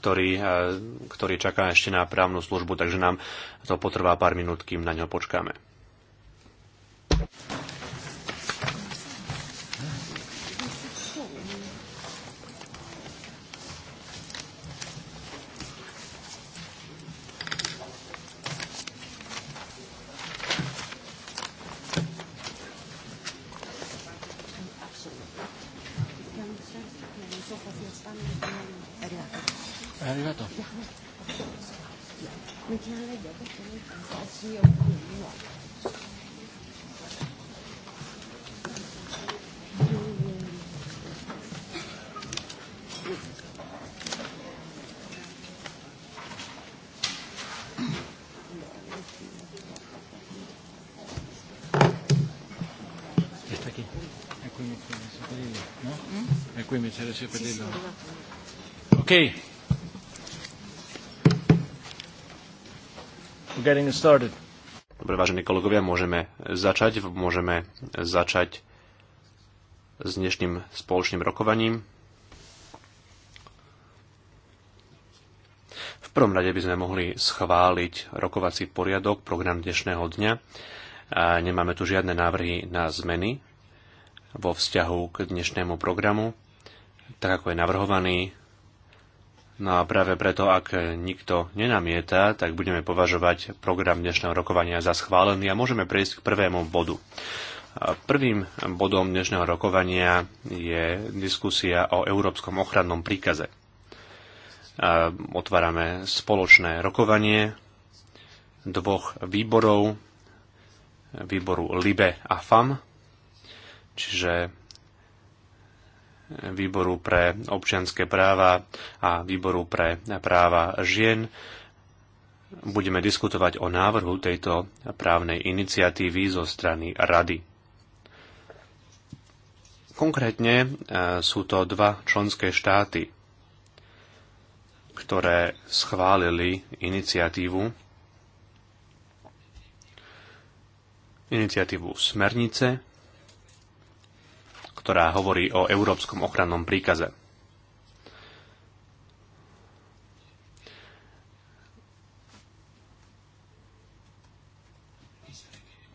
ktorý, e, ktorý čaká ešte na právnu službu, takže nám to potrvá pár minút, kým na ňo počkáme. si Okay. We're getting started. Dobre, vážení kolegovia, môžeme začať. Môžeme začať s dnešným spoločným rokovaním. V prvom rade by sme mohli schváliť rokovací poriadok, program dnešného dňa. A nemáme tu žiadne návrhy na zmeny vo vzťahu k dnešnému programu tak ako je navrhovaný. No a práve preto, ak nikto nenamieta, tak budeme považovať program dnešného rokovania za schválený a môžeme prejsť k prvému bodu. Prvým bodom dnešného rokovania je diskusia o Európskom ochrannom príkaze. Otvárame spoločné rokovanie dvoch výborov, výboru LIBE a FAM, čiže výboru pre občianské práva a výboru pre práva žien. Budeme diskutovať o návrhu tejto právnej iniciatívy zo strany Rady. Konkrétne e, sú to dva členské štáty, ktoré schválili iniciatívu iniciatívu smernice ktorá hovorí o Európskom ochrannom príkaze.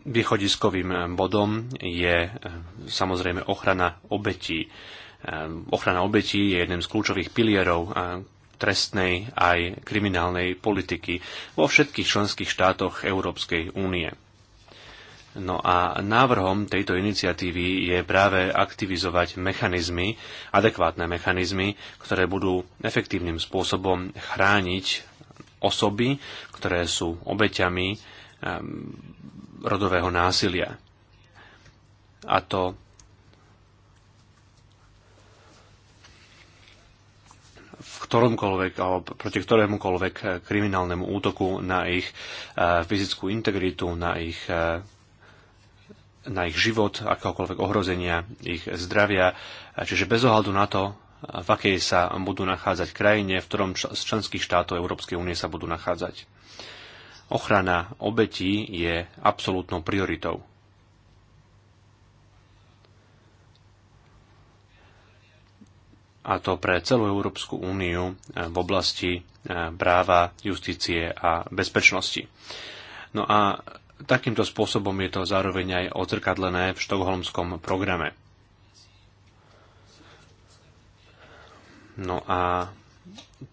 Východiskovým bodom je eh, samozrejme ochrana obetí. Eh, ochrana obetí je jedným z kľúčových pilierov eh, trestnej aj kriminálnej politiky vo všetkých členských štátoch Európskej únie. No a návrhom tejto iniciatívy je práve aktivizovať mechanizmy, adekvátne mechanizmy, ktoré budú efektívnym spôsobom chrániť osoby, ktoré sú obeťami ehm, rodového násilia. A to v ktoromkoľvek alebo proti ktorémukoľvek kriminálnemu útoku na ich eh, fyzickú integritu, na ich eh, na ich život, akéhokoľvek ohrozenia ich zdravia. Čiže bez ohľadu na to, v akej sa budú nachádzať krajine, v ktorom z členských štátov Európskej únie sa budú nachádzať. Ochrana obetí je absolútnou prioritou. A to pre celú Európsku úniu eh, v oblasti eh, práva, justície a bezpečnosti. No a Takýmto spôsobom je to zároveň aj odzrkadlené v štokholmskom programe. No a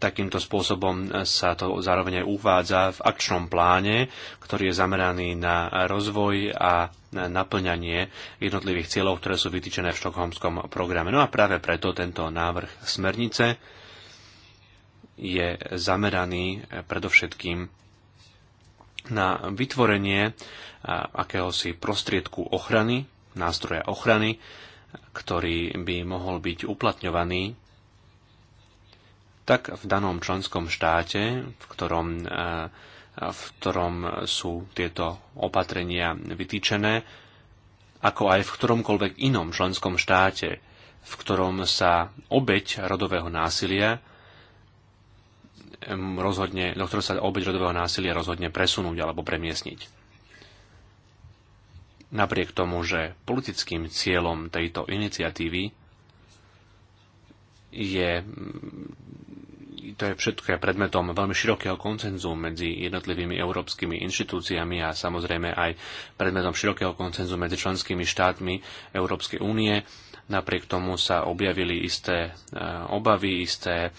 takýmto spôsobom sa to zároveň aj uvádza v akčnom pláne, ktorý je zameraný na rozvoj a naplňanie jednotlivých cieľov, ktoré sú vytýčené v štokholmskom programe. No a práve preto tento návrh smernice je zameraný predovšetkým na vytvorenie akéhosi prostriedku ochrany, nástroja ochrany, ktorý by mohol byť uplatňovaný tak v danom členskom štáte, v ktorom, v ktorom sú tieto opatrenia vytýčené, ako aj v ktoromkoľvek inom členskom štáte, v ktorom sa obeď rodového násilia rozhodne, do ktorého sa obeď rodového násilia rozhodne presunúť alebo premiesniť. Napriek tomu, že politickým cieľom tejto iniciatívy je mm, to je všetko je predmetom veľmi širokého koncenzu medzi jednotlivými európskymi inštitúciami a samozrejme aj predmetom širokého koncenzu medzi členskými štátmi Európskej únie Napriek tomu sa objavili isté e, obavy, isté e,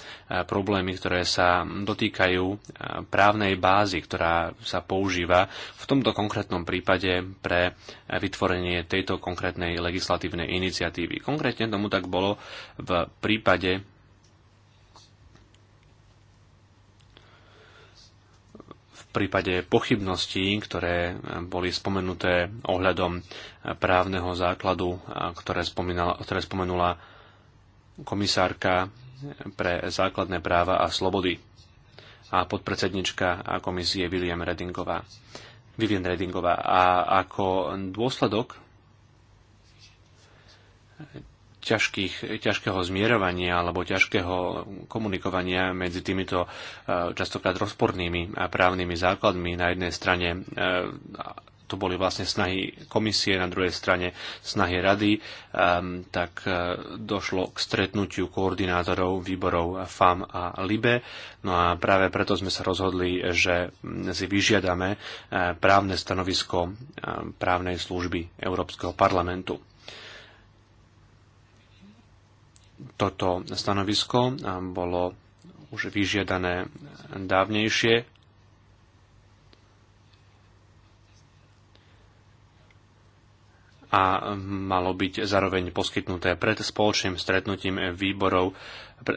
problémy, ktoré sa dotýkajú e, právnej bázy, ktorá sa používa v tomto konkrétnom prípade pre vytvorenie tejto konkrétnej legislatívnej iniciatívy. Konkrétne tomu tak bolo v prípade prípade pochybností, ktoré boli spomenuté ohľadom právneho základu, ktoré, spomínala, ktoré spomenula komisárka pre základné práva a slobody a podpredsednička komisie William Redingová. Vivian Redingová. A ako dôsledok ťažkých, ťažkého zmierovania alebo ťažkého komunikovania medzi týmito e, častokrát rozpornými a právnymi základmi. Na jednej strane e, to boli vlastne snahy komisie, na druhej strane snahy rady, e, tak došlo k stretnutiu koordinátorov výborov FAM a LIBE. No a práve preto sme sa rozhodli, že si vyžiadame právne stanovisko právnej služby Európskeho parlamentu. Toto stanovisko bolo už vyžiadané dávnejšie. a malo byť zároveň poskytnuté pred spoločným stretnutím výborov,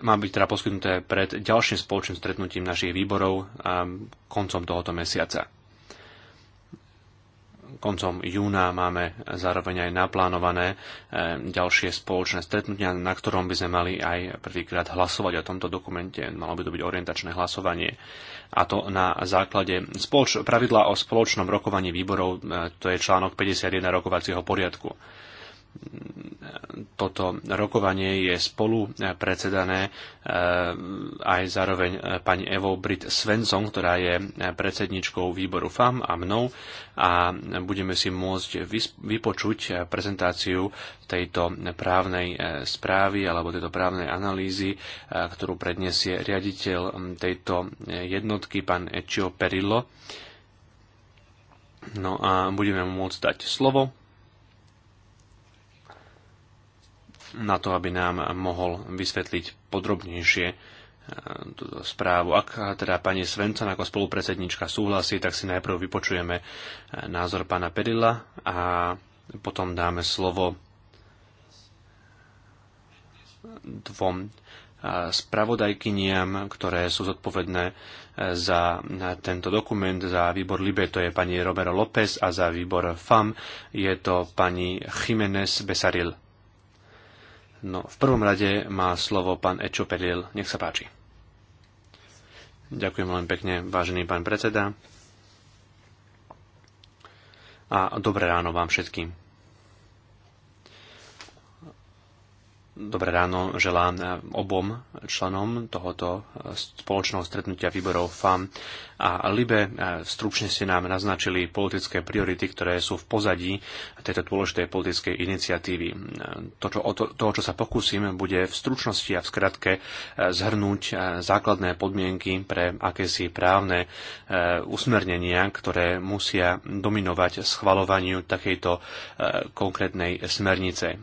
má byť teda poskytnuté pred ďalším spoločným stretnutím našich výborov koncom tohoto mesiaca koncom júna máme zároveň aj naplánované e, ďalšie spoločné stretnutia, na ktorom by sme mali aj prvýkrát hlasovať o tomto dokumente. Malo by to byť orientačné hlasovanie. A to na základe spoloč- pravidla o spoločnom rokovaní výborov, e, to je článok 51 rokovacieho poriadku toto rokovanie je spolu eh, predsedané eh, aj zároveň eh, pani Evo Brit Svensson, ktorá je predsedničkou výboru FAM a mnou a budeme si môcť vypočuť prezentáciu tejto právnej správy alebo tejto právnej analýzy, ktorú predniesie riaditeľ hm, tejto jednotky, pán Ečio Perillo. No a budeme môcť dať slovo na to, aby nám mohol vysvetliť podrobnejšie e, túto správu. Ak teda pani Svencan ako spolupredsednička súhlasí, tak si najprv vypočujeme e, názor pána Perila a potom dáme slovo dvom e, spravodajkyniam, ktoré sú zodpovedné za tento dokument, za výbor Libe, to je pani Romero López a za výbor FAM je to pani Jiménez Besaril. No, v prvom rade má slovo pán Ečo Peliel. Nech sa páči. Ďakujem veľmi pekne, vážený pán predseda. A dobré ráno vám všetkým. Dobré ráno želám eh, obom členom tohoto eh, spoločného stretnutia výborov FAM a LIBE. Eh, stručne ste nám naznačili politické priority, ktoré sú v pozadí tejto dôležitej politickej iniciatívy. To, čo, to, toho, čo sa pokúsim, bude v stručnosti a v skratke zhrnúť základné podmienky pre akési právne usmernenia, ktoré musia dominovať schvalovaniu takejto konkrétnej smernice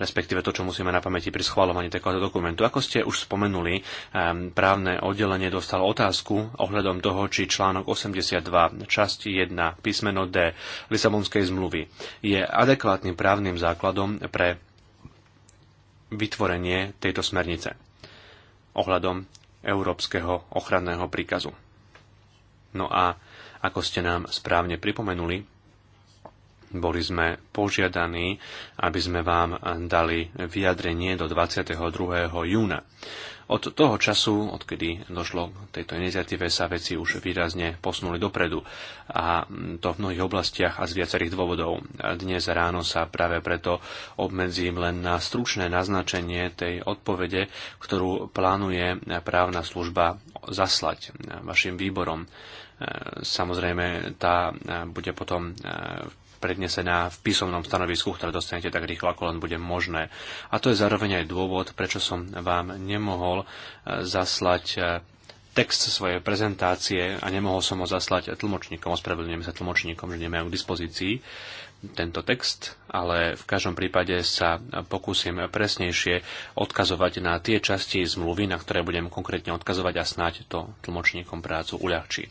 respektíve to, čo musíme na pamäti pri schvalovaní takéhoto dokumentu. Ako ste už spomenuli, právne oddelenie dostalo otázku ohľadom toho, či článok 82 časť 1 písmeno D Lisabonskej zmluvy je adekvátnym právnym základom pre vytvorenie tejto smernice ohľadom Európskeho ochranného príkazu. No a ako ste nám správne pripomenuli, boli sme požiadaní, aby sme vám dali vyjadrenie do 22. júna. Od toho času, odkedy došlo k tejto iniciatíve, sa veci už výrazne posunuli dopredu a to v mnohých oblastiach a z viacerých dôvodov. Dnes ráno sa práve preto obmedzím len na stručné naznačenie tej odpovede, ktorú plánuje právna služba zaslať vašim výborom. Samozrejme, tá bude potom prednesená v písomnom stanovisku, ktoré dostanete tak rýchlo, ako len bude možné. A to je zároveň aj dôvod, prečo som vám nemohol e, zaslať e, text svojej prezentácie a nemohol som ho zaslať tlmočníkom. Ospravedlňujem sa tlmočníkom, že nemajú k dispozícii tento text, ale v každom prípade sa pokúsim presnejšie odkazovať na tie časti zmluvy, na ktoré budem konkrétne odkazovať a snáď to tlmočníkom prácu uľahčí.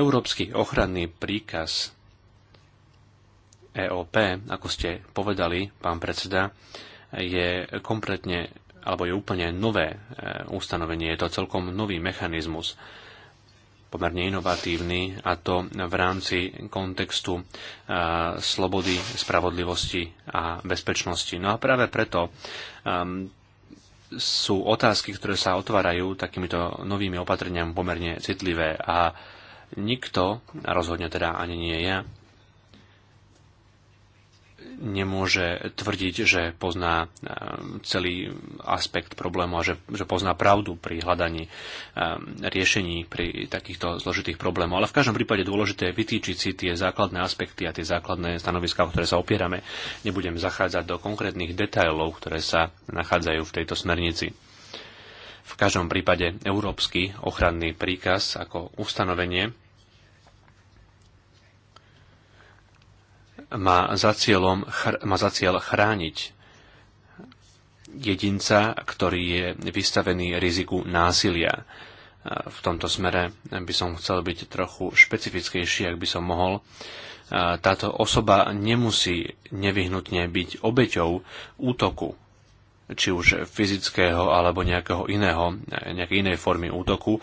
Európsky ochranný príkaz EOP, ako ste povedali, pán predseda, je kompletne alebo je úplne nové e, ustanovenie, je to celkom nový mechanizmus, pomerne inovatívny a to v rámci kontextu e, slobody, spravodlivosti a bezpečnosti. No a práve preto e, sú otázky, ktoré sa otvárajú takýmito novými opatreniami pomerne citlivé a nikto, rozhodne teda ani nie ja, nemôže tvrdiť, že pozná e, celý aspekt problému a že, že pozná pravdu pri hľadaní e, riešení pri takýchto zložitých problémoch. Ale v každom prípade dôležité je vytýčiť si tie základné aspekty a tie základné stanoviská, o ktoré sa opierame. Nebudem zachádzať do konkrétnych detajlov, ktoré sa nachádzajú v tejto smernici. V každom prípade európsky ochranný príkaz ako ustanovenie má za, cieľom, má za cieľ chrániť jedinca, ktorý je vystavený riziku násilia. V tomto smere by som chcel byť trochu špecifickejší, ak by som mohol. Táto osoba nemusí nevyhnutne byť obeťou útoku či už fyzického alebo nejakého iného, nejakej inej formy útoku. E,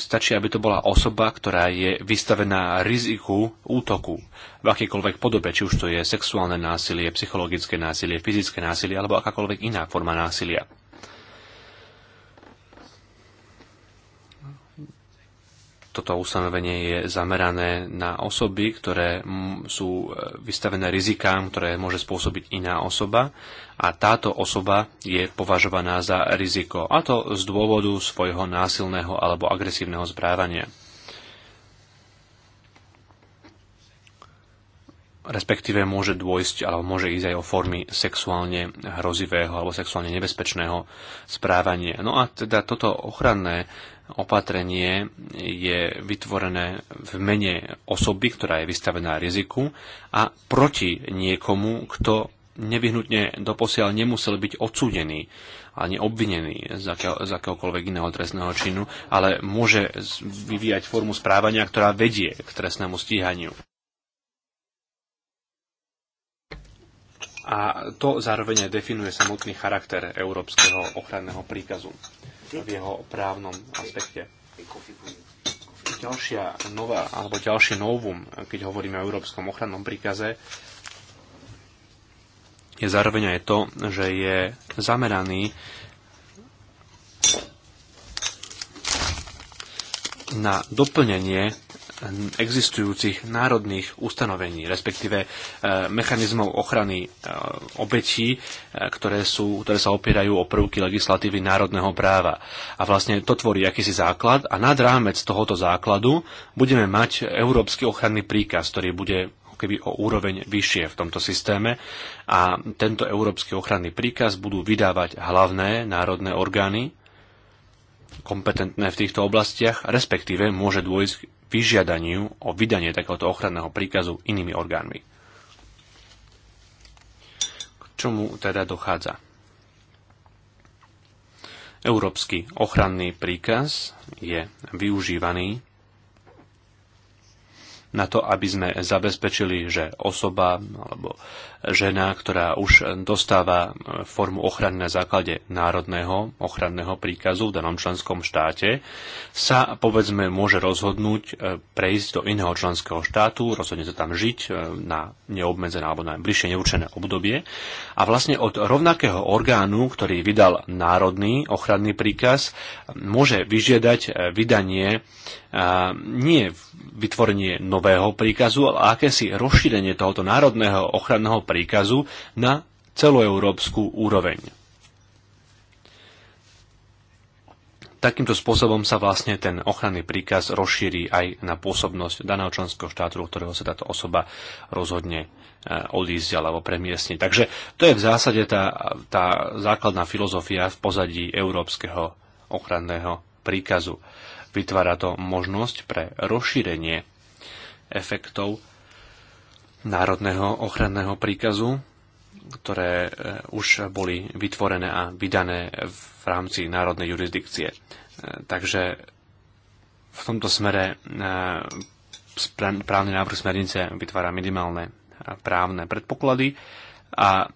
stačí, aby to bola osoba, ktorá je vystavená riziku útoku v akejkoľvek podobe, či už to je sexuálne násilie, psychologické násilie, fyzické násilie alebo akákoľvek iná forma násilia. toto ustanovenie je zamerané na osoby, ktoré sú e, vystavené rizikám, ktoré môže spôsobiť iná osoba a táto osoba je považovaná za riziko, a to z dôvodu svojho násilného alebo agresívneho správania. respektíve môže dôjsť alebo môže ísť aj o formy sexuálne hrozivého alebo sexuálne nebezpečného správania. No a teda toto ochranné opatrenie je vytvorené v mene osoby, ktorá je vystavená riziku a proti niekomu, kto nevyhnutne doposiaľ nemusel byť odsúdený ani obvinený z, akého, z akéhokoľvek iného trestného činu, ale môže vyvíjať formu správania, ktorá vedie k trestnému stíhaniu. a to zároveň aj definuje samotný charakter Európskeho ochranného príkazu v jeho právnom aspekte. Ďalšia nová, alebo ďalšie novum, keď hovoríme o Európskom ochrannom príkaze, je zároveň aj to, že je zameraný na doplnenie existujúcich národných ustanovení, respektíve eh, mechanizmov ochrany eh, obetí, eh, ktoré, sú, ktoré sa opierajú o prvky legislatívy národného práva. A vlastne to tvorí akýsi základ a nad rámec tohoto základu budeme mať európsky ochranný príkaz, ktorý bude keby o úroveň vyššie v tomto systéme a tento európsky ochranný príkaz budú vydávať hlavné národné orgány kompetentné v týchto oblastiach, respektíve môže dôjsť vyžiadaniu o vydanie takéhoto ochranného príkazu inými orgánmi. K čomu teda dochádza? Európsky ochranný príkaz je využívaný na to, aby sme zabezpečili, že osoba alebo žena, ktorá už dostáva formu ochrany na základe národného ochranného príkazu v danom členskom štáte, sa povedzme môže rozhodnúť e, prejsť do iného členského štátu, rozhodne sa tam žiť e, na neobmedzené alebo na bližšie neurčené obdobie a vlastne od rovnakého orgánu, ktorý vydal národný ochranný príkaz, môže vyžiadať e, vydanie nie vytvorenie nového príkazu, ale akési rozšírenie tohoto národného ochranného príkazu príkazu na celoeurópsku úroveň. Takýmto spôsobom sa vlastne ten ochranný príkaz rozšíri aj na pôsobnosť daného členského štátu, do ktorého sa táto osoba rozhodne e, odísť alebo premiestniť. Takže to je v zásade tá, tá základná filozofia v pozadí európskeho ochranného príkazu. Vytvára to možnosť pre rozšírenie efektov národného ochranného príkazu, ktoré e, už boli vytvorené a vydané v rámci národnej jurisdikcie. E, takže v tomto smere e, právny návrh smernice vytvára minimálne právne predpoklady a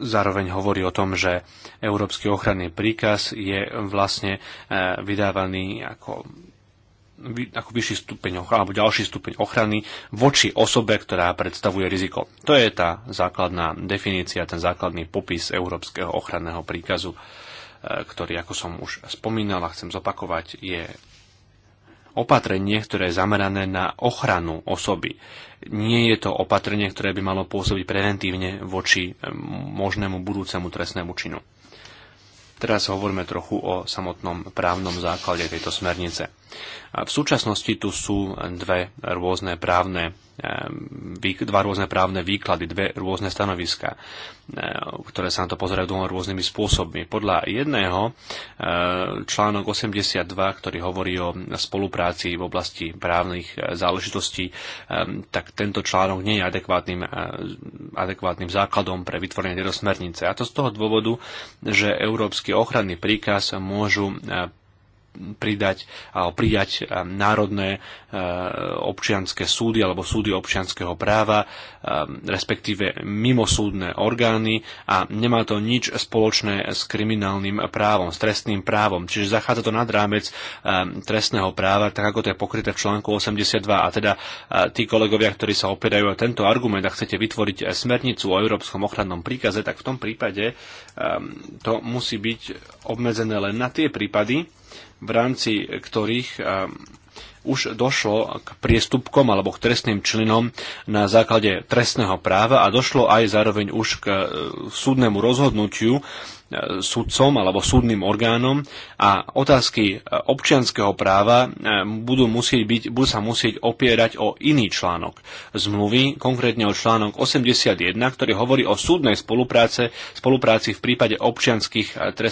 zároveň hovorí o tom, že Európsky ochranný príkaz je vlastne vydávaný ako ako vyšší stupeň alebo ďalší stupeň ochrany voči osobe, ktorá predstavuje riziko. To je tá základná definícia, ten základný popis Európskeho ochranného príkazu, e, ktorý, ako som už spomínal a chcem zopakovať, je opatrenie, ktoré je zamerané na ochranu osoby. Nie je to opatrenie, ktoré by malo pôsobiť preventívne voči e, možnému budúcemu trestnému činu. Teraz hovoríme trochu o samotnom právnom základe tejto smernice. V súčasnosti tu sú dve rôzne právne eh, dva rôzne právne výklady, dve rôzne stanoviska, eh, ktoré sa na to pozerajú dvoma rôznymi spôsobmi. Podľa jedného eh, článok 82, ktorý hovorí o spolupráci v oblasti právnych záležitostí, tak tento článok nie je adekvátnym, adekvátnym základom pre vytvorenie tejto smernice. A to z toho dôvodu, že Európsky ochranný príkaz môžu pridať alebo prijať eh, národné eh, občianské súdy alebo súdy občianského práva, eh, respektíve mimosúdne orgány a nemá to nič spoločné s kriminálnym právom, s trestným právom. Čiže zachádza to nad rámec trestného práva, tak ako to je pokryté v článku 82. A teda tí kolegovia, ktorí sa opierajú o tento argument a chcete vytvoriť smernicu o Európskom ochrannom príkaze, tak v tom prípade to musí byť obmedzené len na tie prípady, v rámci ktorých už došlo k priestupkom alebo k trestným členom na základe trestného práva a došlo aj zároveň už k e, súdnemu rozhodnutiu sudcom alebo súdnym orgánom a otázky e, občianského práva e, budú, musieť byť, budú sa musieť opierať o iný článok zmluvy, konkrétne o článok 81, ktorý hovorí o súdnej spolupráce, spolupráci v prípade občianských, e,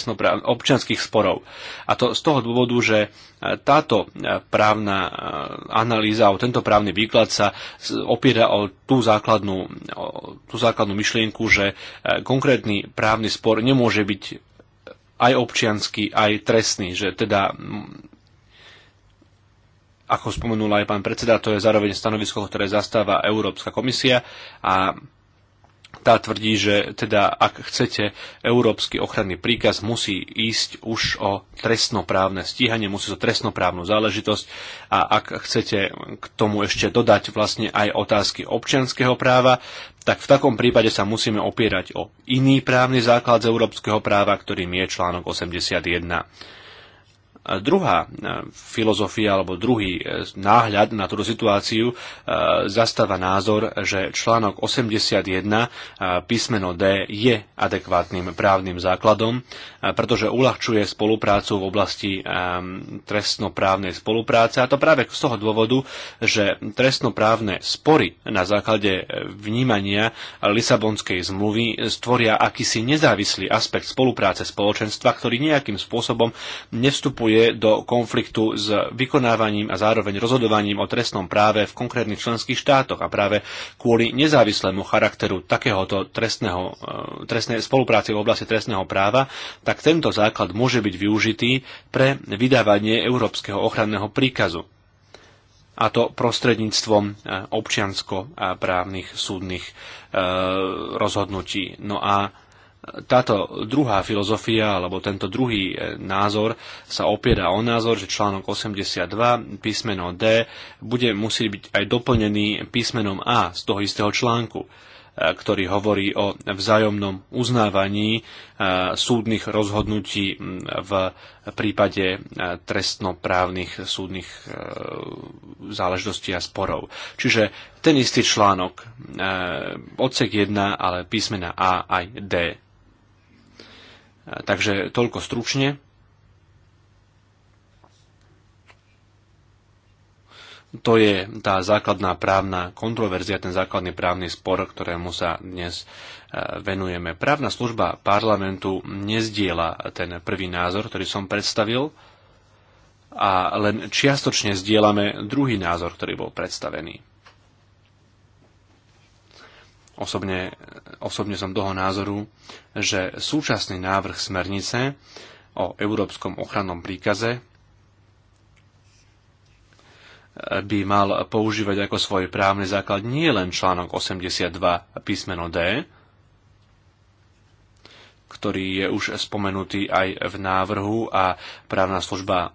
občianských sporov. A to z toho dôvodu, že táto e, právna e, analýza, o tento právny výklad sa opiera o tú základnú, o tú základnú myšlienku, že e, konkrétny právny spor nemôže byť aj občiansky, aj trestný, že teda ako spomenul aj pán predseda, to je zároveň stanovisko, ktoré zastáva Európska komisia a tá tvrdí, že teda ak chcete európsky ochranný príkaz, musí ísť už o trestnoprávne stíhanie, musí o trestnoprávnu záležitosť a ak chcete k tomu ešte dodať vlastne aj otázky občianského práva, tak v takom prípade sa musíme opierať o iný právny základ z európskeho práva, ktorým je článok 81 druhá e, filozofia alebo druhý e, náhľad na túto situáciu e, zastáva názor, že článok 81 písmeno D je adekvátnym právnym základom, pretože uľahčuje spoluprácu v oblasti trestnoprávnej spolupráce a to práve z toho dôvodu, že trestnoprávne spory na základe vnímania Lisabonskej zmluvy stvoria akýsi nezávislý aspekt spolupráce spoločenstva, ktorý nejakým spôsobom nevstupuje vstupuje do konfliktu s vykonávaním a zároveň rozhodovaním o trestnom práve v konkrétnych členských štátoch a práve kvôli nezávislému charakteru takéhoto trestného, e, trestnej spolupráce v oblasti trestného práva, tak tento základ môže byť využitý pre vydávanie Európskeho ochranného príkazu a to prostredníctvom e, občiansko-právnych súdnych e, rozhodnutí. No a táto druhá filozofia alebo tento druhý e, názor sa opiera o názor, že článok 82 písmeno D bude musieť byť aj doplnený písmenom A z toho istého článku e, ktorý hovorí o vzájomnom uznávaní e, súdnych rozhodnutí v prípade trestnoprávnych súdnych záležitostí a sporov. Čiže ten istý článok, odsek 1, ale písmena A aj D Takže toľko stručne. To je tá základná právna kontroverzia, ten základný právny spor, ktorému sa dnes e, venujeme. Právna služba parlamentu nezdiela ten prvý názor, ktorý som predstavil a len čiastočne zdieľame druhý názor, ktorý bol predstavený. Osobne, osobne som toho názoru, že súčasný návrh smernice o Európskom ochrannom príkaze by mal používať ako svoj právny základ nie len článok 82 písmeno D, ktorý je už spomenutý aj v návrhu a právna služba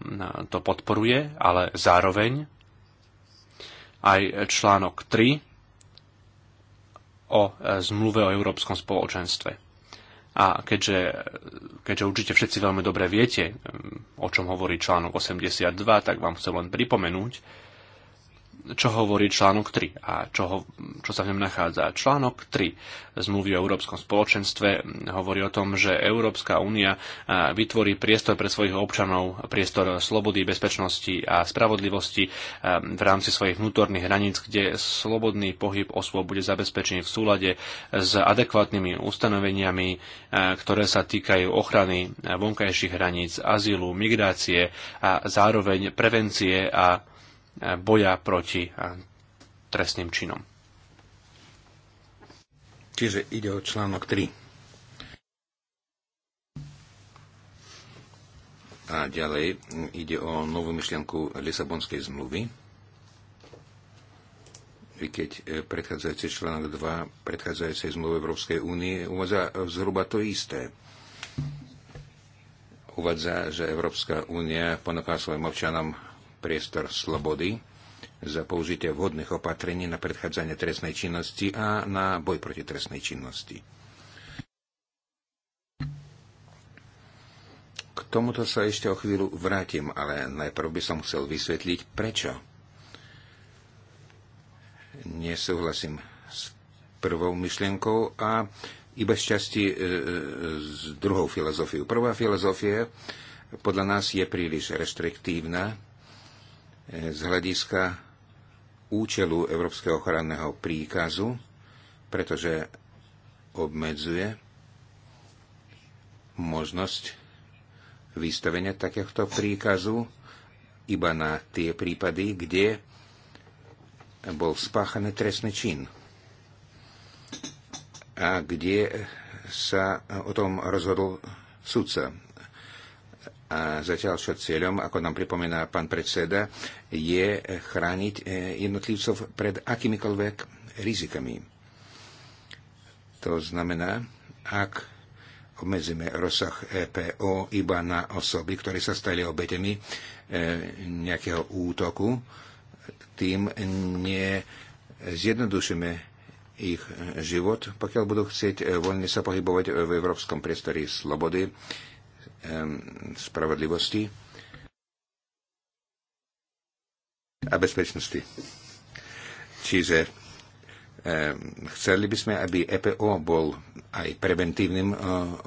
to podporuje, ale zároveň aj článok 3 o e, zmluve o Európskom spoločenstve. A keďže, keďže určite všetci veľmi dobre viete, e, o čom hovorí článok 82, tak vám chcem len pripomenúť, čo hovorí článok 3 a čo, ho, čo sa v ňom nachádza. Článok 3 zmluvy o Európskom spoločenstve hovorí o tom, že Európska únia vytvorí priestor pre svojich občanov, priestor slobody, bezpečnosti a spravodlivosti v rámci svojich vnútorných hraníc, kde slobodný pohyb osôb bude zabezpečený v súlade s adekvátnymi ustanoveniami, ktoré sa týkajú ochrany vonkajších hraníc, azylu, migrácie a zároveň prevencie a boja proti trestným činom. Čiže ide o článok 3. A ďalej ide o novú myšlienku Lisabonskej zmluvy, i keď e, predchádzajúci článok 2 predchádzajúcej zmluvy Európskej únie uvádza zhruba to isté. Uvádza, že Európska únia ponúka svojim občanom priestor slobody za použitie vhodných opatrení na predchádzanie trestnej činnosti a na boj proti trestnej činnosti. K tomuto sa ešte o chvíľu vrátim, ale najprv by som chcel vysvetliť, prečo nesúhlasím s prvou myšlienkou a iba z časti e, e s druhou filozofiou. Prvá filozofia podľa nás je príliš reštriktívna, z hľadiska účelu Európskeho ochranného príkazu, pretože obmedzuje možnosť vystavenia takéhoto príkazu iba na tie prípady, kde bol spáchaný trestný čin a kde sa o tom rozhodol sudca. A zatiaľ čo cieľom, ako nám pripomína pán predseda, je chrániť e, jednotlivcov pred akýmikoľvek rizikami. To znamená, ak obmedzíme rozsah EPO iba na osoby, ktoré sa stali obetemi e, nejakého útoku, tým nezjednodušíme ich život, pokiaľ budú chcieť e, voľne sa pohybovať v európskom priestore slobody, Ehm, spravodlivosti a bezpečnosti. Čiže ehm, chceli by sme, aby EPO bol aj preventívnym e,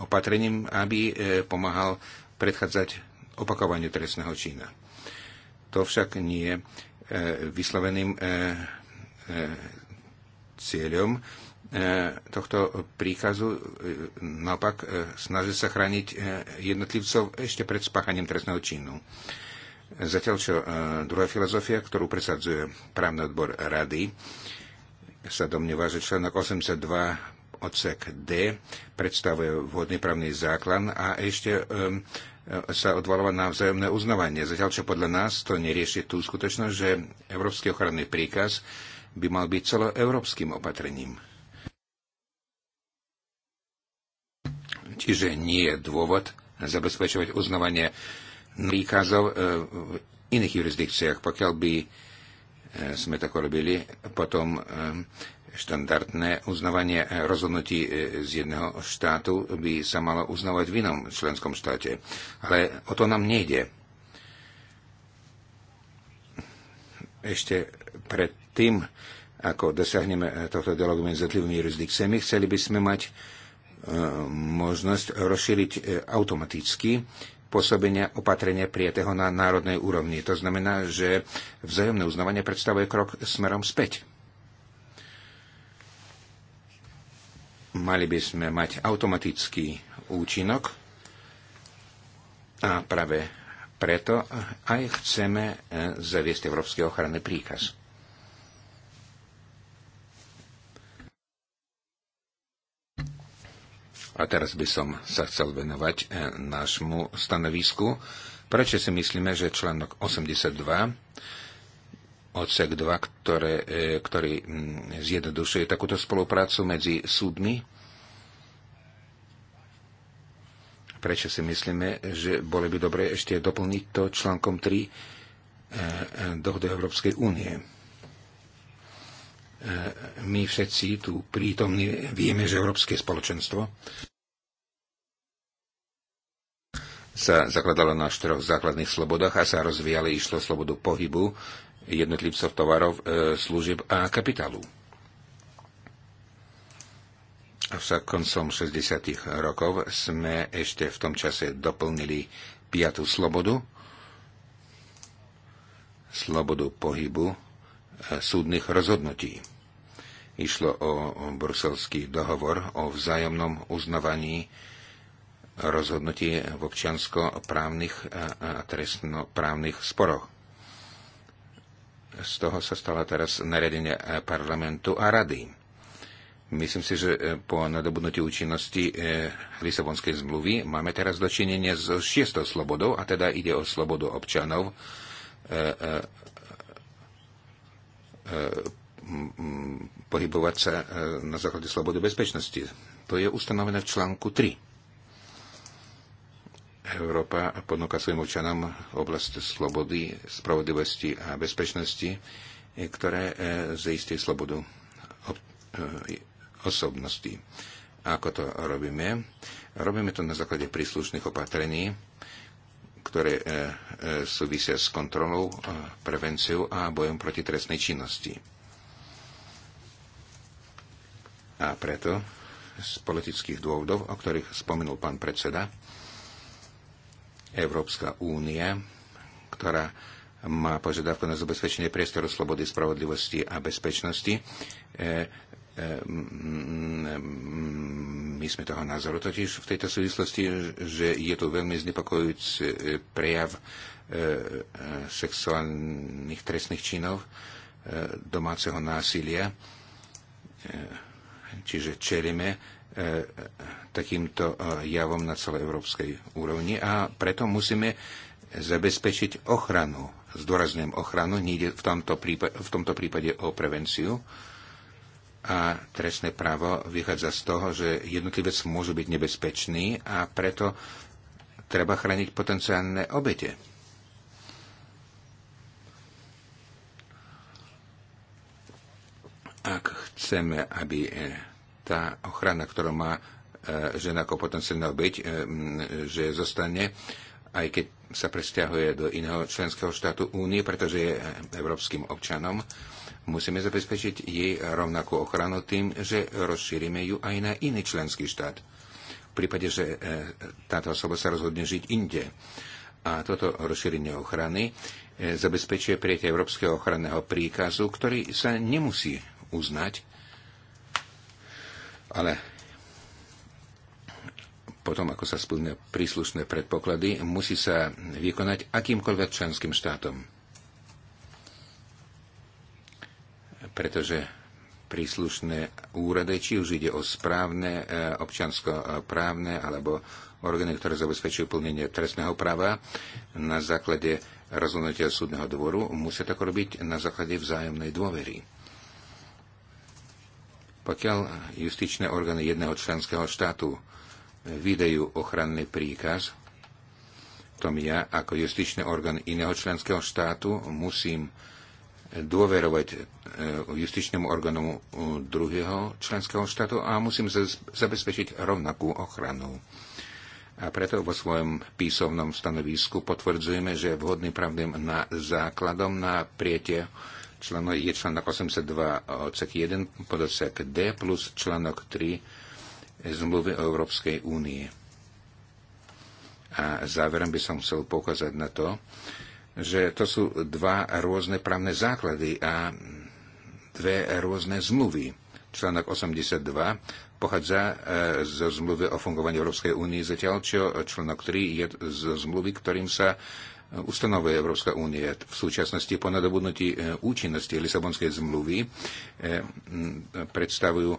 opatrením, aby e, pomáhal predchádzať opakovaniu trestného čína. To však nie je e, vysloveným cieľom E, tohto príkazu, e, naopak e, snaží sa chrániť jednotlivcov ešte pred spáchaním trestného činu. Zatiaľ čo druhá filozofia, ktorú presadzuje právny odbor rady, sa domnieva, že článok 82 odsek D predstavuje vhodný právny základ a ešte sa odvoláva na vzájomné uznávanie. Zatiaľ, čo podľa nás to nerieši tú skutočnosť, že Európsky ochranný príkaz by mal byť celoeurópskym opatrením. Čiže nie je dôvod zabezpečovať uznávanie príkazov e, v iných jurisdikciách. Pokiaľ by e, sme tako robili, potom e, štandardné uznávanie rozhodnutí z jedného štátu by sa malo uznávať v inom členskom štáte. Ale o to nám nejde. Ešte predtým, ako dosiahneme tohto dialogu medzi jednotlivými jurisdikciami, chceli by sme mať možnosť rozšíriť e, automaticky pôsobenia opatrenia prijatého na národnej úrovni. To znamená, že vzájomné uznávanie predstavuje krok smerom späť. Mali by sme mať automatický účinok a práve preto aj chceme e, zaviesť Európsky ochranný príkaz. A teraz by som sa chcel venovať eh, nášmu stanovisku. Prečo si myslíme, že článok 82 odsek 2, ktoré, eh, ktorý mm, zjednodušuje takúto spoluprácu medzi súdmi, prečo si myslíme, že bolo by dobre ešte doplniť to článkom 3 eh, dohody Európskej únie. E, my všetci tu prítomní vieme, že Európske spoločenstvo sa zakladalo na štyroch základných slobodách a sa rozvíjali išlo slobodu pohybu jednotlivcov tovarov, e, služieb a kapitálu. Avšak koncom 60. rokov sme ešte v tom čase doplnili piatú slobodu, slobodu pohybu e, súdnych rozhodnutí. Išlo o bruselský dohovor o vzájomnom uznávaní rozhodnutí v občiansko-právnych e, e, a trestno-právnych sporoch. Z toho sa stala teraz naredenie e, parlamentu a rady. Myslím si, že po nadobudnutí účinnosti Lisabonskej zmluvy máme teraz dočinenie s šiestou slobodou, a teda ide o slobodu občanov pohybovať sa e, na základe slobody bezpečnosti. To je ustanovené v článku 3. Európa ponúka svojim občanom oblast slobody, spravodlivosti a bezpečnosti, e, ktoré e, zaistí slobodu osobnosti. Ako to robíme? Robíme to na základe príslušných opatrení, ktoré súvisia s kontrolou, prevenciou a bojom proti trestnej činnosti. A preto z politických dôvodov, o ktorých spomenul pán predseda, Európska únia, ktorá má požiadavku na zabezpečenie priestoru slobody, spravodlivosti a bezpečnosti. E, e my sme toho názoru totiž v tejto súvislosti, že je tu veľmi znepokojujúci e, prejav e, sexuálnych trestných činov, domáceho násilia Čiže čelíme e, takýmto e, javom na celej európskej úrovni a preto musíme zabezpečiť ochranu. Zdôrazňujem ochranu, nejde v v tomto prípade o prevenciu. A trestné právo vychádza z toho, že jednotlivec môže byť nebezpečný a preto treba chrániť potenciálne obete. Ak chceme, aby e, tá ochrana, ktorú má e, žena ako potenciálna byť, e, že zostane, aj keď sa presťahuje do iného členského štátu únie, pretože je európskym občanom, musíme zabezpečiť jej rovnakú ochranu tým, že rozšírime ju aj na iný členský štát. V prípade, že táto osoba sa rozhodne žiť inde. A toto rozšírenie ochrany zabezpečuje prijatie Európskeho ochranného príkazu, ktorý sa nemusí uznať, ale potom, ako sa splnia príslušné predpoklady, musí sa vykonať akýmkoľvek členským štátom. Pretože príslušné úrady, či už ide o správne, e, občiansko-právne alebo orgány, ktoré zabezpečujú plnenie trestného práva na základe rozhodnutia súdneho dvoru, musia tak robiť na základe vzájomnej dôvery. Pokiaľ justičné orgány jedného členského štátu vydajú ochranný príkaz, tom ja ako justičný orgán iného členského štátu musím dôverovať e, justičnému orgánu e, druhého členského štátu a musím zabezpečiť rovnakú ochranu. A preto vo svojom písomnom stanovisku potvrdzujeme, že vhodným pravdým na základom na prietie členo, je článok 82 odsek 1 pod odsek D plus článok 3 zmluvy o Európskej únie. A záverom by som chcel poukázať na to, že to sú dva rôzne právne základy a dve rôzne zmluvy. Článok 82 pochádza e, zo zmluvy o fungovaní Európskej únie, zatiaľ čo článok 3 je zo zmluvy, ktorým sa ustanovuje Európska únie. V súčasnosti po nadobudnutí e, účinnosti Lisabonskej zmluvy e, predstavujú e,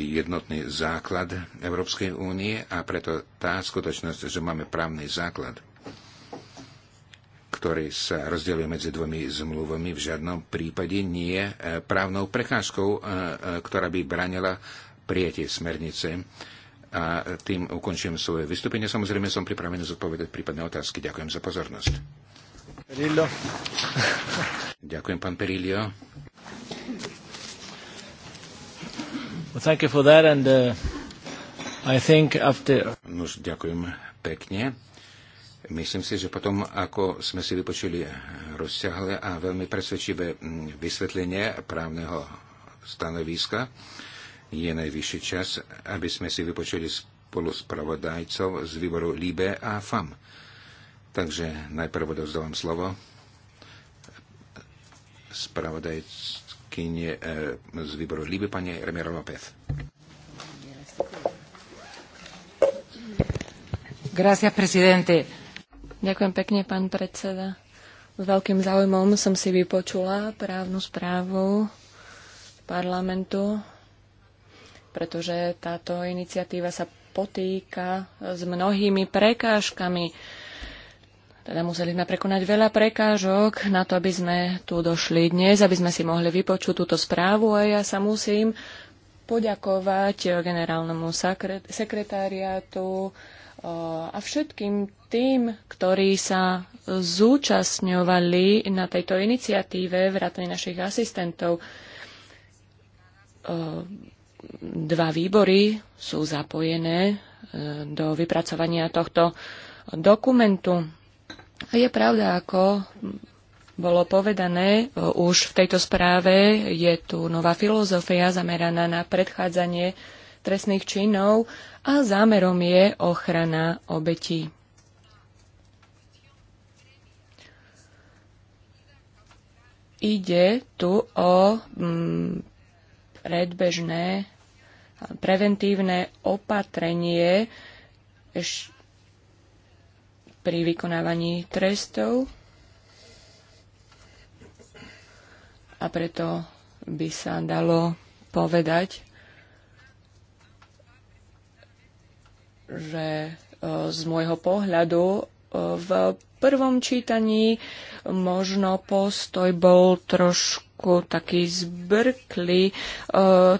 jednotný základ Európskej únie a preto tá skutočnosť, že máme právny základ ktorý sa rozdeluje medzi dvomi zmluvami, v žiadnom prípade nie právnou prekážkou, ktorá by branila prijatie smernice a tým ukončím svoje vystúpenie. Samozrejme som pripravený zodpovedať prípadné otázky. Ďakujem za pozornosť. Perillo. Ďakujem, pán Perillo. Well, thank you for that and uh, I think after... Nož, ďakujem pekne. Myslím si, že potom, ako sme si vypočuli rozsiahle a veľmi presvedčivé mm, vysvetlenie právneho stanoviska, je najvyšší čas, aby sme si vypočuli spolu spravodajcov z výboru LIBE a FAM. Takže najprv odovzdávam slovo spravodajkyne eh, z výboru LIBE, pani Remiro López. Gracias, presidente. Ďakujem pekne, pán predseda. S veľkým záujmom som si vypočula právnu správu parlamentu pretože táto iniciatíva sa potýka e, s mnohými prekážkami. Teda museli sme prekonať veľa prekážok na to, aby sme tu došli dnes, aby sme si mohli vypočuť túto správu a ja sa musím poďakovať generálnemu sekretariátu e, a všetkým tým, ktorí sa zúčastňovali na tejto iniciatíve vrátane našich asistentov e, dva výbory sú zapojené e, do vypracovania tohto dokumentu. Je pravda, ako bolo povedané, e, už v tejto správe je tu nová filozofia zameraná na predchádzanie trestných činov a zámerom je ochrana obetí. Ide tu o mm, predbežné preventívne opatrenie pri vykonávaní trestov a preto by sa dalo povedať, že e, z môjho pohľadu e, v prvom čítaní možno postoj bol trošku trošku taký zbrkli, e,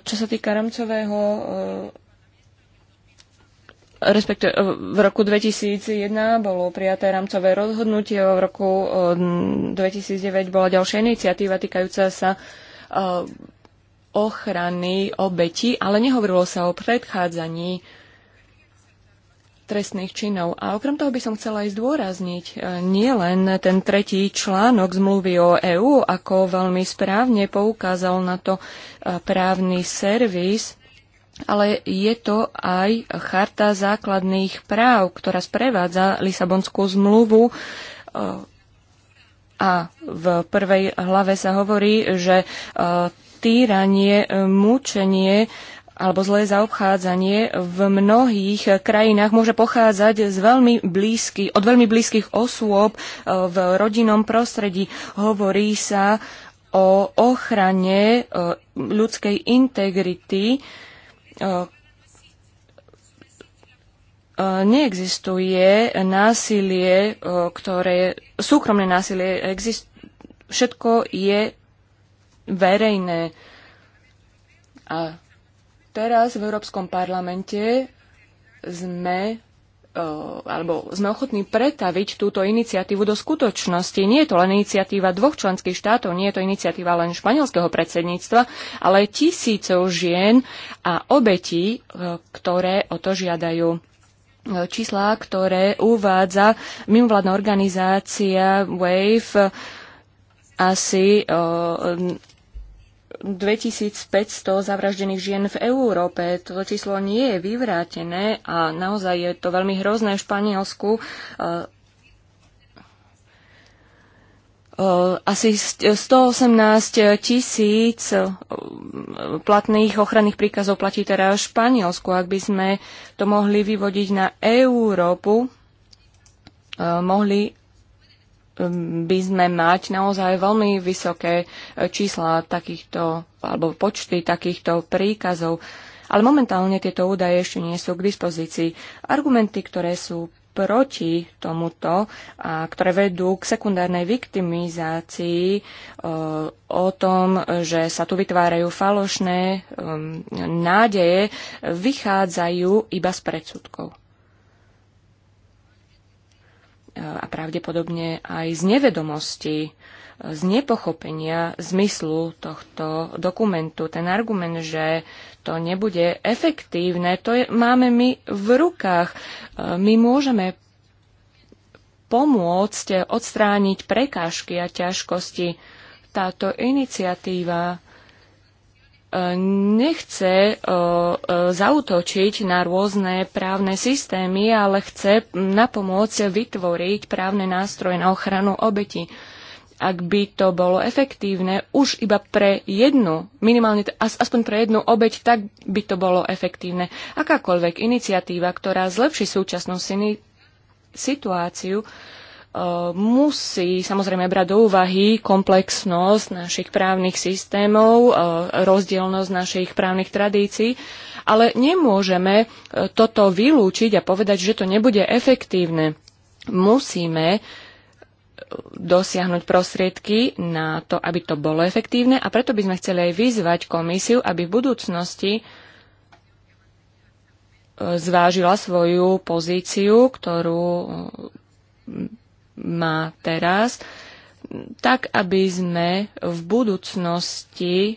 čo sa týka rámcového e, respektíve e, v roku 2001 bolo prijaté rámcové rozhodnutie, v roku 2009 bola ďalšia iniciatíva týkajúca sa ochrany obetí, ale nehovorilo sa o predchádzaní trestných činov. A okrem toho by som chcela aj zdôrazniť e, nielen ten tretí článok zmluvy o EÚ, ako veľmi správne poukázal na to e, právny servis, ale je to aj charta základných práv, ktorá sprevádza Lisabonskú zmluvu e, a v prvej hlave sa hovorí, že týranie, mučenie alebo zlé zaobchádzanie v mnohých krajinách môže pochádzať z veľmi blízky, od veľmi blízkych osôb e, v rodinnom prostredí. Hovorí sa o ochrane e, ľudskej integrity. E, neexistuje násilie, ktoré, súkromné násilie, exist, všetko je verejné. A Teraz v Európskom parlamente sme e, alebo sme ochotní pretaviť túto iniciatívu do skutočnosti. Nie je to len iniciatíva dvoch členských štátov, nie je to iniciatíva len španielského predsedníctva, ale tisícov žien a obetí, e, ktoré o to žiadajú e, čísla, ktoré uvádza mimovládna organizácia WAVE asi 2500 zavraždených žien v Európe. Toto číslo nie je vyvrátené a naozaj je to veľmi hrozné v Španielsku. E, e, asi 118 tisíc e, platných ochranných príkazov platí teraz Španielsku. Ak by sme to mohli vyvodiť na Európu, mohli Ehm, by sme mať naozaj veľmi vysoké e, čísla takýchto, alebo počty takýchto príkazov. Ale momentálne tieto údaje ešte nie sú k dispozícii. Argumenty, ktoré sú proti tomuto, a ktoré vedú k sekundárnej viktimizácii e, o tom, že sa tu vytvárajú falošné ehm, nádeje, vychádzajú iba z predsudkov a pravdepodobne aj z nevedomosti, z nepochopenia zmyslu tohto dokumentu. Ten argument, že to nebude efektívne, to je, máme my v rukách. E, my môžeme pomôcť odstrániť prekážky a ťažkosti. Táto iniciatíva nechce e, e, zautočiť na rôzne právne systémy, ale chce napomôcť vytvoriť právne nástroje na ochranu obeti. Ak by to bolo efektívne už iba pre jednu, minimálne aspoň pre jednu obeť, tak by to bolo efektívne. Akákoľvek iniciatíva, ktorá zlepší súčasnú situáciu, musí samozrejme brať do úvahy komplexnosť našich právnych systémov, e, rozdielnosť našich právnych tradícií, ale nemôžeme e, toto vylúčiť a povedať, že to nebude efektívne. Musíme e, dosiahnuť prostriedky na to, aby to bolo efektívne a preto by sme chceli aj vyzvať komisiu, aby v budúcnosti zvážila svoju pozíciu, ktorú má teraz, tak aby sme v budúcnosti eh,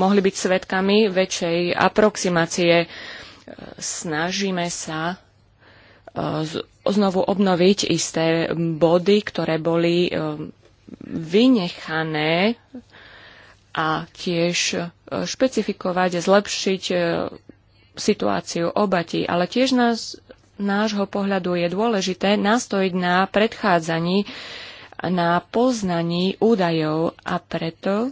mohli byť svetkami väčšej aproximácie. Eh, snažíme sa eh, znovu obnoviť isté body, ktoré boli vynechané a tiež špecifikovať, a zlepšiť situáciu obatí, ale tiež nás nášho pohľadu je dôležité nastojiť na predchádzaní, na poznaní údajov a preto e,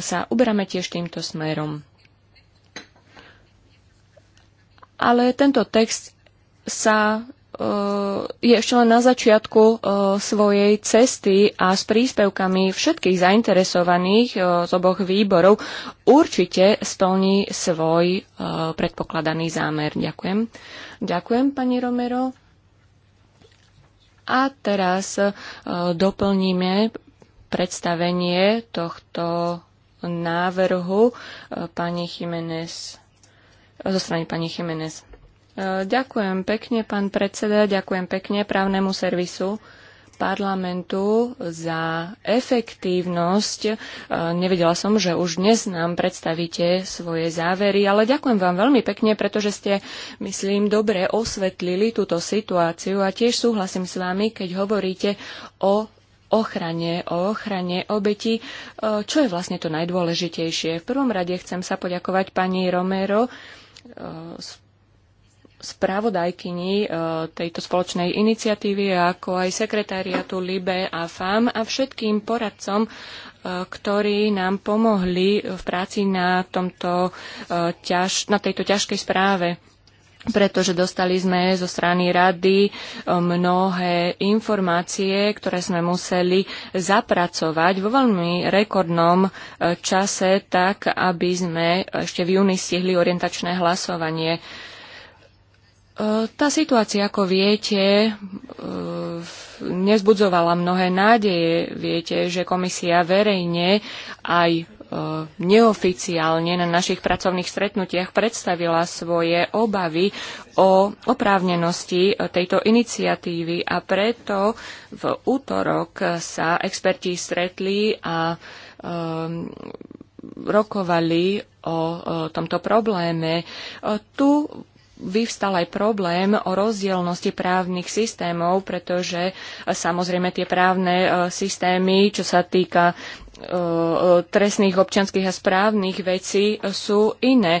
sa uberáme tiež týmto smerom. Ale tento text sa e, je ešte len na začiatku e, svojej cesty a s príspevkami všetkých zainteresovaných z oboch výborov určite splní svoj predpokladaný zámer. Ďakujem. Ďakujem, pani Romero. A teraz e, doplníme predstavenie tohto návrhu e, pani Jiménez, zo strany pani Jiménez. E, ďakujem pekne, pán predseda, ďakujem pekne právnemu servisu parlamentu za efektívnosť. E, nevedela som, že už dnes nám predstavíte svoje závery, ale ďakujem vám veľmi pekne, pretože ste, myslím, dobre osvetlili túto situáciu a tiež súhlasím s vami, keď hovoríte o ochrane, o ochrane obeti. E, čo je vlastne to najdôležitejšie? V prvom rade chcem sa poďakovať pani Romero, e, spravodajkyni e, tejto spoločnej iniciatívy, ako aj sekretariatu LIBE a FAM a všetkým poradcom, e, ktorí nám pomohli v práci na, tomto, e, na tejto ťažkej správe pretože dostali sme zo strany rady mnohé informácie, ktoré sme museli zapracovať vo veľmi rekordnom čase, tak aby sme ešte v júni stihli orientačné hlasovanie. E, tá situácia, ako viete, e, nezbudzovala mnohé nádeje. Viete, že komisia verejne aj e, neoficiálne na našich pracovných stretnutiach predstavila svoje obavy o oprávnenosti tejto iniciatívy a preto v útorok sa experti stretli a um, rokovali o, o tomto probléme. Tu vyvstal aj problém o rozdielnosti právnych systémov, pretože e, samozrejme tie právne e, systémy, čo sa týka e, trestných, občianských a správnych vecí sú iné.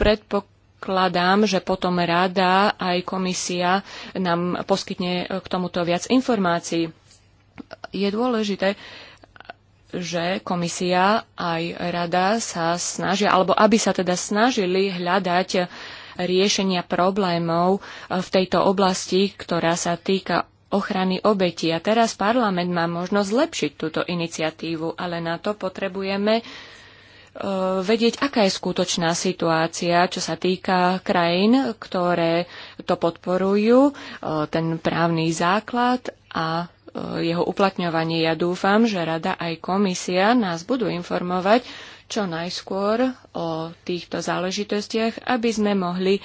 Predpokladám, že potom rada aj komisia nám poskytne k tomuto viac informácií. Je dôležité, že komisia aj rada sa snažia, alebo aby sa teda snažili hľadať riešenia problémov v tejto oblasti, ktorá sa týka ochrany obetí. A teraz parlament má možnosť zlepšiť túto iniciatívu, ale na to potrebujeme e, vedieť, aká je skutočná situácia, čo sa týka krajín, ktoré to podporujú, e, ten právny základ a Eh, jeho uplatňovanie. Ja dúfam, že Rada aj komisia nás budú informovať čo najskôr o týchto záležitostiach, aby sme mohli e,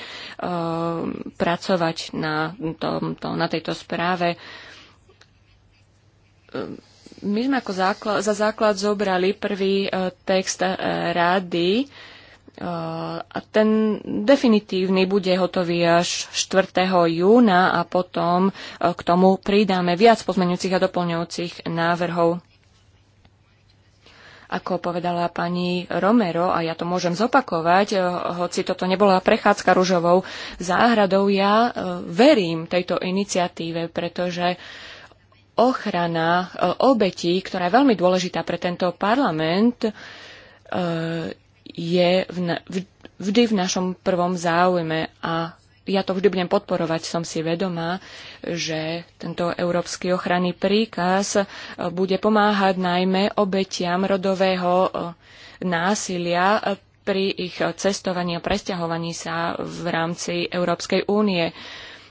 pracovať na, tomto, na tejto správe. Eh, my sme ako základ, za základ zobrali prvý e, text e, rady, e, Eh, a ten definitívny bude hotový až 4. júna a potom eh, k tomu pridáme viac pozmeňujúcich a doplňujúcich návrhov. Ako povedala pani Romero, a ja to môžem zopakovať, eh, hoci toto nebola prechádzka ružovou záhradou, ja verím tejto iniciatíve, pretože ochrana obetí, ktorá je veľmi dôležitá pre tento parlament, je v vždy v našom prvom záujme a ja to vždy budem podporovať, som si vedomá, že tento európsky ochranný príkaz e, bude pomáhať najmä obetiam rodového e, násilia e, pri ich cestovaní a presťahovaní sa v rámci Európskej únie.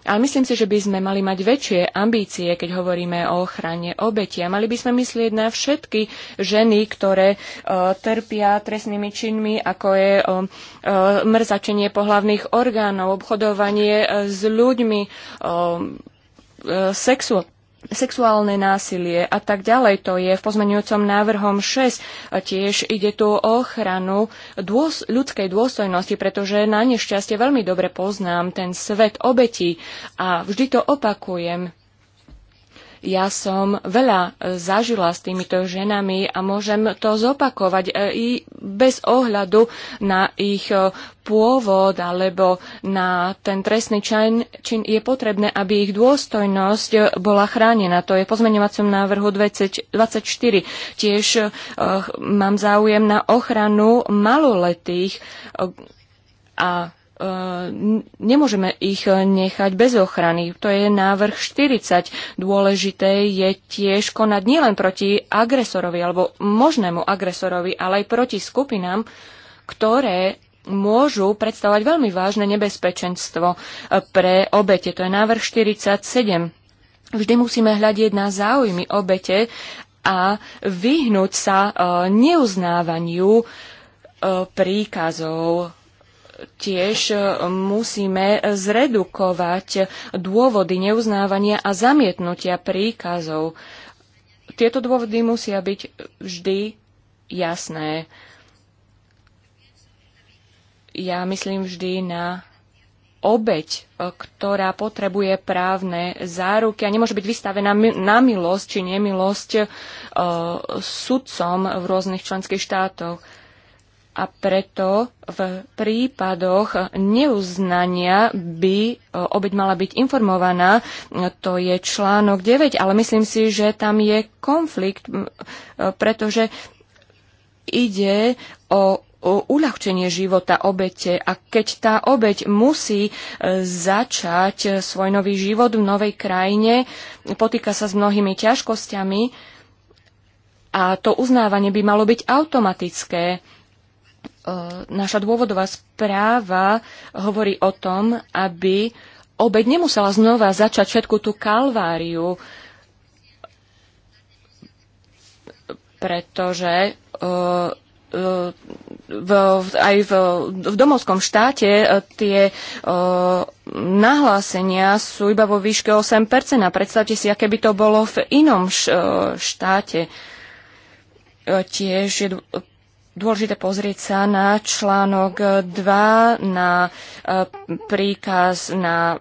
Ale myslím si, že by sme mali mať väčšie ambície, keď hovoríme o ochrane obeti. A mali by sme myslieť na všetky ženy, ktoré uh, trpia trestnými činmi, ako je uh, uh, mrzačenie pohlavných orgánov, obchodovanie uh, s ľuďmi, uh, uh, sexu, sexuálne násilie a tak ďalej. To je v pozmeňujúcom návrhom 6. Tiež ide tu o ochranu dôs- ľudskej dôstojnosti, pretože na nešťastie veľmi dobre poznám ten svet obetí a vždy to opakujem. Ja som veľa e, zažila s týmito ženami a môžem to zopakovať e, i bez ohľadu na ich e, pôvod alebo na ten trestný čin, čin je potrebné, aby ich dôstojnosť bola chránená. To je pozmeňovacom návrhu 2024. 24. Tiež uh, mám záujem na ochranu maloletých uh, a E, nemôžeme ich nechať bez ochrany. To je návrh 40. Dôležité je tiež konať nielen proti agresorovi alebo možnému agresorovi, ale aj proti skupinám, ktoré môžu predstavovať veľmi vážne nebezpečenstvo e, pre obete. To je návrh 47. Vždy musíme hľadiť na záujmy obete a vyhnúť sa e, neuznávaniu príkazov tiež e, musíme zredukovať dôvody neuznávania a zamietnutia príkazov. Tieto dôvody musia byť vždy jasné. Ja myslím vždy na obeď, e, ktorá potrebuje právne záruky a nemôže byť vystavená na milosť či nemilosť uh, e, sudcom v rôznych členských štátoch a preto v prípadoch neuznania by e, obeď mala byť informovaná. To je článok 9, ale myslím si, že tam je konflikt, e, pretože ide o uľahčenie života obete a keď tá obeť musí e, začať svoj nový život v novej krajine, potýka sa s mnohými ťažkosťami a to uznávanie by malo byť automatické E, naša dôvodová správa hovorí o tom, aby obeď nemusela znova začať všetku tú kalváriu, pretože e, e, v, aj v, v domovskom štáte tie uh, nahlásenia sú iba vo výške 8%. A predstavte si, aké by to bolo v inom š, štáte. Tiež je dôležité pozrieť sa na článok 2, na e, príkaz na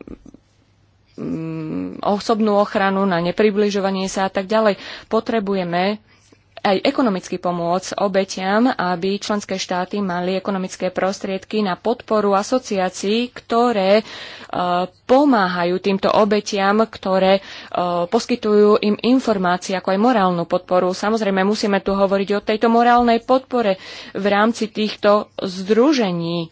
mm, osobnú ochranu, na nepribližovanie sa a tak ďalej. Potrebujeme aj ekonomicky pomôcť obetiam, aby členské štáty mali ekonomické prostriedky na podporu asociácií, ktoré e, pomáhajú týmto obetiam, ktoré e, poskytujú im informácie, ako aj morálnu podporu. Samozrejme, musíme tu hovoriť o tejto morálnej podpore v rámci týchto združení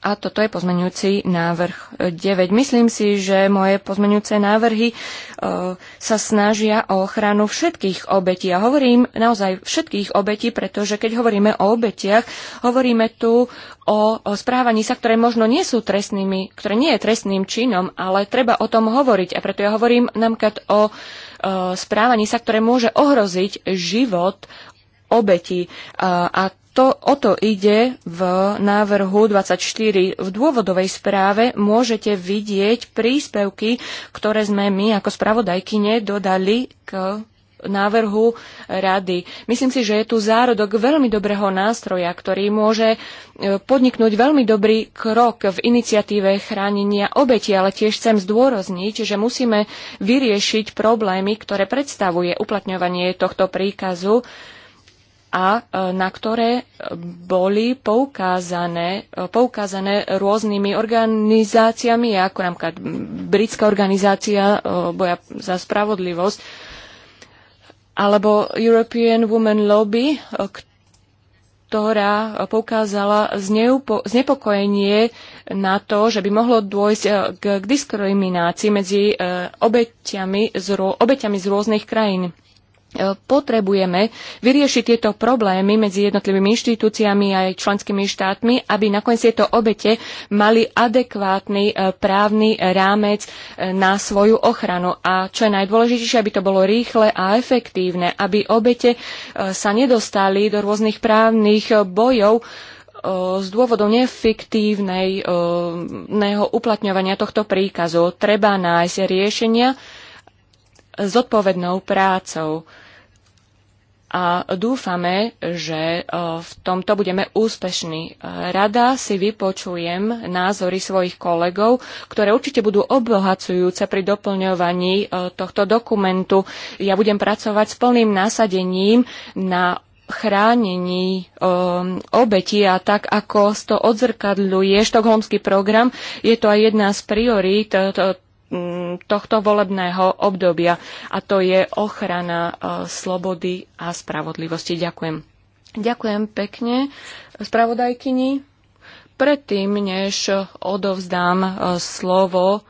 a toto je pozmenujúci návrh 9. Myslím si, že moje pozmenujúce návrhy e, sa snažia o ochranu všetkých obetí. A hovorím naozaj všetkých obetí, pretože keď hovoríme o obetiach, hovoríme tu o, o správaní sa, ktoré možno nie sú trestnými, ktoré nie je trestným činom, ale treba o tom hovoriť. A preto ja hovorím napríklad o e, správaní sa, ktoré môže ohroziť život obeti. E, a to, o to ide v návrhu 24. V dôvodovej správe môžete vidieť príspevky, ktoré sme my ako spravodajkyne dodali k návrhu rady. Myslím si, že je tu zárodok veľmi dobrého nástroja, ktorý môže e, podniknúť veľmi dobrý krok v iniciatíve chránenia obeti, ale tiež chcem zdôrazniť, že musíme vyriešiť problémy, ktoré predstavuje uplatňovanie tohto príkazu a e, na ktoré boli poukázané, e, poukázané rôznymi organizáciami, ako napríklad britská organizácia e, boja za spravodlivosť, alebo European Women Lobby, ktorá poukázala znepokojenie na to, že by mohlo dôjsť k diskriminácii medzi obeťami z, obeťami z rôznych krajín. E, potrebujeme vyriešiť tieto problémy medzi jednotlivými inštitúciami a aj členskými štátmi, aby nakoniec tieto obete mali adekvátny e, právny rámec e, na svoju ochranu. A čo je najdôležitejšie, aby to bolo rýchle a efektívne, aby obete sa nedostali do rôznych právnych bojov, z dôvodov neefektívneho uplatňovania tohto príkazu treba nájsť riešenia, zodpovednou prácou. A dúfame, že v tomto budeme úspešní. Rada si vypočujem názory svojich kolegov, ktoré určite budú obohacujúce pri doplňovaní tohto dokumentu. Ja budem pracovať s plným nasadením na chránení um, obetí a tak, ako to odzrkadľuje štokholmský program, je to aj jedna z priorít Mm, tohto volebného obdobia a to je ochrana e, slobody a spravodlivosti. Ďakujem. Ďakujem pekne spravodajkyni. Predtým, než odovzdám e, slovo e,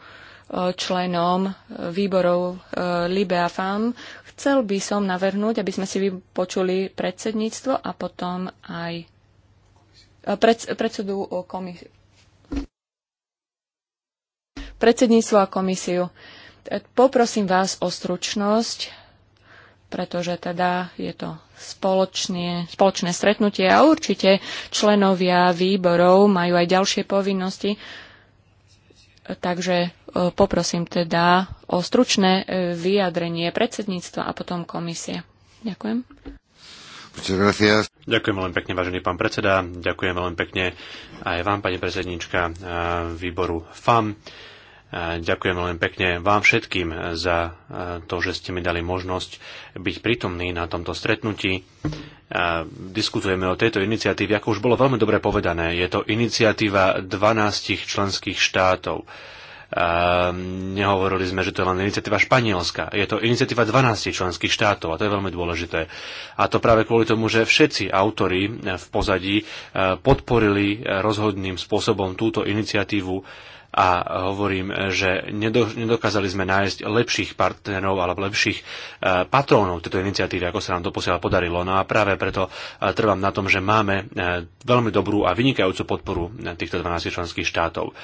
členom výborov Libe a FAM, chcel by som navrhnúť, aby sme si vypočuli predsedníctvo a potom aj predsedu komisie predsedníctvo a komisiu. Poprosím vás o stručnosť, pretože teda je to spoločne, spoločné stretnutie a určite členovia výborov majú aj ďalšie povinnosti. Takže e, poprosím teda o stručné e, vyjadrenie predsedníctva a potom komisie. Ďakujem. Ďakujem veľmi pekne, vážený pán predseda. Ďakujem veľmi pekne aj vám, pani predsednička e, výboru FAM. Ďakujem veľmi pekne vám všetkým za to, že ste mi dali možnosť byť prítomný na tomto stretnutí. Diskutujeme o tejto iniciatíve, ako už bolo veľmi dobre povedané. Je to iniciatíva 12 členských štátov. Nehovorili sme, že to je len iniciatíva Španielska. Je to iniciatíva 12 členských štátov a to je veľmi dôležité. A to práve kvôli tomu, že všetci autori v pozadí podporili rozhodným spôsobom túto iniciatívu a hovorím, že nedokázali sme nájsť lepších partnerov alebo lepších e, patrónov tejto iniciatívy, ako sa nám to posiaľ podarilo. No a práve preto e, trvám na tom, že máme e, veľmi dobrú a vynikajúcu podporu týchto 12 členských štátov.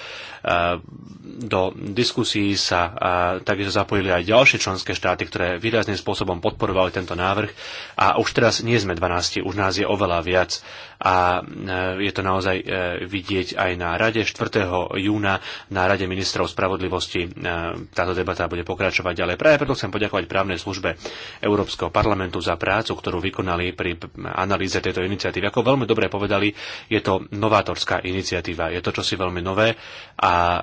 Do diskusí sa takisto zapojili aj ďalšie členské štáty, ktoré výrazným spôsobom podporovali tento návrh a už teraz nie sme 12, už nás je oveľa viac a je to naozaj vidieť aj na rade 4. júna na Rade ministrov spravodlivosti. E, táto debata bude pokračovať ďalej. Práve preto chcem poďakovať právnej službe Európskeho parlamentu za prácu, ktorú vykonali pri analýze tejto iniciatívy. Ako veľmi dobre povedali, je to novátorská iniciatíva. Je to čosi veľmi nové a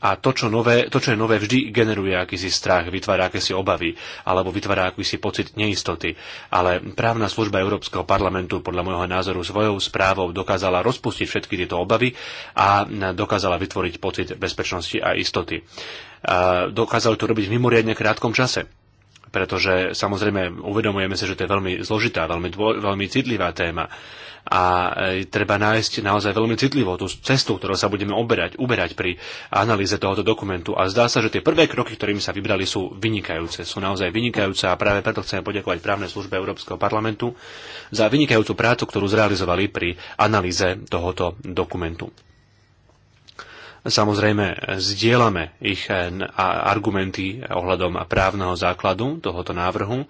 a to čo, nové, to, čo je nové, vždy generuje akýsi strach, vytvára akési obavy alebo vytvára akýsi pocit neistoty. Ale právna služba Európskeho parlamentu podľa môjho názoru svojou správou dokázala rozpustiť všetky tieto obavy a dokázala vytvoriť pocit bezpečnosti a istoty. A dokázali to robiť v mimoriadne krátkom čase pretože samozrejme uvedomujeme sa, že to je veľmi zložitá, veľmi, dvo, veľmi citlivá téma a e, treba nájsť naozaj veľmi citlivo tú cestu, ktorou sa budeme oberať, uberať pri analýze tohoto dokumentu. A zdá sa, že tie prvé kroky, ktorými sa vybrali, sú vynikajúce. Sú naozaj vynikajúce a práve preto chceme poďakovať právnej službe Európskeho parlamentu za vynikajúcu prácu, ktorú zrealizovali pri analýze tohoto dokumentu. Samozrejme, zdieľame ich eh, argumenty ohľadom právneho základu tohoto návrhu.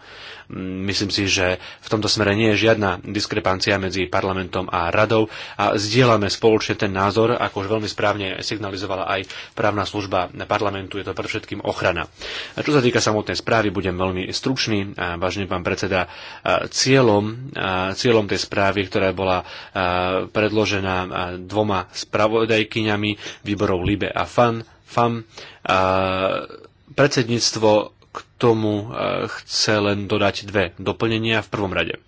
Mm, myslím si, že v tomto smere nie je žiadna diskrepancia medzi parlamentom a radou a zdieľame spoločne ten názor, ako už veľmi správne signalizovala aj právna služba parlamentu, je to pre všetkým ochrana. A čo sa týka samotnej správy, budem veľmi stručný. Vážne pán predseda, cieľom, cieľom tej správy, ktorá bola predložená dvoma spravodajkyňami, výborov LIBE a FAN, FAM. A predsedníctvo k tomu e, chce len dodať dve doplnenia v prvom rade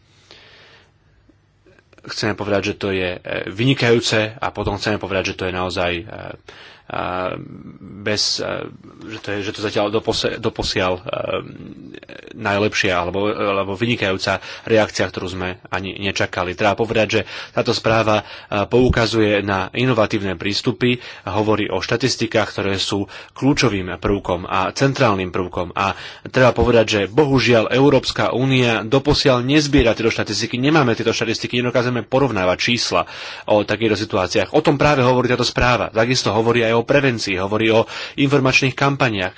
chceme povedať, že to je e, vynikajúce a potom chceme povedať, že to je naozaj e, bez, že, to je, že to zatiaľ doposiaľ najlepšia alebo, alebo vynikajúca reakcia, ktorú sme ani nečakali. Treba povedať, že táto správa poukazuje na inovatívne prístupy, hovorí o štatistikách, ktoré sú kľúčovým prvkom a centrálnym prvkom. A treba povedať, že bohužiaľ Európska únia doposiaľ nezbiera tieto štatistiky, nemáme tieto štatistiky, nedokážeme porovnávať čísla o takýchto situáciách. O tom práve hovorí táto správa. Takisto hovorí aj o o prevencii, hovorí o informačných kampaniach.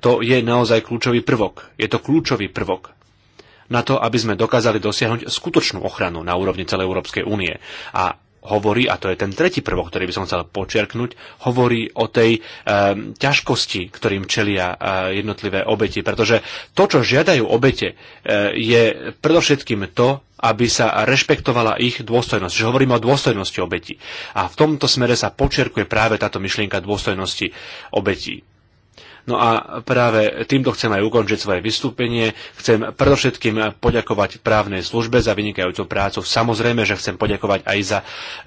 To je naozaj kľúčový prvok. Je to kľúčový prvok na to, aby sme dokázali dosiahnuť skutočnú ochranu na úrovni celej Európskej únie. A hovorí, a to je ten tretí prvok, ktorý by som chcel počerknúť, hovorí o tej e, ťažkosti, ktorým čelia e, jednotlivé obete. Pretože to, čo žiadajú obete, e, je predovšetkým to, aby sa rešpektovala ich dôstojnosť. Že hovoríme o dôstojnosti obetí. A v tomto smere sa počerkuje práve táto myšlienka dôstojnosti obetí. No a práve týmto chcem aj ukončiť svoje vystúpenie. Chcem predovšetkým poďakovať právnej službe za vynikajúcu prácu. Samozrejme, že chcem poďakovať aj za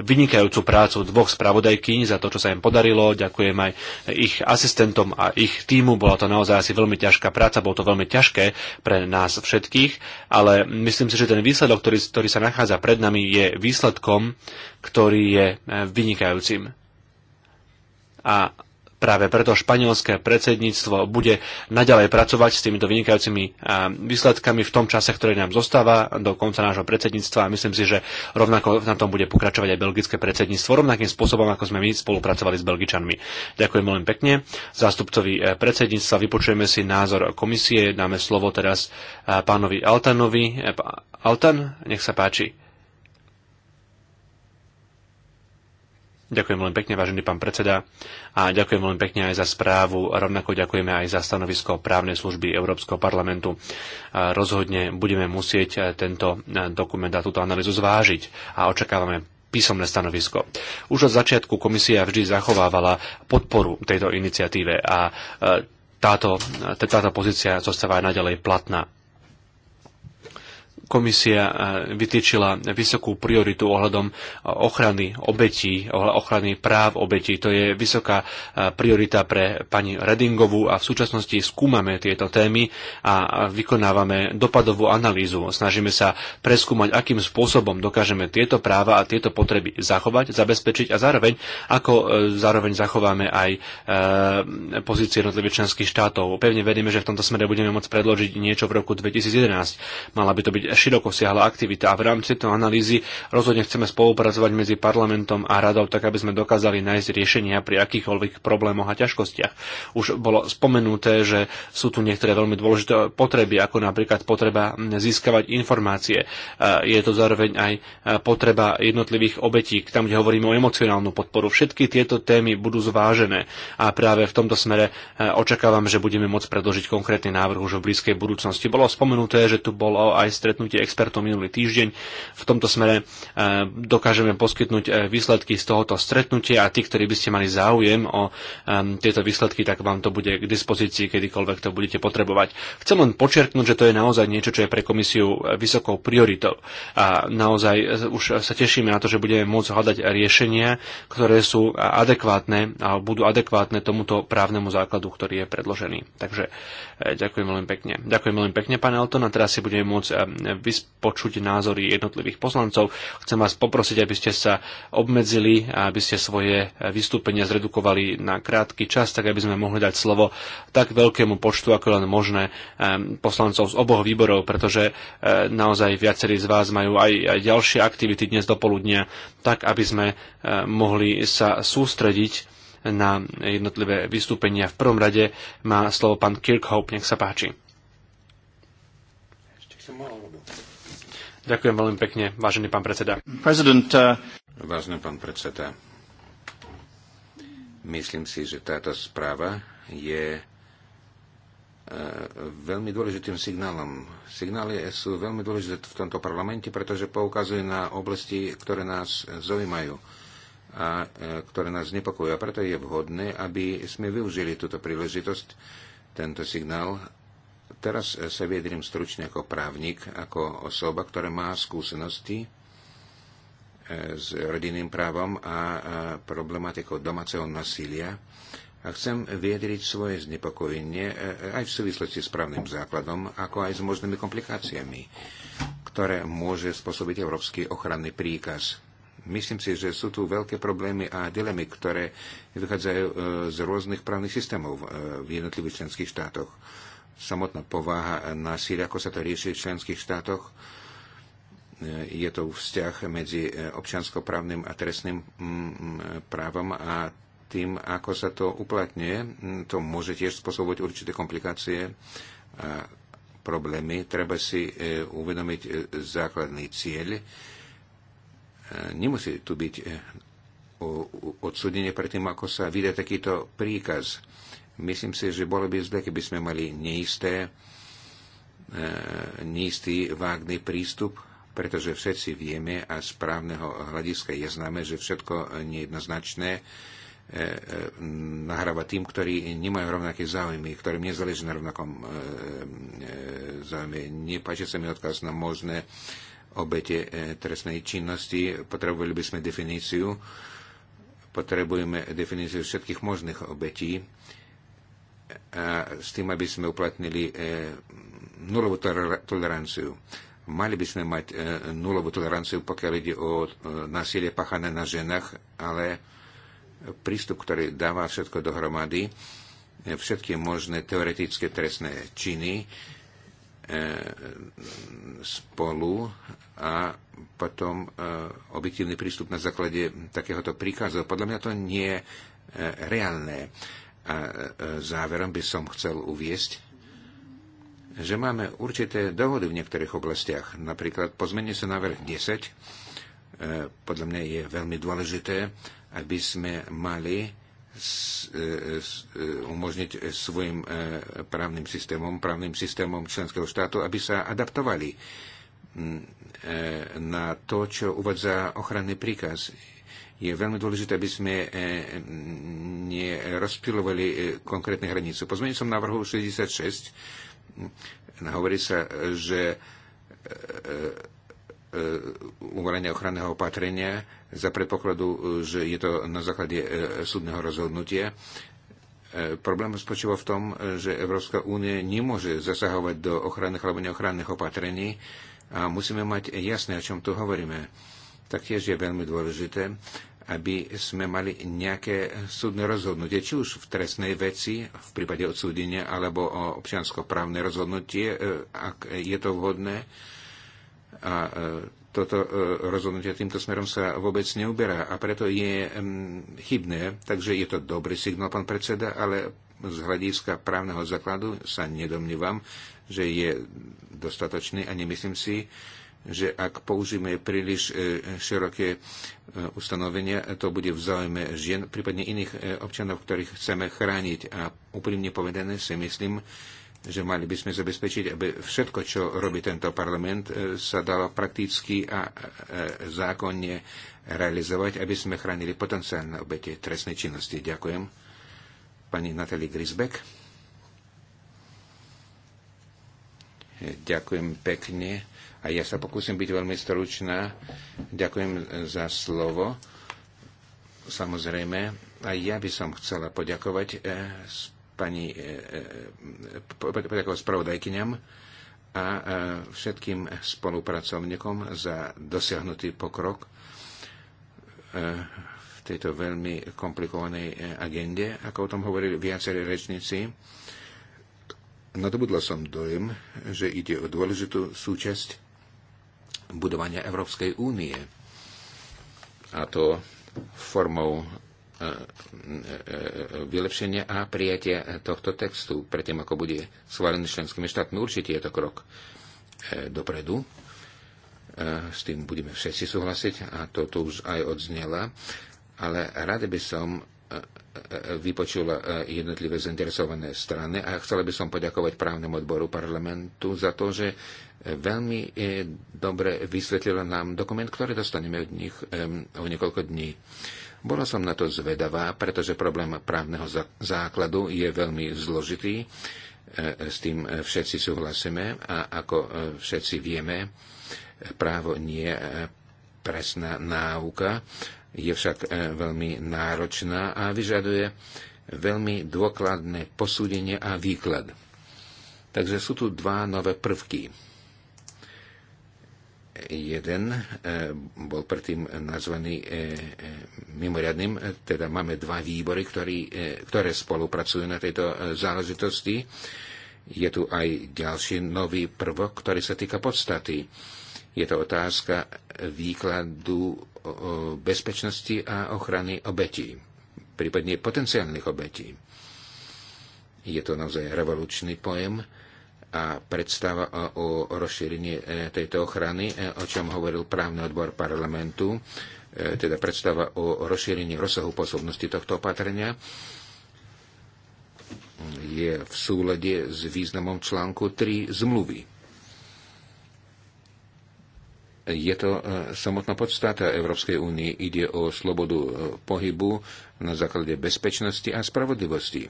vynikajúcu prácu dvoch spravodajkyň, za to, čo sa im podarilo. Ďakujem aj ich asistentom a ich týmu. Bola to naozaj asi veľmi ťažká práca, bolo to veľmi ťažké pre nás všetkých, ale myslím si, že ten výsledok, ktorý, ktorý sa nachádza pred nami, je výsledkom, ktorý je vynikajúcim. A Práve preto španielské predsedníctvo bude naďalej pracovať s týmito vynikajúcimi výsledkami v tom čase, ktorý nám zostáva do konca nášho predsedníctva a myslím si, že rovnako na tom bude pokračovať aj belgické predsedníctvo, rovnakým spôsobom, ako sme my spolupracovali s Belgičanmi. Ďakujem veľmi pekne. Zástupcovi e, predsedníctva vypočujeme si názor komisie. Dáme slovo teraz e, pánovi Altanovi. E, Altan, nech sa páči. Ďakujem veľmi pekne, vážený pán predseda, a ďakujem veľmi pekne aj za správu. Rovnako ďakujeme aj za stanovisko právnej služby Európskeho parlamentu. Rozhodne budeme musieť tento dokument a túto analýzu zvážiť a očakávame písomné stanovisko. Už od začiatku komisia vždy zachovávala podporu tejto iniciatíve a e, táto, e, táto pozícia zostáva aj naďalej platná komisia eh, vytýčila vysokú prioritu ohľadom eh, ochrany obetí, ochrany práv obetí. To je vysoká eh, priorita pre pani Redingovú a v súčasnosti skúmame tieto témy a vykonávame dopadovú analýzu. Snažíme sa preskúmať, akým spôsobom dokážeme tieto práva a tieto potreby zachovať, zabezpečiť a zároveň, ako zároveň zachováme aj pozície jednotlivých členských štátov. Pevne veríme, že v tomto smere budeme môcť predložiť niečo v roku 2011. Mala by to byť širokosiahla aktivita a v rámci tejto analýzy rozhodne chceme spolupracovať medzi parlamentom a radou, tak aby sme dokázali nájsť riešenia pri akýchkoľvek problémoch a ťažkostiach. Už bolo spomenuté, že sú tu niektoré veľmi dôležité potreby, ako napríklad potreba získavať informácie. E, je to zároveň aj e, potreba jednotlivých obetí, tam, kde hovoríme o emocionálnu podporu. Všetky tieto témy budú zvážené a práve v tomto smere e, očakávam, že budeme môcť predložiť konkrétny návrh už v blízkej budúcnosti. Bolo spomenuté, že tu bolo aj stretnutie stretnutie expertov minulý týždeň. V tomto smere e, dokážeme poskytnúť e, výsledky z tohoto stretnutia a tí, ktorí by ste mali záujem o tieto výsledky, tak vám to bude k dispozícii, kedykoľvek to budete potrebovať. Chcem len počerknúť, že to je naozaj niečo, čo je pre komisiu e, vysokou prioritou. A naozaj už sa tešíme na to, že budeme môcť hľadať riešenia, ktoré sú adekvátne a budú adekvátne tomuto právnemu základu, ktorý je predložený. Takže ďakujem veľmi pekne. Ďakujem veľmi pekne, pán Elton, a teraz si budeme môcť vyspočuť názory jednotlivých poslancov. Chcem vás poprosiť, aby ste sa obmedzili a aby ste svoje vystúpenia zredukovali na krátky čas, tak aby sme mohli dať slovo tak veľkému počtu, ako len možné poslancov z oboch výborov, pretože eh, naozaj viacerí z vás majú aj, aj ďalšie aktivity dnes do poludnia, tak aby sme eh, mohli sa sústrediť na jednotlivé vystúpenia. V prvom rade má slovo pán Kirkhope, nech sa páči. Ešte som mal Ďakujem veľmi pekne, vážený pán predseda. President, uh... Vážený pán predseda, myslím si, že táto správa je uh, veľmi dôležitým signálom. Signály sú veľmi dôležité v tomto parlamente, pretože poukazujú na oblasti, ktoré nás zaujímajú a uh, ktoré nás nepokojujú. A preto je vhodné, aby sme využili túto príležitosť, tento signál Teraz e, sa viedrím stručne ako právnik, ako osoba, ktorá má skúsenosti e, s rodinným právom a problematikou domáceho nasilia a chcem viedriť svoje znepokojenie e, aj v súvislosti s právnym základom, ako aj s možnými komplikáciami, ktoré môže spôsobiť Európsky ochranný príkaz. Myslím si, že sú tu veľké problémy a dilemy, ktoré vychádzajú z rôznych právnych systémov v jednotlivých členských štátoch samotná povaha násilia, ako sa to rieši v členských štátoch. Je to vzťah medzi občianskoprávnym a trestným mm, právom a tým, ako sa to uplatňuje. To môže tiež spôsobovať určité komplikácie a problémy. Treba si e, uvedomiť e, základný cieľ. E, nemusí tu byť odsudenie predtým, ako sa vyda takýto príkaz Myslím si, že bolo by zle, keby sme mali neisté, e, neistý vágný prístup, pretože všetci vieme a z právneho hľadiska je známe, že všetko nejednoznačné e, e, nahráva tým, ktorí nemajú rovnaké záujmy, ktorým nezáleží na rovnakom záujme. Nepáči sa mi odkaz na možné obete trestnej činnosti. Potrebovali by sme definíciu. Potrebujeme definíciu všetkých možných obetí a s tým, aby sme uplatnili e, nulovú toleranciu. Mali by sme mať e, nulovú toleranciu, pokiaľ ide o e, násilie pachané na ženách, ale prístup, ktorý dáva všetko dohromady, všetky možné teoretické trestné činy spolu a potom objektívny prístup na základe takéhoto príkazu. Podľa mňa to nie je reálne. A e, záverom by som chcel uviesť, že máme určité dohody v niektorých oblastiach. Napríklad pozmenie sa na vrch 10. E, podľa mňa je veľmi dôležité, aby sme mali e, umožniť svojim právnym systémom, právnym systémom členského štátu, aby sa adaptovali na to, čo uvádza ochranný príkaz. Je veľmi dôležité, aby sme e, e, nerozpilovali e, konkrétne hranice. Pozmením som návrhu 66 hovorí sa, že uvalenia ochranného opatrenia za predpokladu, že je to na základe súdneho rozhodnutia. Problém spočíva v tom, že Európska únie nemôže zasahovať do ochranných alebo neochranných opatrení a musíme mať jasné, o čom tu hovoríme. Taktiež je veľmi dôležité, aby sme mali nejaké súdne rozhodnutie, či už v trestnej veci, v prípade odsúdenia, alebo o právne rozhodnutie, e, ak je to vhodné. A e, toto e, rozhodnutie týmto smerom sa vôbec neuberá a preto je chybné, takže je to dobrý signál, pán predseda, ale z hľadiska právneho základu sa nedomnívam, že je dostatočný a nemyslím si, že ak použijeme príliš e, široké e, ustanovenia, to bude v záujme žien, prípadne iných e, občanov, ktorých chceme chrániť. A úprimne povedané si myslím, že mali by sme zabezpečiť, aby všetko, čo robí tento parlament, sa dalo prakticky a zákonne realizovať, aby sme chránili potenciálne obete trestnej činnosti. Ďakujem. Pani Natali Grisbeck. Ďakujem pekne. A ja sa pokúsim byť veľmi stručná. Ďakujem za slovo. Samozrejme, aj ja by som chcela poďakovať eh, pani eh, eh, poďakovať spravodajkyňam a všetkým spolupracovníkom za dosiahnutý pokrok v tejto veľmi komplikovanej agende, ako o tom hovorili viacerí rečníci. Nadobudla som dojem, že ide o dôležitú súčasť budovania Európskej únie. A to formou e, e, e, vylepšenia a prijatia tohto textu, predtým ako bude schválený členskými štátmi. Určite je to krok dopredu. S tým budeme všetci súhlasiť a to tu už aj odznela. Ale rada by som vypočula e, jednotlivé zainteresované strany a chcela by som poďakovať právnemu odboru parlamentu za to, že e, veľmi e, dobre vysvetlila nám dokument, ktorý dostaneme od nich o niekoľko dní. Bola som na to zvedavá, pretože problém právneho základu je veľmi zložitý. S tým všetci súhlasíme a ako všetci vieme, právo nie je presná náuka, je však e, veľmi náročná a vyžaduje veľmi dôkladné posúdenie a výklad. Takže sú tu dva nové prvky. Jeden e, bol predtým nazvaný e, mimoriadným, teda máme dva výbory, ktorý, ktoré spolupracujú na tejto záležitosti. Je tu aj ďalší nový prvok, ktorý sa týka podstaty je to otázka výkladu bezpečnosti a ochrany obetí, prípadne potenciálnych obetí. Je to naozaj revolučný pojem a predstava o rozšírení e, tejto ochrany, e, o čom hovoril právny odbor parlamentu, e, teda predstava o rozšírení rozsahu pôsobnosti tohto opatrenia, je v súlade s významom článku 3 zmluvy je to e, samotná podstata Európskej únie. Ide o slobodu e, pohybu na základe bezpečnosti a spravodlivosti.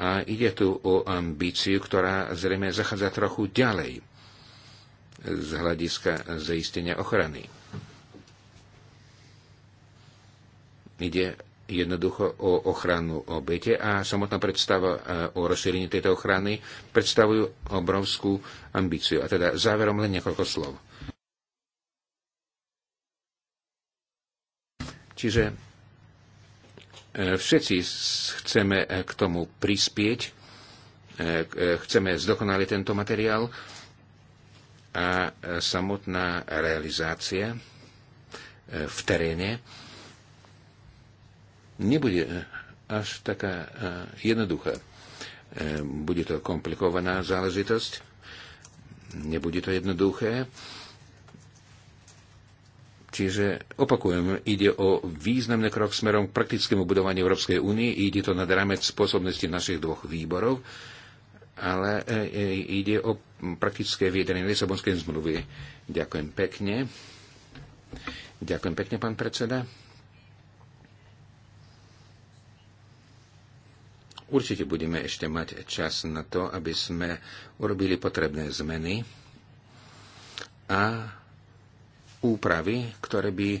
A ide tu o ambíciu, ktorá zrejme zachádza trochu ďalej z hľadiska zaistenia ochrany. Ide jednoducho o ochranu obete a samotná predstava e, o rozšírení tejto ochrany predstavujú obrovskú ambíciu. A teda záverom len niekoľko slov. Čiže e, všetci chceme e, k tomu prispieť, e, chceme zdokonaliť tento materiál a samotná realizácia v teréne nebude až taká jednoduchá. Bude to komplikovaná záležitosť, nebude to jednoduché Čiže opakujem, ide o významný krok smerom k praktickému budovaniu Európskej únie, ide to nad rámec spôsobnosti našich dvoch výborov, ale e, e, ide o praktické vyjadrenie Lisabonskej zmluvy. Ďakujem pekne. Ďakujem pekne, pán predseda. Určite budeme ešte mať čas na to, aby sme urobili potrebné zmeny a úpravy, ktoré by e, e,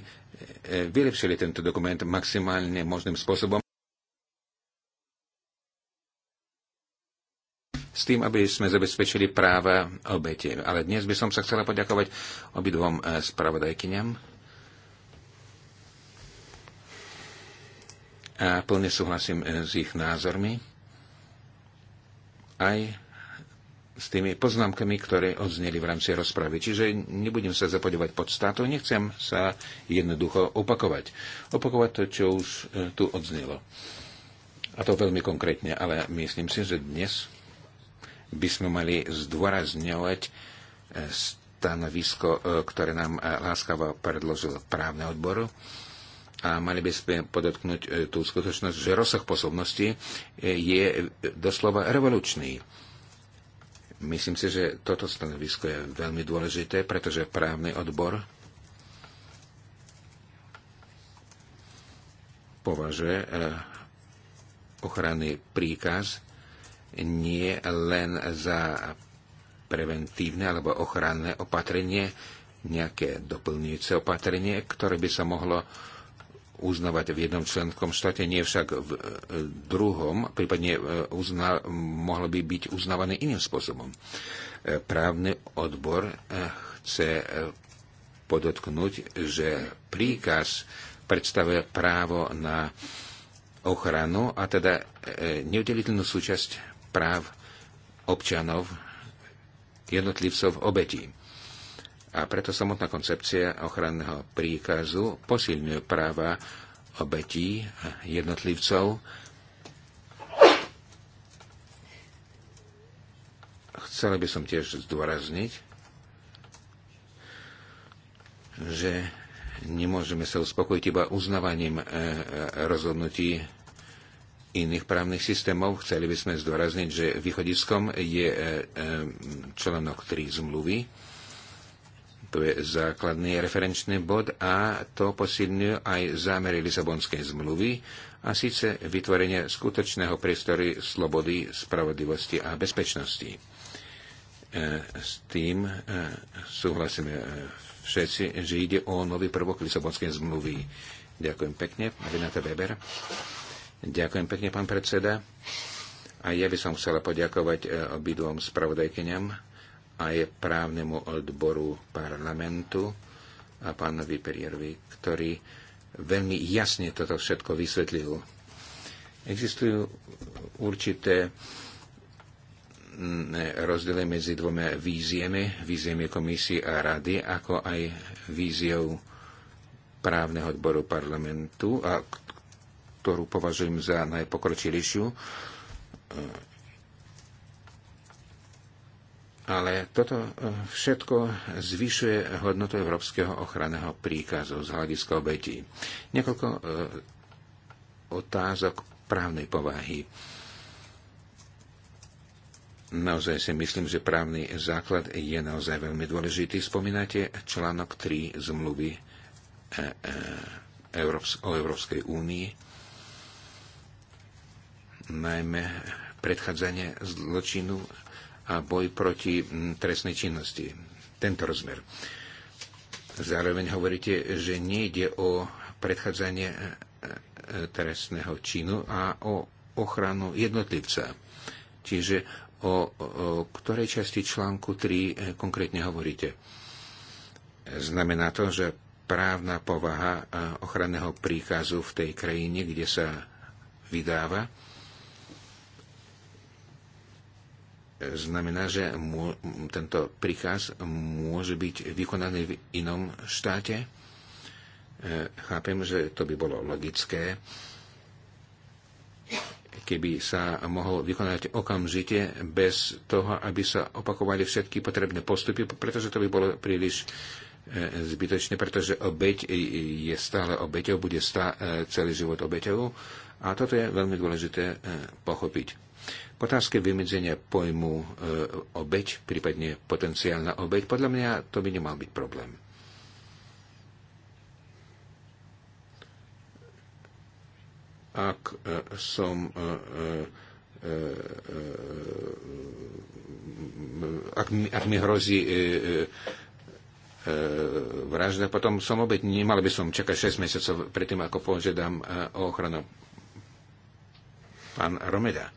vylepšili tento dokument maximálne možným spôsobom s tým, aby sme zabezpečili práva obete. Ale dnes by som sa chcela poďakovať obidvom e, spravodajkyňam. A plne súhlasím s ich názormi. Aj s tými poznámkami, ktoré odzneli v rámci rozpravy. Čiže nebudem sa zapodovať pod státu, nechcem sa jednoducho opakovať. Opakovať to, čo už e, tu odznelo. A to veľmi konkrétne, ale myslím si, že dnes by sme mali zdôrazňovať e, stanovisko, e, ktoré nám láskavo predložil právne odboru a mali by sme podotknúť tú skutočnosť, že rozsah posobnosti je doslova revolučný Myslím si, že toto stanovisko je veľmi dôležité, pretože právny odbor považuje e, ochranný príkaz nie len za preventívne alebo ochranné opatrenie, nejaké doplňujúce opatrenie, ktoré by sa mohlo uh, uznávať v jednom členskom štáte, nie však v e, druhom, prípadne e, uzna, mohlo by byť uznávané iným spôsobom. E, právny odbor chce podotknúť, že príkaz predstavuje právo na ochranu a teda neudeliteľnú súčasť práv občanov, jednotlivcov obetí a preto samotná koncepcia ochranného príkazu posilňuje práva obetí a jednotlivcov. Chcela by som tiež zdôrazniť, že nemôžeme sa uspokojiť iba uznávaním e, e, rozhodnutí iných právnych systémov. Chceli by sme zdôrazniť, že východiskom je e, členok, 3 zmluvy to je základný referenčný bod a to posilňuje aj zámery Lisabonskej zmluvy a síce vytvorenie skutočného priestory slobody, spravodlivosti a bezpečnosti. E, s tým e, súhlasíme e, všetci, že ide o nový prvok Lisabonskej zmluvy. Ďakujem pekne, Renata Weber. Ďakujem pekne, pán predseda. A ja by som chcela poďakovať obidvom spravodajkeniam aj právnemu odboru parlamentu a pánovi Perierovi, ktorý veľmi jasne toto všetko vysvetlil. Existujú určité mm, rozdiely medzi dvoma víziemi, víziemi komisie a rady, ako aj víziou právneho odboru parlamentu, a ktorú považujem za najpokročilejšiu ale toto e, všetko zvyšuje hodnotu Európskeho ochranného príkazu z hľadiska obetí. Niekoľko e, otázok právnej povahy. Naozaj si myslím, že právny základ je naozaj veľmi dôležitý. Spomínate článok 3 zmluvy e, o Európskej únii, najmä predchádzanie zločinu a boj proti mm, trestnej činnosti. Tento rozmer. Zároveň hovoríte, že nejde o predchádzanie e, e, trestného činu a o ochranu jednotlivca. Čiže o, o ktorej časti článku 3 e, konkrétne hovoríte? Znamená to, že právna povaha ochranného príkazu v tej krajine, kde sa vydáva, znamená, že mô, tento príkaz môže byť vykonaný v inom štáte. E, chápem, že to by bolo logické, keby sa mohol vykonať okamžite bez toho, aby sa opakovali všetky potrebné postupy, pretože to by bolo príliš e, zbytočné, pretože obeď je stále obeťou, bude stále e, celý život obeťou a toto je veľmi dôležité pochopiť otázke vymedzenia pojmu e, obeď, prípadne potenciálna obeď, podľa mňa to by nemal byť problém. Ak e, som e, e, e ak, mi, ak mi hrozí e, e, e, vražda, potom som obeď, nemal by som čakať 6 mesiacov predtým, ako požiadam e, o ochranu. Pán Romeda.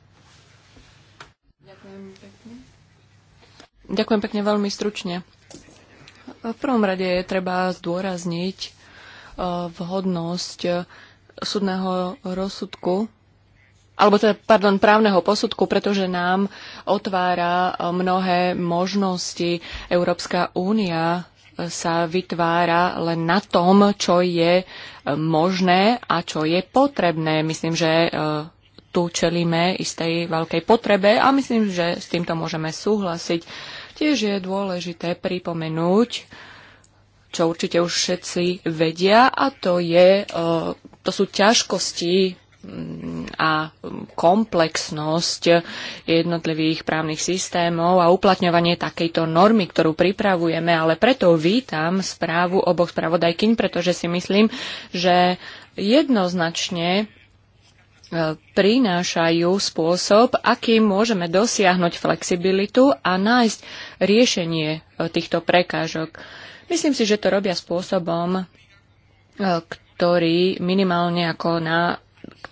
Ďakujem pekne veľmi stručne. V prvom rade je treba zdôrazniť e, vhodnosť e, súdneho rozsudku, alebo teda, pardon, právneho posudku, pretože nám otvára e, mnohé možnosti. Európska únia sa vytvára len na tom, čo je možné a čo je potrebné. Myslím, že tu čelíme istej veľkej potrebe a myslím, že s týmto môžeme súhlasiť Tiež je dôležité pripomenúť, čo určite už všetci vedia, a to, je, e, to sú ťažkosti mm, a komplexnosť jednotlivých právnych systémov a uplatňovanie takejto normy, ktorú pripravujeme, ale preto vítam správu oboch spravodajkyň, pretože si myslím, že jednoznačne E, prinášajú spôsob, akým môžeme dosiahnuť flexibilitu a nájsť riešenie e, týchto prekážok. Myslím si, že to robia spôsobom, e, ktorý minimálne ako na,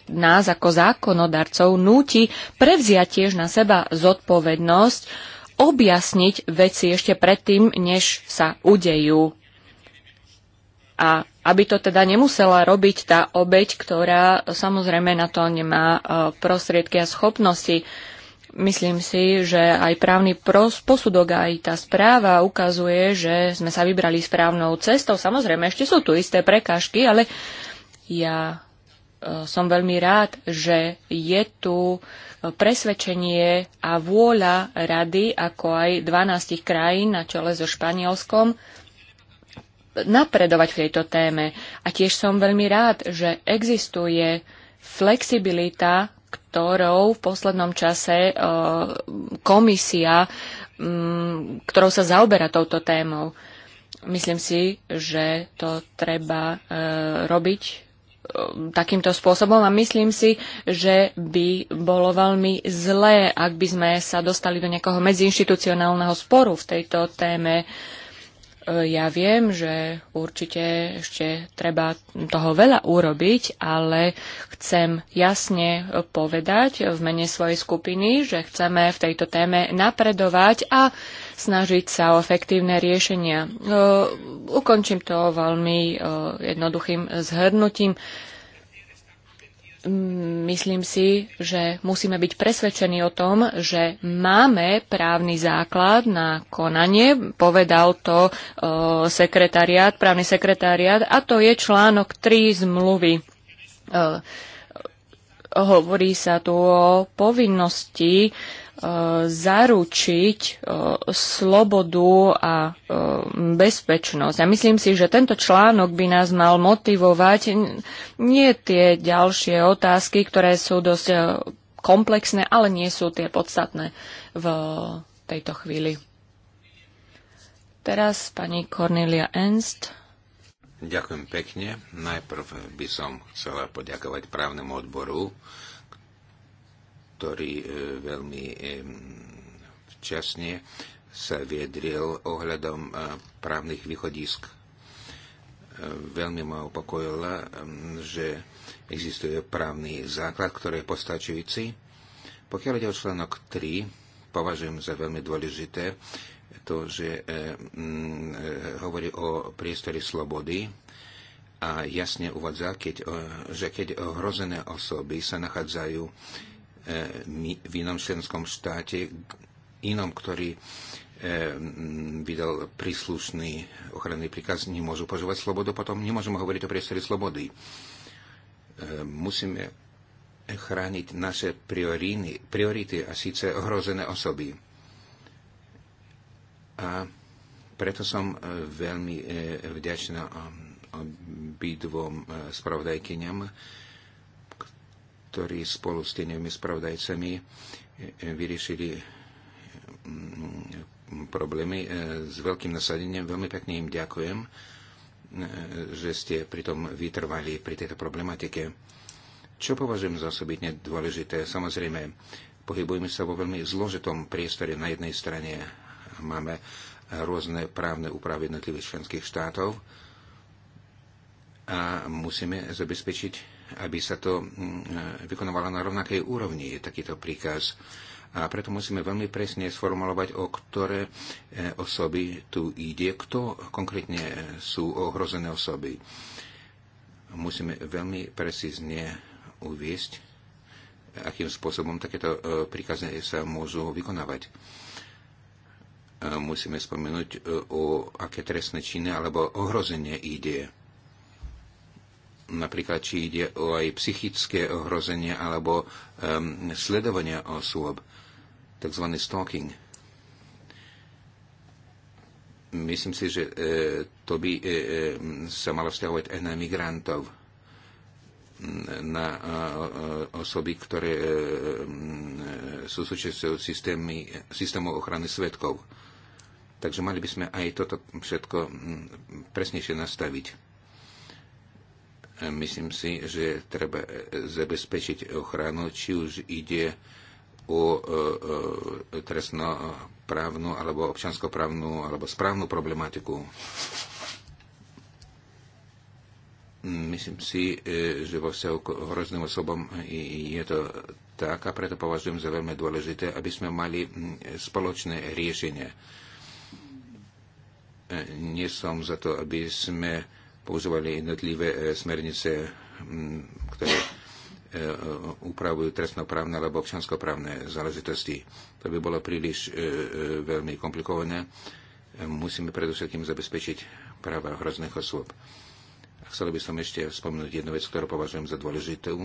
nás ako zákonodarcov núti prevziať tiež na seba zodpovednosť, objasniť veci ešte predtým, než sa udejú. A aby to teda nemusela robiť tá obeď, ktorá samozrejme na to nemá e, prostriedky a schopnosti. Myslím si, že aj právny posudok, aj tá správa ukazuje, že sme sa vybrali správnou cestou. Samozrejme, ešte sú tu isté prekážky, ale ja e, som veľmi rád, že je tu e, presvedčenie a vôľa rady, ako aj 12 krajín na čele so Španielskom, napredovať v tejto téme. A tiež som veľmi rád, že existuje flexibilita, ktorou v poslednom čase eh, komisia, mm, ktorou sa zaoberá touto témou. Myslím si, že to treba eh, robiť eh, takýmto spôsobom a myslím si, že by bolo veľmi zlé, ak by sme sa dostali do nejakého medziinstitucionálneho sporu v tejto téme. Uh, ja viem, že určite ešte treba toho veľa urobiť, ale chcem jasne povedať v mene svojej skupiny, že chceme v tejto téme napredovať a snažiť sa o efektívne riešenia. E, ukončím to veľmi e, jednoduchým zhrnutím myslím si, že musíme byť presvedčení o tom, že máme právny základ na konanie. Povedal to e, sekretariat, právny sekretariat, a to je článok 3 zmluvy. E, hovorí sa tu o povinnosti e, zaručiť e, slobodu a e, bezpečnosť. A myslím si, že tento článok by nás mal motivovať nie tie ďalšie otázky, ktoré sú dosť e, komplexné, ale nie sú tie podstatné v tejto chvíli. Teraz pani Cornelia Ernst. Ďakujem pekne. Najprv by som chcela poďakovať právnemu odboru ktorý e, veľmi e, včasne sa viedril ohľadom e, právnych východisk. Veľmi ma upokojila, že existuje právny základ, ktorý je postačujúci. Pokiaľ ide o článok 3, považujem za veľmi dôležité to, že hovorí o priestore slobody, a jasne uvádza, keď, že keď ohrozené osoby sa nachádzajú E, v inom členskom štáte, inom, ktorý e, vydal príslušný ochranný príkaz, nemôžu požívať slobodu, potom nemôžeme hovoriť o priestore slobody. E, musíme chrániť naše prioríny, priority a síce ohrozené osoby. A preto som veľmi vďačná obidvom spravodajkyňam, ktorí spolu s tými spravodajcami e, e, vyriešili e, problémy s veľkým nasadením. Veľmi pekne im ďakujem, že ste pritom vytrvali pri tejto problematike. Čo považujem za osobitne dôležité? Samozrejme, pohybujeme sa vo veľmi zložitom priestore. Na jednej strane máme rôzne právne úpravy jednotlivých členských štátov a musíme zabezpečiť aby sa to mm, e, vykonovalo na rovnakej úrovni, je takýto príkaz. A preto musíme veľmi presne sformulovať, o ktoré e, osoby tu ide, kto konkrétne e, sú ohrozené osoby. Musíme veľmi precízne uviesť, akým spôsobom takéto príkazy sa môžu vykonávať musíme spomenúť, o aké trestné činy alebo ohrozenie ide napríklad či ide o aj psychické ohrozenie alebo um, sledovanie osôb, tzv. stalking. Myslím si, že e, to by e, e, sa malo vzťahovať aj na migrantov, na a, e, a, e, osoby, ktoré e, e sú súčasťou systému ochrany svetkov. Takže mali by sme aj toto všetko presnejšie nastaviť Myslím si, že treba e, zabezpečiť ochranu, či už ide o e, e, trestnoprávnu alebo občanskoprávnu alebo správnu problematiku. Myslím si, že vo vzťahu k hrozným osobom je to tak a preto považujem za veľmi dôležité, aby sme mali spoločné riešenie. Nie som za to, aby sme používali jednotlivé e, smernice, ktoré e, e, upravujú trestnoprávne alebo občanskoprávne záležitosti. To by bolo príliš veľmi komplikované. Musíme predovšetkým zabezpečiť práva hrozných osôb. A chcel by som ešte spomenúť jednu vec, ktorú považujem za dôležitú.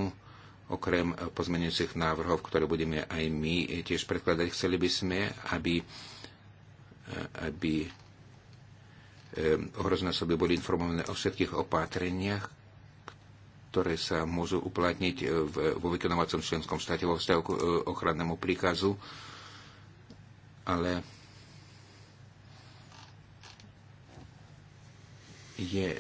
Okrem pozmenujúcich návrhov, ktoré budeme aj my tiež predkladať, chceli by sme, aby, aby Ehm, ohrozené osoby boli informované o všetkých opatreniach, ktoré sa môžu uplatniť e, vo vykonovacom členskom štáte vo vzťahu k e, ochrannému príkazu, ale je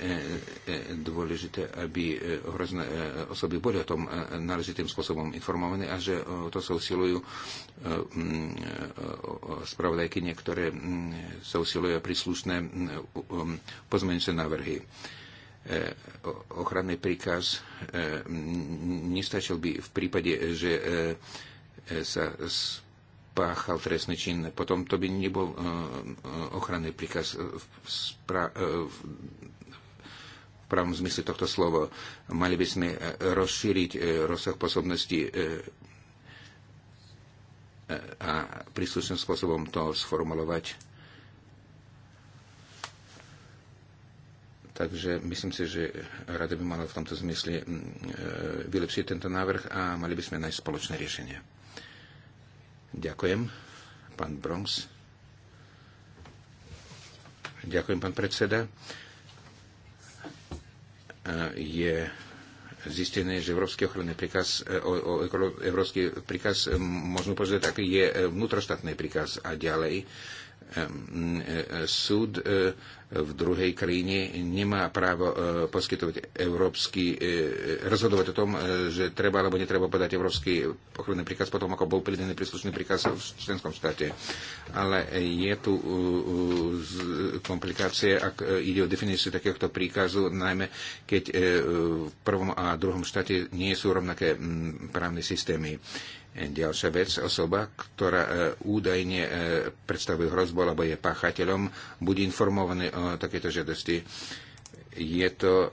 dôležité, aby hrozné osoby boli o tom náležitým spôsobom informované a že to sa usilujú spravodajky niektoré sa usilujú príslušné pozmeňujúce návrhy ochranný príkaz nestačil by v prípade, že sa páchal trestný čin. Potom to by nebol eh, eh, ochranný príkaz eh, v, spra- v pravom zmysle tohto slova. Mali by sme rozšíriť rozsah pôsobnosti a príslušným spôsobom to sformulovať. Takže myslím si, že rada by mala v tomto zmysle mm, vylepšiť tento návrh a mali by sme nájsť spoločné riešenie. Ďakujem, pán Bronx. Ďakujem, pán predseda. Je zistené, že európsky ochranný príkaz, e, európsky príkaz, možno povedať, je e, vnútroštátny príkaz a ďalej Ehm, e, e, súd e, v druhej krajine nemá právo poskytovať európsky, rozhodovať o tom, že treba alebo netreba podať európsky ochranný príkaz potom, ako bol pridaný príslušný príkaz v členskom štáte. Ale je tu komplikácie, ak ide o definíciu takéhoto príkazu, najmä keď v prvom a druhom štáte nie sú rovnaké právne systémy. Ďalšia vec, osoba, ktorá e, údajne e, predstavuje hrozbu alebo je páchateľom, bude informovaný o takéto žiadosti. Je to e,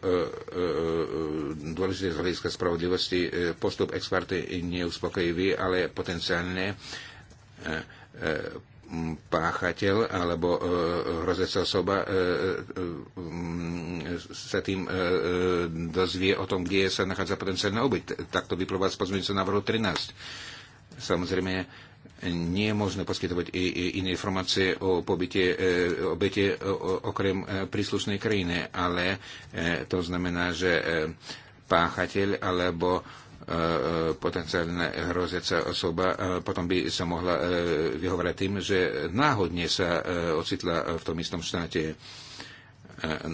dôležité z hľadiska spravodlivosti. Postup ex parte neuspokojivý, ale potenciálne páchateľ alebo hrozeca osoba sa tým dozvie o tom, kde sa nachádza potenciálna obyť. Takto vyplúva z pozmeňujúceho návrhu 13 Samozrejme, nie je možné poskytovať i iné informácie o pobyte e, obete e, okrem e, príslušnej krajiny, ale to znamená, že páchateľ alebo potenciálne hroziaca osoba potom by sa mohla vyhovorať tým, že náhodne sa ocitla v tom istom štáte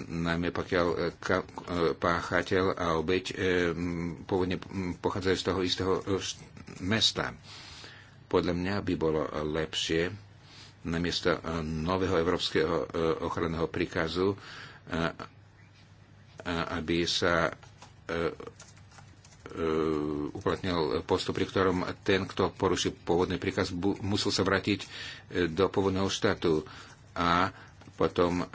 najmä pokiaľ e, e, páchateľ a obeď e, pôvodne pochádzajú z toho istého mesta. Podľa mňa by bolo lepšie namiesto nového európskeho ochranného príkazu, aby sa uplatnil postup, pri ktorom ten, kto porušil pôvodný príkaz, musel sa vrátiť do pôvodného štátu a potom e,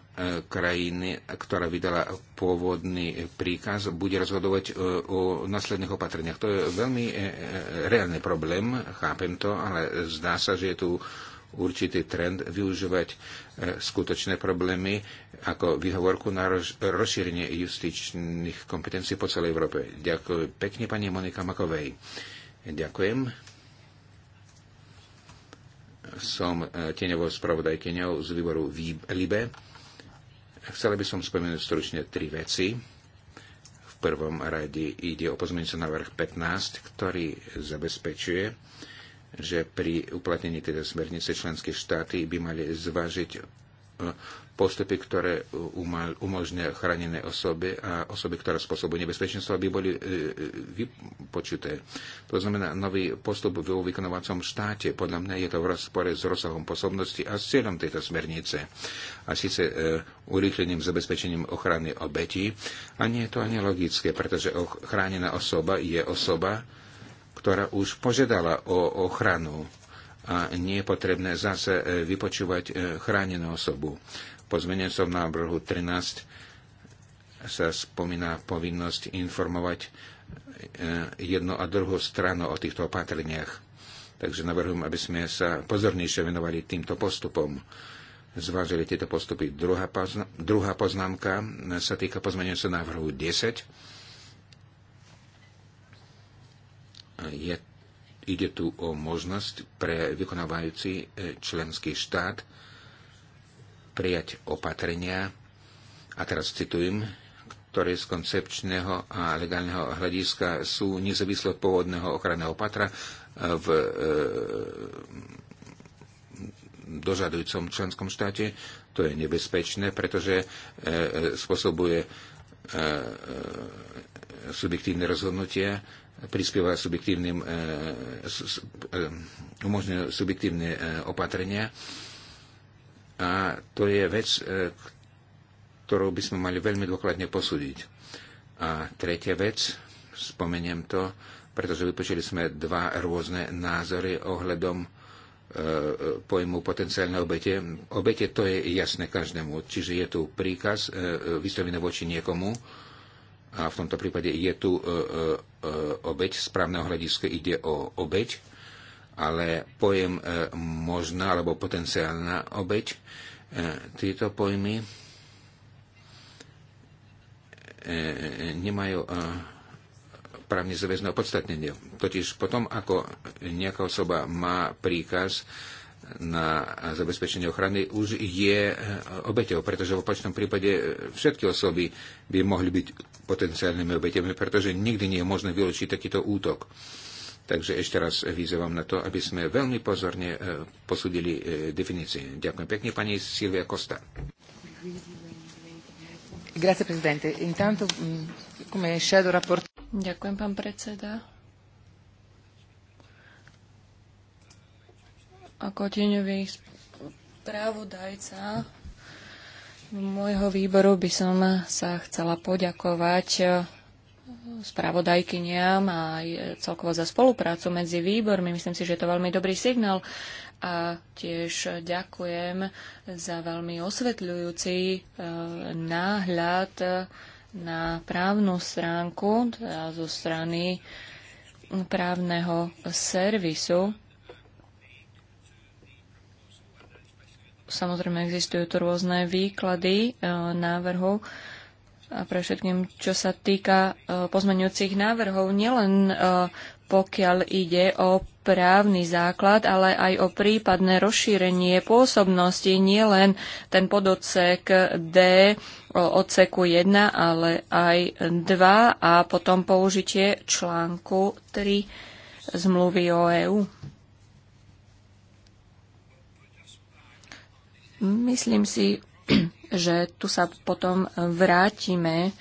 krajiny, ktorá vydala pôvodný príkaz, bude rozhodovať e, o následných opatreniach. To je veľmi e, reálny problém, chápem to, ale zdá sa, že je tu určitý trend využívať skutočné problémy ako výhovorku na rozšírenie justičných kompetencií po celej Európe. Ďakujem pekne pani Monika Makovej. Ďakujem som e, tieňovou spravodajkyňou z výboru LIBE. Chcela by som spomenúť stručne tri veci. V prvom rade ide o pozmeňujúci návrh 15, ktorý zabezpečuje, že pri uplatnení teda smernice členské štáty by mali zvážiť postupy, ktoré umožňujú chránené osoby a osoby, ktoré spôsobujú nebezpečenstvo, aby boli e, e, vypočuté. To znamená, nový postup v vykonovacom štáte, podľa mňa je to v rozpore s rozsahom posobnosti a s cieľom tejto smernice. A síce e, urychleným zabezpečením ochrany obetí. A nie je to ani logické, pretože chránená osoba je osoba, ktorá už požiadala o ochranu a nie je potrebné zase e, vypočúvať e, chránenú osobu. Po zmenencom návrhu 13 sa spomína povinnosť informovať e, jednu a druhú stranu o týchto opatreniach. Takže navrhujem, aby sme sa pozornejšie venovali týmto postupom. Zvážili tieto postupy. Druhá, pozna- druhá poznámka sa týka pozmeňujúceho návrhu 10. Je Ide tu o možnosť pre vykonávajúci e, členský štát prijať opatrenia, a teraz citujem, ktoré z koncepčného a legálneho hľadiska sú nezávisle od pôvodného ochranného patra e, v e, dožadujúcom členskom štáte. To je nebezpečné, pretože e, e spôsobuje e, subjektívne rozhodnutia prispieva subjektívnym, e, e, umožňuje subjektívne e, opatrenia. A to je vec, ktorú by sme mali veľmi dôkladne posúdiť. A tretia vec, spomeniem to, pretože vypočuli sme dva rôzne názory ohľadom pojmu potenciálne obete. Obete to je jasné každému, čiže je tu príkaz vyslovený voči niekomu a v tomto prípade je tu Eh, obeď. Z právneho hľadiska ide o obeď, ale pojem eh, možná alebo potenciálna obeď, eh, tieto pojmy nemajú právne záväzné opodstatnenie. Totiž potom, ako nejaká osoba má príkaz, na zabezpečenie ochrany už je obeťou, pretože v opačnom prípade všetky osoby by mohli byť potenciálnymi obetiami, pretože nikdy nie je možné vylúčiť takýto útok. Takže ešte raz vyzývam na to, aby sme veľmi pozorne e, posúdili e, definície. Ďakujem pekne, pani Silvia Kosta. Mm, Ďakujem, pán predseda. Ako tieňový právodajca môjho výboru by som sa chcela poďakovať eh, spravodajkyniam a celkovo za spoluprácu medzi výbormi. Myslím si, že je to veľmi dobrý signál a tiež ďakujem za veľmi osvetľujúci eh, náhľad eh, na právnu stránku teda zo strany právneho servisu Samozrejme, existujú tu rôzne výklady e, návrhov. a pre všetkým, čo sa týka e, pozmeňujúcich návrhov, nielen e, pokiaľ ide o právny základ, ale aj o prípadné rozšírenie pôsobnosti, nielen ten pododsek D odseku 1, ale aj 2 a potom použitie článku 3 zmluvy o EÚ. Myslím si, že tu sa potom vrátime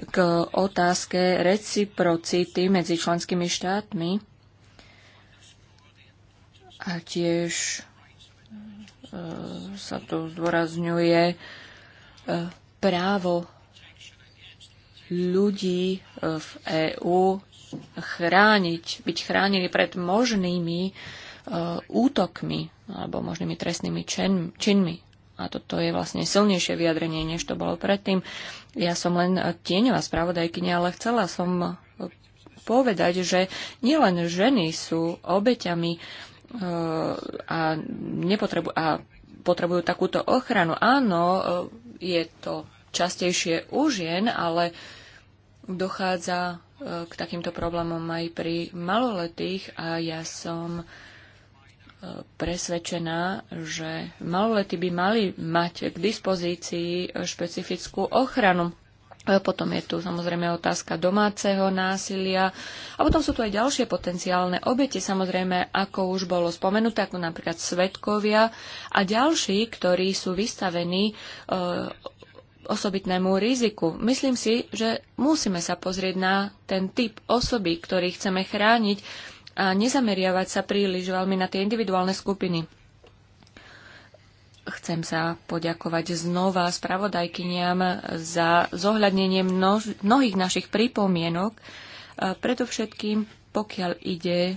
k otázke reciprocity medzi členskými štátmi a tiež e, sa tu zdôrazňuje e, právo ľudí e, v EÚ chrániť, byť chránili pred možnými útokmi alebo možnými trestnými čin, činmi. A toto je vlastne silnejšie vyjadrenie, než to bolo predtým. Ja som len tieňová spravodajkynia, ale chcela som povedať, že nielen ženy sú obeťami eh, a, nepotrebu- a potrebujú takúto ochranu. Áno, eh, je to častejšie u žien, ale dochádza eh, k takýmto problémom aj pri maloletých a ja som presvedčená, že maloletí by mali mať k dispozícii špecifickú ochranu. E, potom je tu samozrejme otázka domáceho násilia a potom sú tu aj ďalšie potenciálne obete, samozrejme, ako už bolo spomenuté, ako napríklad svetkovia a ďalší, ktorí sú vystavení e, osobitnému riziku. Myslím si, že musíme sa pozrieť na ten typ osoby, ktorý chceme chrániť a nezameriavať sa príliš veľmi na tie individuálne skupiny. Chcem sa poďakovať znova spravodajkyniam za zohľadnenie množ- mnohých našich pripomienok, predovšetkým pokiaľ ide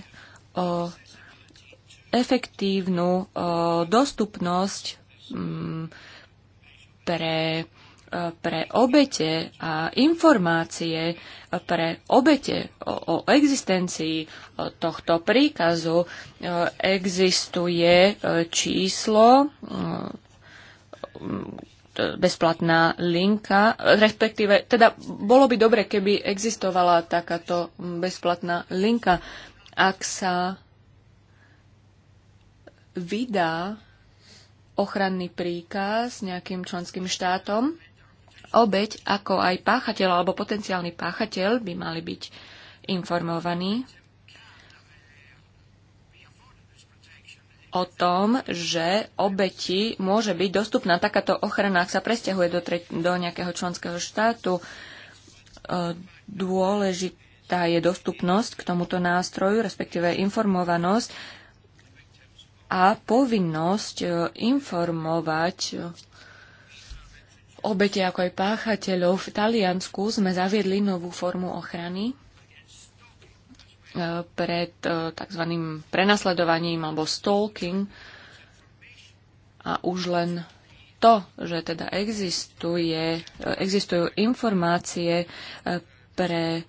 o efektívnu o dostupnosť m, mm, pre pre obete a informácie pre obete o, o existencii e, tohto príkazu e, existuje e, číslo bezplatná linka, respektíve, teda bolo by dobre, keby existovala takáto bezplatná linka, ak sa vydá ochranný príkaz nejakým členským štátom, obeď ako aj páchateľ alebo potenciálny páchateľ by mali byť informovaní o tom, že obeti môže byť dostupná takáto ochrana, ak sa presťahuje do, tre- do nejakého členského štátu. E, dôležitá je dostupnosť k tomuto nástroju, respektíve informovanosť a povinnosť e, informovať obete, ako aj páchateľov. V Taliansku sme zaviedli novú formu ochrany e, pred e, tzv. prenasledovaním alebo stalking. A už len to, že teda existuje, e, existujú informácie pre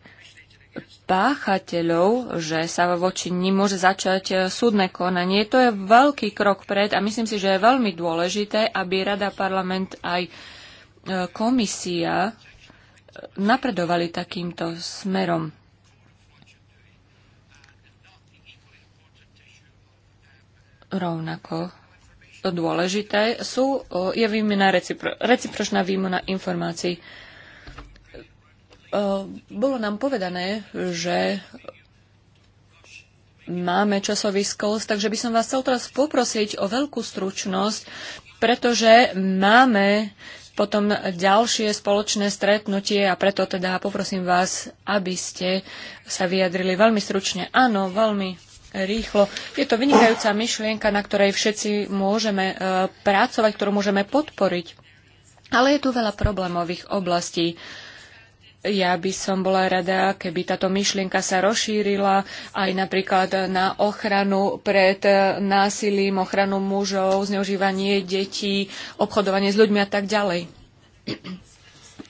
páchateľov, že sa voči nim môže začať súdne konanie. To je veľký krok pred a myslím si, že je veľmi dôležité, aby Rada parlament aj komisia napredovali takýmto smerom. Rovnako dôležité sú, je výmena recipro, recipročná výmena informácií. Bolo nám povedané, že máme časový skos, takže by som vás chcel teraz poprosiť o veľkú stručnosť, pretože máme potom ďalšie spoločné stretnutie a preto teda poprosím vás, aby ste sa vyjadrili veľmi stručne. Áno, veľmi rýchlo. Je to vynikajúca myšlienka, na ktorej všetci môžeme e, pracovať, ktorú môžeme podporiť. Ale je tu veľa problémových oblastí ja by som bola rada, keby táto myšlienka sa rozšírila aj napríklad na ochranu pred násilím, ochranu mužov, zneužívanie detí, obchodovanie s ľuďmi a tak ďalej.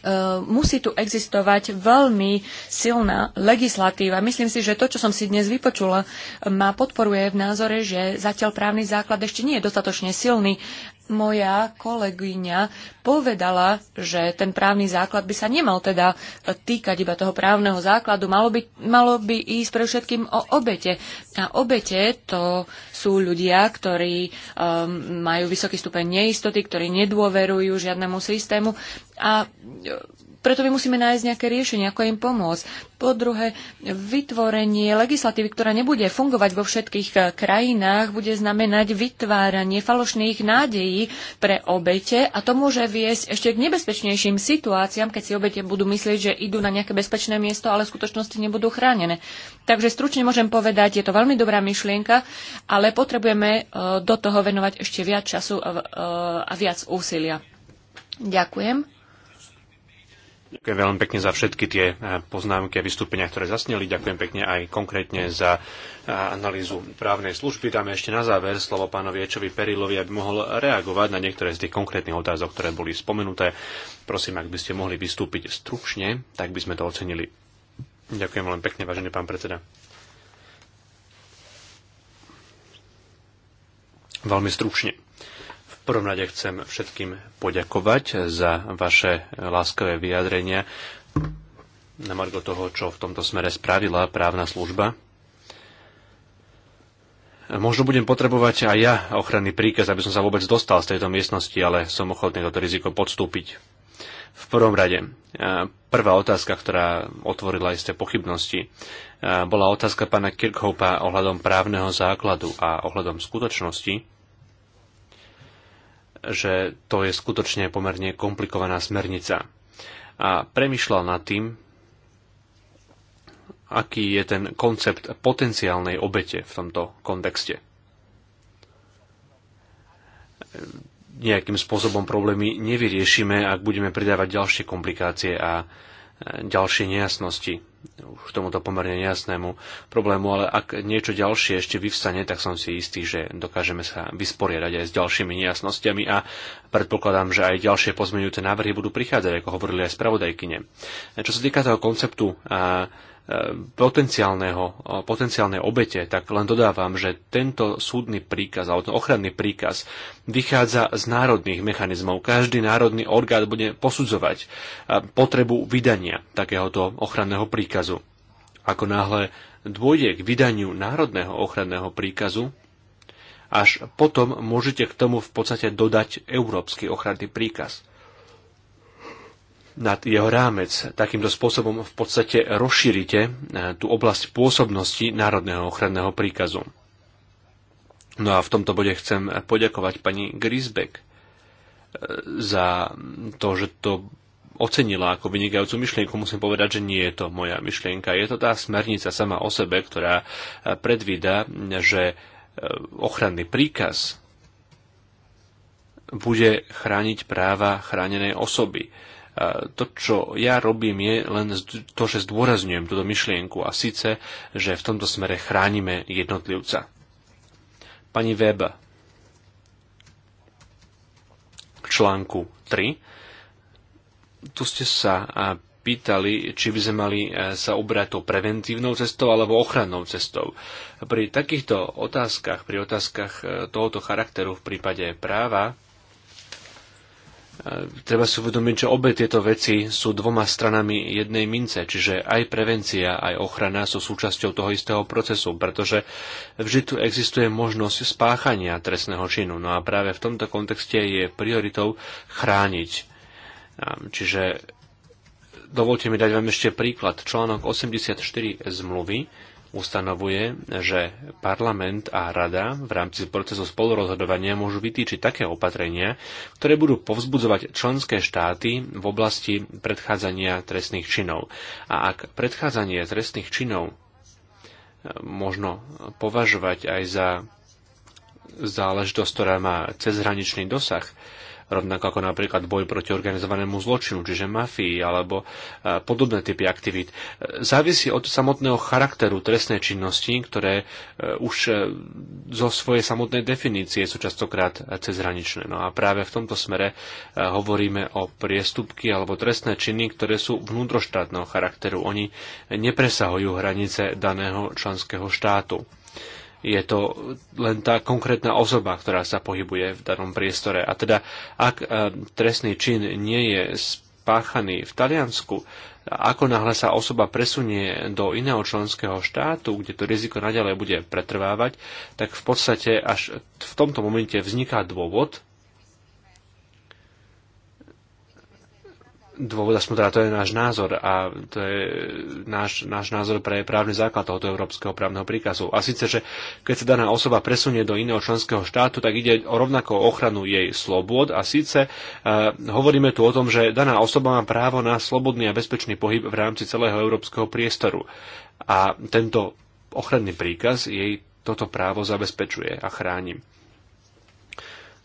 Eh, musí tu existovať veľmi silná legislatíva. Myslím si, že to, čo som si dnes vypočula, ma podporuje v názore, že zatiaľ právny základ ešte nie je dostatočne silný moja kolegyňa povedala, že ten právny základ by sa nemal teda týkať iba toho právneho základu, malo by, malo by ísť pre všetkým o obete. A obete to sú ľudia, ktorí um, majú vysoký stupeň neistoty, ktorí nedôverujú žiadnemu systému a preto my musíme nájsť nejaké riešenie, ako im pomôcť. Po druhé, vytvorenie legislatívy, ktorá nebude fungovať vo všetkých eh, krajinách, bude znamenať vytváranie falošných nádejí pre obete a to môže viesť ešte k nebezpečnejším situáciám, keď si obete budú myslieť, že idú na nejaké bezpečné miesto, ale v skutočnosti nebudú chránené. Takže stručne môžem povedať, je to veľmi dobrá myšlienka, ale potrebujeme eh, do toho venovať ešte viac času a eh, viac úsilia. Ďakujem. Ďakujem veľmi pekne za všetky tie e, poznámky a vystúpenia, ktoré zasneli. Ďakujem pekne aj konkrétne za e, analýzu právnej služby. Dáme ešte na záver slovo pánovi Ečovi Perilovi, aby mohol reagovať na niektoré z tých konkrétnych otázok, ktoré boli spomenuté. Prosím, ak by ste mohli vystúpiť stručne, tak by sme to ocenili. Ďakujem veľmi pekne, vážený pán predseda. Veľmi stručne prvom rade chcem všetkým poďakovať za vaše láskavé vyjadrenia na margo toho, čo v tomto smere spravila právna služba. Možno budem potrebovať aj ja ochranný príkaz, aby som sa vôbec dostal z tejto miestnosti, ale som ochotný toto riziko podstúpiť. V prvom rade, prvá otázka, ktorá otvorila isté pochybnosti, bola otázka pána Kirkhopa ohľadom právneho základu a ohľadom skutočnosti, že to je skutočne pomerne komplikovaná smernica. A premyšľal nad tým, aký je ten koncept potenciálnej obete v tomto kontexte. Nejakým spôsobom problémy nevyriešime, ak budeme pridávať ďalšie komplikácie a e, ďalšie nejasnosti už tomuto pomerne nejasnému problému, ale ak niečo ďalšie ešte vyvstane, tak som si istý, že dokážeme sa vysporiadať aj s ďalšími nejasnostiami a predpokladám, že aj ďalšie pozmeňujúce návrhy budú prichádzať, ako hovorili aj spravodajkyne. Čo sa týka toho konceptu a potenciálneho, potenciálnej obete, tak len dodávam, že tento súdny príkaz alebo ochranný príkaz vychádza z národných mechanizmov. Každý národný orgán bude posudzovať e, potrebu vydania takéhoto ochranného príkazu. Ako náhle dôjde k vydaniu národného ochranného príkazu, až potom môžete k tomu v podstate dodať európsky ochranný príkaz nad jeho rámec. Takýmto spôsobom v podstate rozšírite eh, tú oblasť pôsobnosti Národného ochranného príkazu. No a v tomto bode chcem poďakovať pani Grisbeck eh, za to, že to ocenila ako vynikajúcu myšlienku. Musím povedať, že nie je to moja myšlienka. Je to tá smernica sama o sebe, ktorá eh, predvída, že ochranný príkaz bude chrániť práva chránenej osoby to, čo ja robím, je len to, že zdôrazňujem túto myšlienku a síce, že v tomto smere chránime jednotlivca. Pani web k článku 3. Tu ste sa pýtali, či by sme mali e, sa obrať tou preventívnou cestou alebo ochrannou cestou. Pri takýchto otázkach, pri otázkach e, tohoto charakteru v prípade práva, E, treba si uvedomiť, že obe tieto veci sú dvoma stranami jednej mince, čiže aj prevencia, aj ochrana sú súčasťou toho istého procesu, pretože vždy tu existuje možnosť spáchania trestného činu. No a práve v tomto kontexte je prioritou chrániť. E, čiže dovolte mi dať vám ešte príklad. Článok 84 zmluvy ustanovuje, že parlament a rada v rámci procesu spolurozhodovania môžu vytýčiť také opatrenia, ktoré budú povzbudzovať členské štáty v oblasti predchádzania trestných činov. A ak predchádzanie trestných činov eh, možno považovať aj za záležitosť, ktorá má cezhraničný dosah, rovnako ako napríklad boj proti organizovanému zločinu, čiže mafii alebo e, podobné typy aktivít. E, závisí od samotného charakteru trestnej činnosti, ktoré e, už zo svojej samotnej definície sú častokrát cezhraničné. No a práve v tomto smere hovoríme o priestupky alebo trestné činy, ktoré sú vnútroštátneho charakteru. Oni nepresahujú hranice daného členského štátu je to len tá konkrétna osoba, ktorá sa pohybuje v danom priestore. A teda, ak e, trestný čin nie je spáchaný v Taliansku, ako náhle sa osoba presunie do iného členského štátu, kde to riziko naďalej bude pretrvávať, tak v podstate až v tomto momente vzniká dôvod, dôvod, aspoň teda to je náš názor a to je náš, náš názor pre právny základ tohoto európskeho právneho príkazu. A síce, že keď sa daná osoba presunie do iného členského štátu, tak ide o rovnakú ochranu jej slobôd a síce uh, hovoríme tu o tom, že daná osoba má právo na slobodný a bezpečný pohyb v rámci celého európskeho priestoru. A tento ochranný príkaz jej toto právo zabezpečuje a chráni.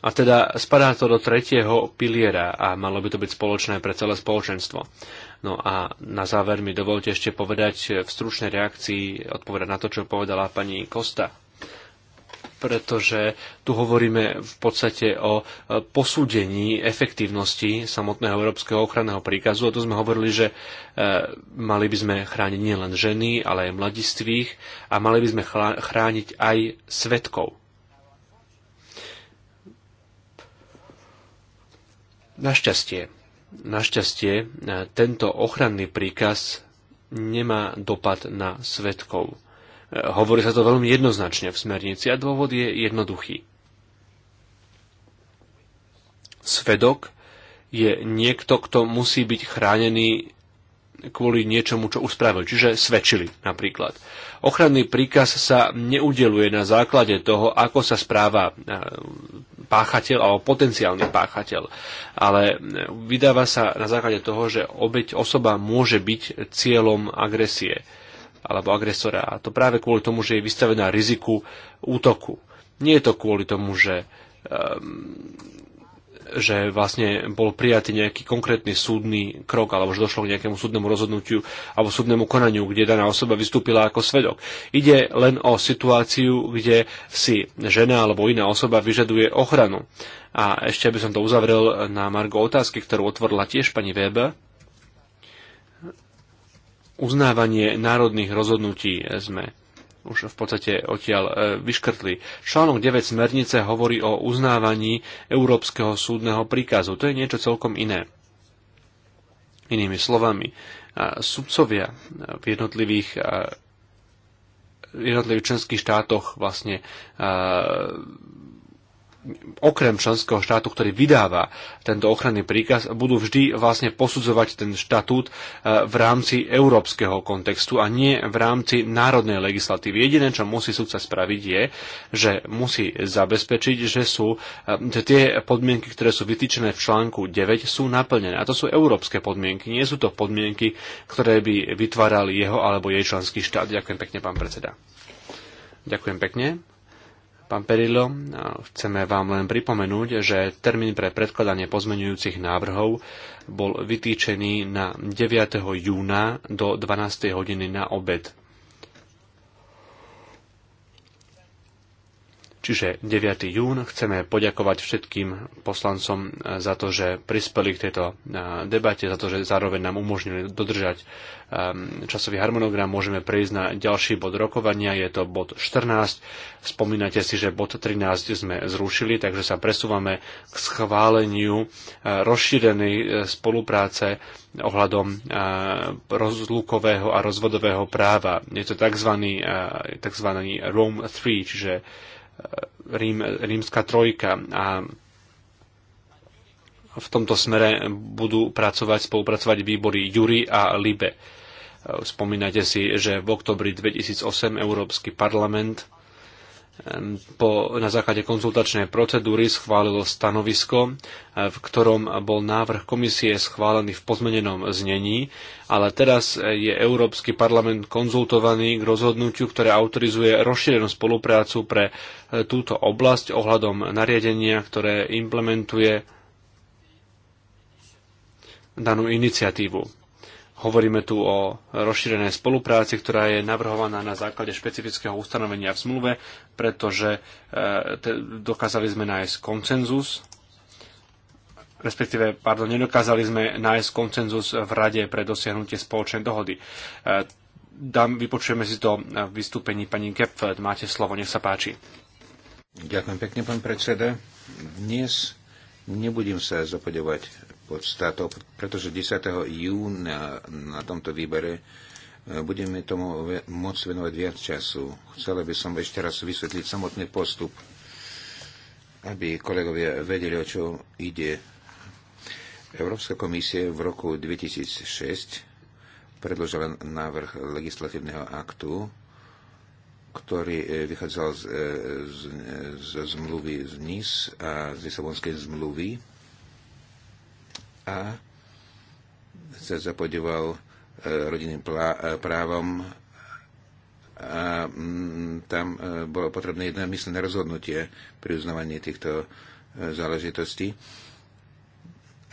A teda spadá to do tretieho piliera a malo by to byť spoločné pre celé spoločenstvo. No a na záver mi dovolte ešte povedať v stručnej reakcii, odpovedať na to, čo povedala pani Kosta pretože tu hovoríme v podstate o posúdení efektívnosti samotného európskeho ochranného príkazu. A tu sme hovorili, že e, mali by sme chrániť nielen ženy, ale aj mladistvých a mali by sme chrániť aj svetkov. Našťastie, našťastie e, tento ochranný príkaz nemá dopad na svetkov. E, hovorí sa to veľmi jednoznačne v smernici a dôvod je jednoduchý. Svedok je niekto, kto musí byť chránený kvôli niečomu, čo uspravil, čiže svedčili napríklad. Ochranný príkaz sa neudeluje na základe toho, ako sa správa e, páchateľ alebo potenciálny páchateľ. Ale e, vydáva sa na základe toho, že obeť osoba môže byť cieľom agresie alebo agresora. A to práve kvôli tomu, že je vystavená riziku útoku. Nie je to kvôli tomu, že um, že vlastne bol prijatý nejaký konkrétny súdny krok, alebo že došlo k nejakému súdnemu rozhodnutiu alebo súdnemu konaniu, kde daná osoba vystúpila ako svedok. Ide len o situáciu, kde si žena alebo iná osoba vyžaduje ochranu. A ešte by som to uzavrel na Margo otázky, ktorú otvorila tiež pani Weber. Uznávanie národných rozhodnutí sme už v podstate odtiaľ e, vyškrtli. Článok 9 smernice hovorí o uznávaní Európskeho súdneho príkazu. To je niečo celkom iné. Inými slovami, e, sudcovia v jednotlivých e, jednotlivých členských štátoch vlastne okrem členského štátu, ktorý vydáva tento ochranný príkaz, budú vždy vlastne posudzovať ten štatút e, v rámci európskeho kontextu a nie v rámci národnej legislatívy. Jediné, čo musí súdca spraviť, je, že musí zabezpečiť, že sú e, že tie podmienky, ktoré sú vytýčené v článku 9, sú naplnené. A to sú európske podmienky, nie sú to podmienky, ktoré by vytvárali jeho alebo jej členský štát. Ďakujem pekne, pán predseda. Ďakujem pekne. Pán Perilo, chceme vám len pripomenúť, že termín pre predkladanie pozmenujúcich návrhov bol vytýčený na 9. júna do 12. hodiny na obed. Čiže 9. jún chceme poďakovať všetkým poslancom eh, za to, že prispeli k tejto eh, debate, za to, že zároveň nám umožnili dodržať eh, časový harmonogram. Môžeme prejsť na ďalší bod rokovania, je to bod 14. Spomínate si, že bod 13 sme zrušili, takže sa presúvame k schváleniu rozšírenej spolupráce ohľadom rozlukového a rozvodového práva. Je to tzv. tzv. Rome 3, čiže Rím, rímska trojka a v tomto smere budú pracovať, spolupracovať výbory Jury a Libe. Spomínate si, že v oktobri 2008 Európsky parlament po, na základe konzultačnej procedúry schválilo stanovisko, e, v ktorom bol návrh komisie schválený v pozmenenom znení, ale teraz je Európsky parlament konzultovaný k rozhodnutiu, ktoré autorizuje rozšírenú spoluprácu pre e, túto oblasť ohľadom nariadenia, ktoré implementuje danú iniciatívu. Hovoríme tu o rozšírenej spolupráci, ktorá je navrhovaná na základe špecifického ustanovenia v zmluve, pretože e, dokázali sme nájsť koncenzus respektíve, pardon, nedokázali sme nájsť koncenzus v rade pre dosiahnutie spoločnej dohody. E, dám, vypočujeme si to v vystúpení pani Kepfeld. Máte slovo, nech sa páči. Ďakujem pekne, pán predseda. Dnes nebudem sa zapodevať podstatou, pretože 10. júna na tomto výbere e, budeme tomu môcť venovať viac času. Chcela by som ešte raz vysvetliť samotný postup, aby kolegovia vedeli, o čo ide. Európska komisia v roku 2006 predložila návrh legislatívneho aktu, ktorý e, vychádzal z, e, z, z, z zmluvy z NIS a z Lisabonskej zmluvy a sa zapodieval e, rodinným e, právom a mm, tam e, bolo potrebné jednomyslné rozhodnutie pri uznávaní týchto záležitostí.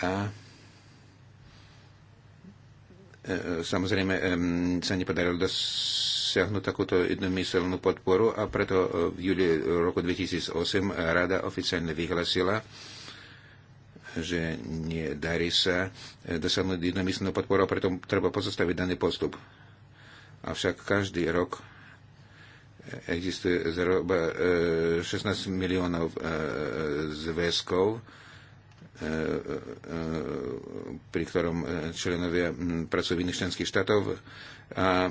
A samozrejme sa nepodarilo dosiahnuť takúto jednomyselnú podporu a preto v júli roku 2008 rada oficiálne vyhlasila, že nedarí sa e, dosiahnuť jednomyslnú podporu a preto treba pozastaviť daný postup. Avšak každý rok e, existuje zhruba 16 e, miliónov zväzkov, pri ktorom členovia pracujú v iných členských štátov a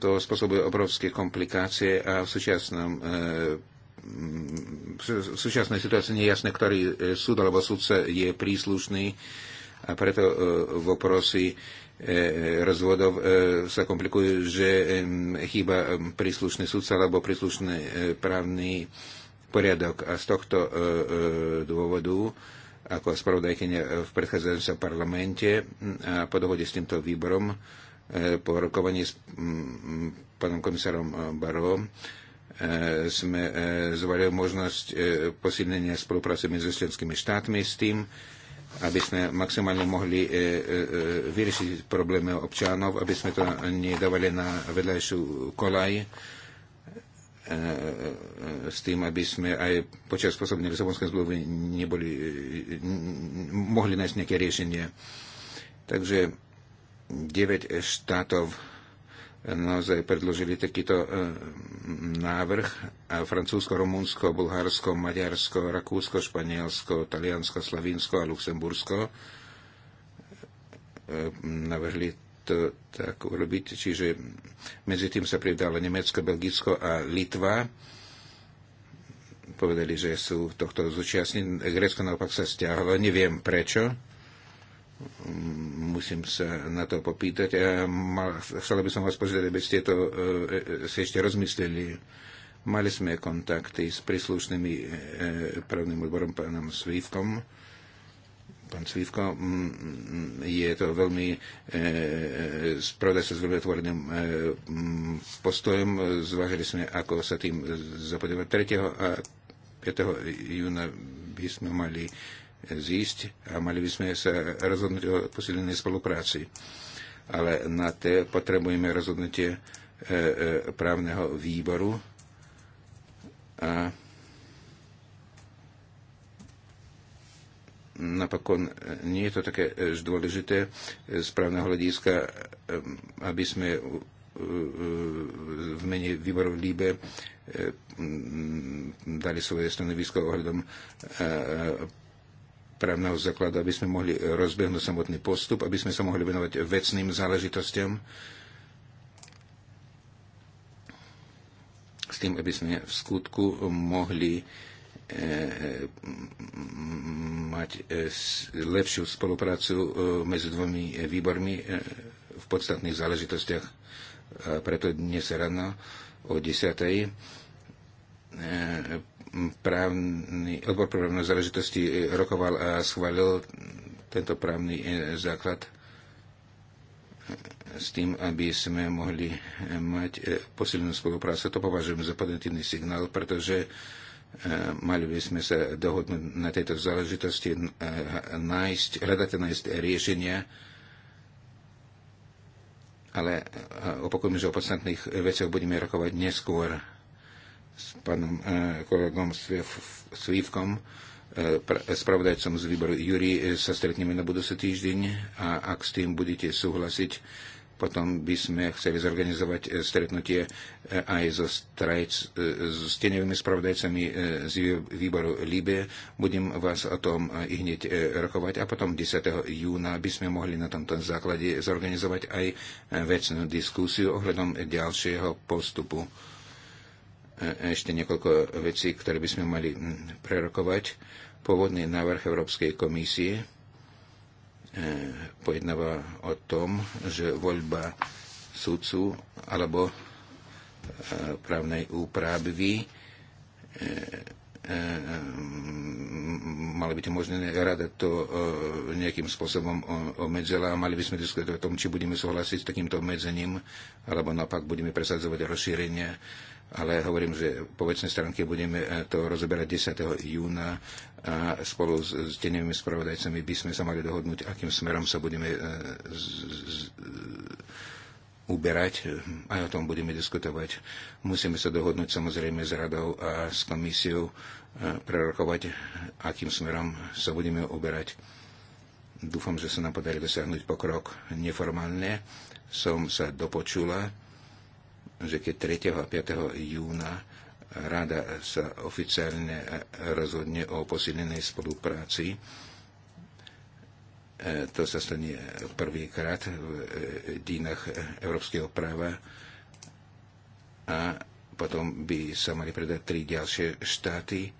to spôsobuje obrovské komplikácie a v súčasnom v súčasnej situácii nie je jasné, ktorý e, súd alebo súdce je príslušný a preto e, v oprosi e, rozvodov sa komplikuje, že chýba príslušný súdca alebo príslušný právny poriadok. A z tohto dôvodu ako spravodajkynia v predchádzajúcom parlamente a po dohode s týmto výborom po rokovaní s pánom komisárom Barovom E, sme e, zvolili možnosť e, posilnenia spolupráce medzi členskými štátmi s tým, aby sme maximálne mohli vyriešiť problémy občanov, aby sme to nedávali na vedľajšiu kolaj s tým, aby sme aj počas spôsobnej Lisabonskej zmluvy neboli, mohli nájsť nejaké riešenie. Takže 9 štátov naozaj predložili takýto e, návrh. A Francúzsko, Rumunsko, Bulharsko, Maďarsko, Rakúsko, Španielsko, Taliansko, Slavínsko a Luxembursko e, navrhli to tak urobiť. Čiže medzi tým sa pridalo Nemecko, Belgicko a Litva. Povedali, že sú tohto zúčastní. Grécko naopak sa stiahlo. Neviem prečo musím sa na to popýtať a mal, chcel by som vás požiadať, aby ste to e, e, si ešte rozmysleli. Mali sme kontakty s príslušnými e, právnym odborom pánom Svívkom. Pán Svívko, je to veľmi, e, e spravda sa s veľmi otvoreným e, postojom. Zvážili sme, ako sa tým zapodívať 3. a 5. júna by sme mali zísť a mali by sme sa rozhodnúť o posilnenej spolupráci. Ale na to potrebujeme rozhodnutie e, e, právneho výboru a napokon nie je to také e, dôležité z právneho hľadiska, aby sme v mene výboru Líbe dali svoje stanovisko ohľadom právneho základu, aby sme mohli rozbehnúť samotný postup, aby sme sa mohli venovať vecným záležitostiam, s tým, aby sme v skutku mohli e, mať e, lepšiu spoluprácu e, medzi dvomi výbormi v podstatných záležitostiach. Preto dnes ráno o 10 právny, odbor pre právne záležitosti e, rokoval a schválil tento právny e, základ e, s tým, aby sme mohli mať posilnú spoluprácu. To považujem za pozitívny signál, pretože mali by sme sa dohodnúť na tejto záležitosti, nájsť, hľadať nájsť riešenia, ale opakujem, že o podstatných veciach budeme rokovať neskôr s pánom e, kolegom Svívkom, e, spravodajcom z výboru Júri, e, sa stretneme na budúci týždeň a ak s tým budete súhlasiť, potom by sme chceli zorganizovať e, stretnutie aj so, strajc, so stenovými spravodajcami z výboru Líbe. Budem vás o tom i hneď rokovať a potom 10. júna by sme mohli na tomto základe zorganizovať aj vecnú diskusiu ohľadom ďalšieho postupu. E, ešte niekoľko vecí, ktoré by sme mali prerokovať. Pôvodný návrh Európskej komisie e, pojednáva o tom, že voľba sudcu alebo e, právnej úpravy mali byť možné, rada to nejakým spôsobom obmedzila a mali by sme diskutovať o tom, či budeme súhlasiť s takýmto obmedzením, alebo naopak budeme presadzovať rozšírenie ale hovorím, že po väčšej stránke budeme eh, to rozoberať 10. júna a spolu s, s tenými spravodajcami by sme sa mali dohodnúť, akým smerom sa budeme eh, z, z, uberať. Aj o tom budeme diskutovať. Musíme sa dohodnúť samozrejme s radou a s komisiou eh, prerokovať, akým smerom sa budeme uberať. Dúfam, že sa nám podarí dosiahnuť pokrok neformálne. Som sa dopočula že keď 3. a 5. júna rada sa oficiálne rozhodne o posilnenej spolupráci, e, to sa stane prvýkrát v e, dínach európskeho práva a potom by sa mali predať tri ďalšie štáty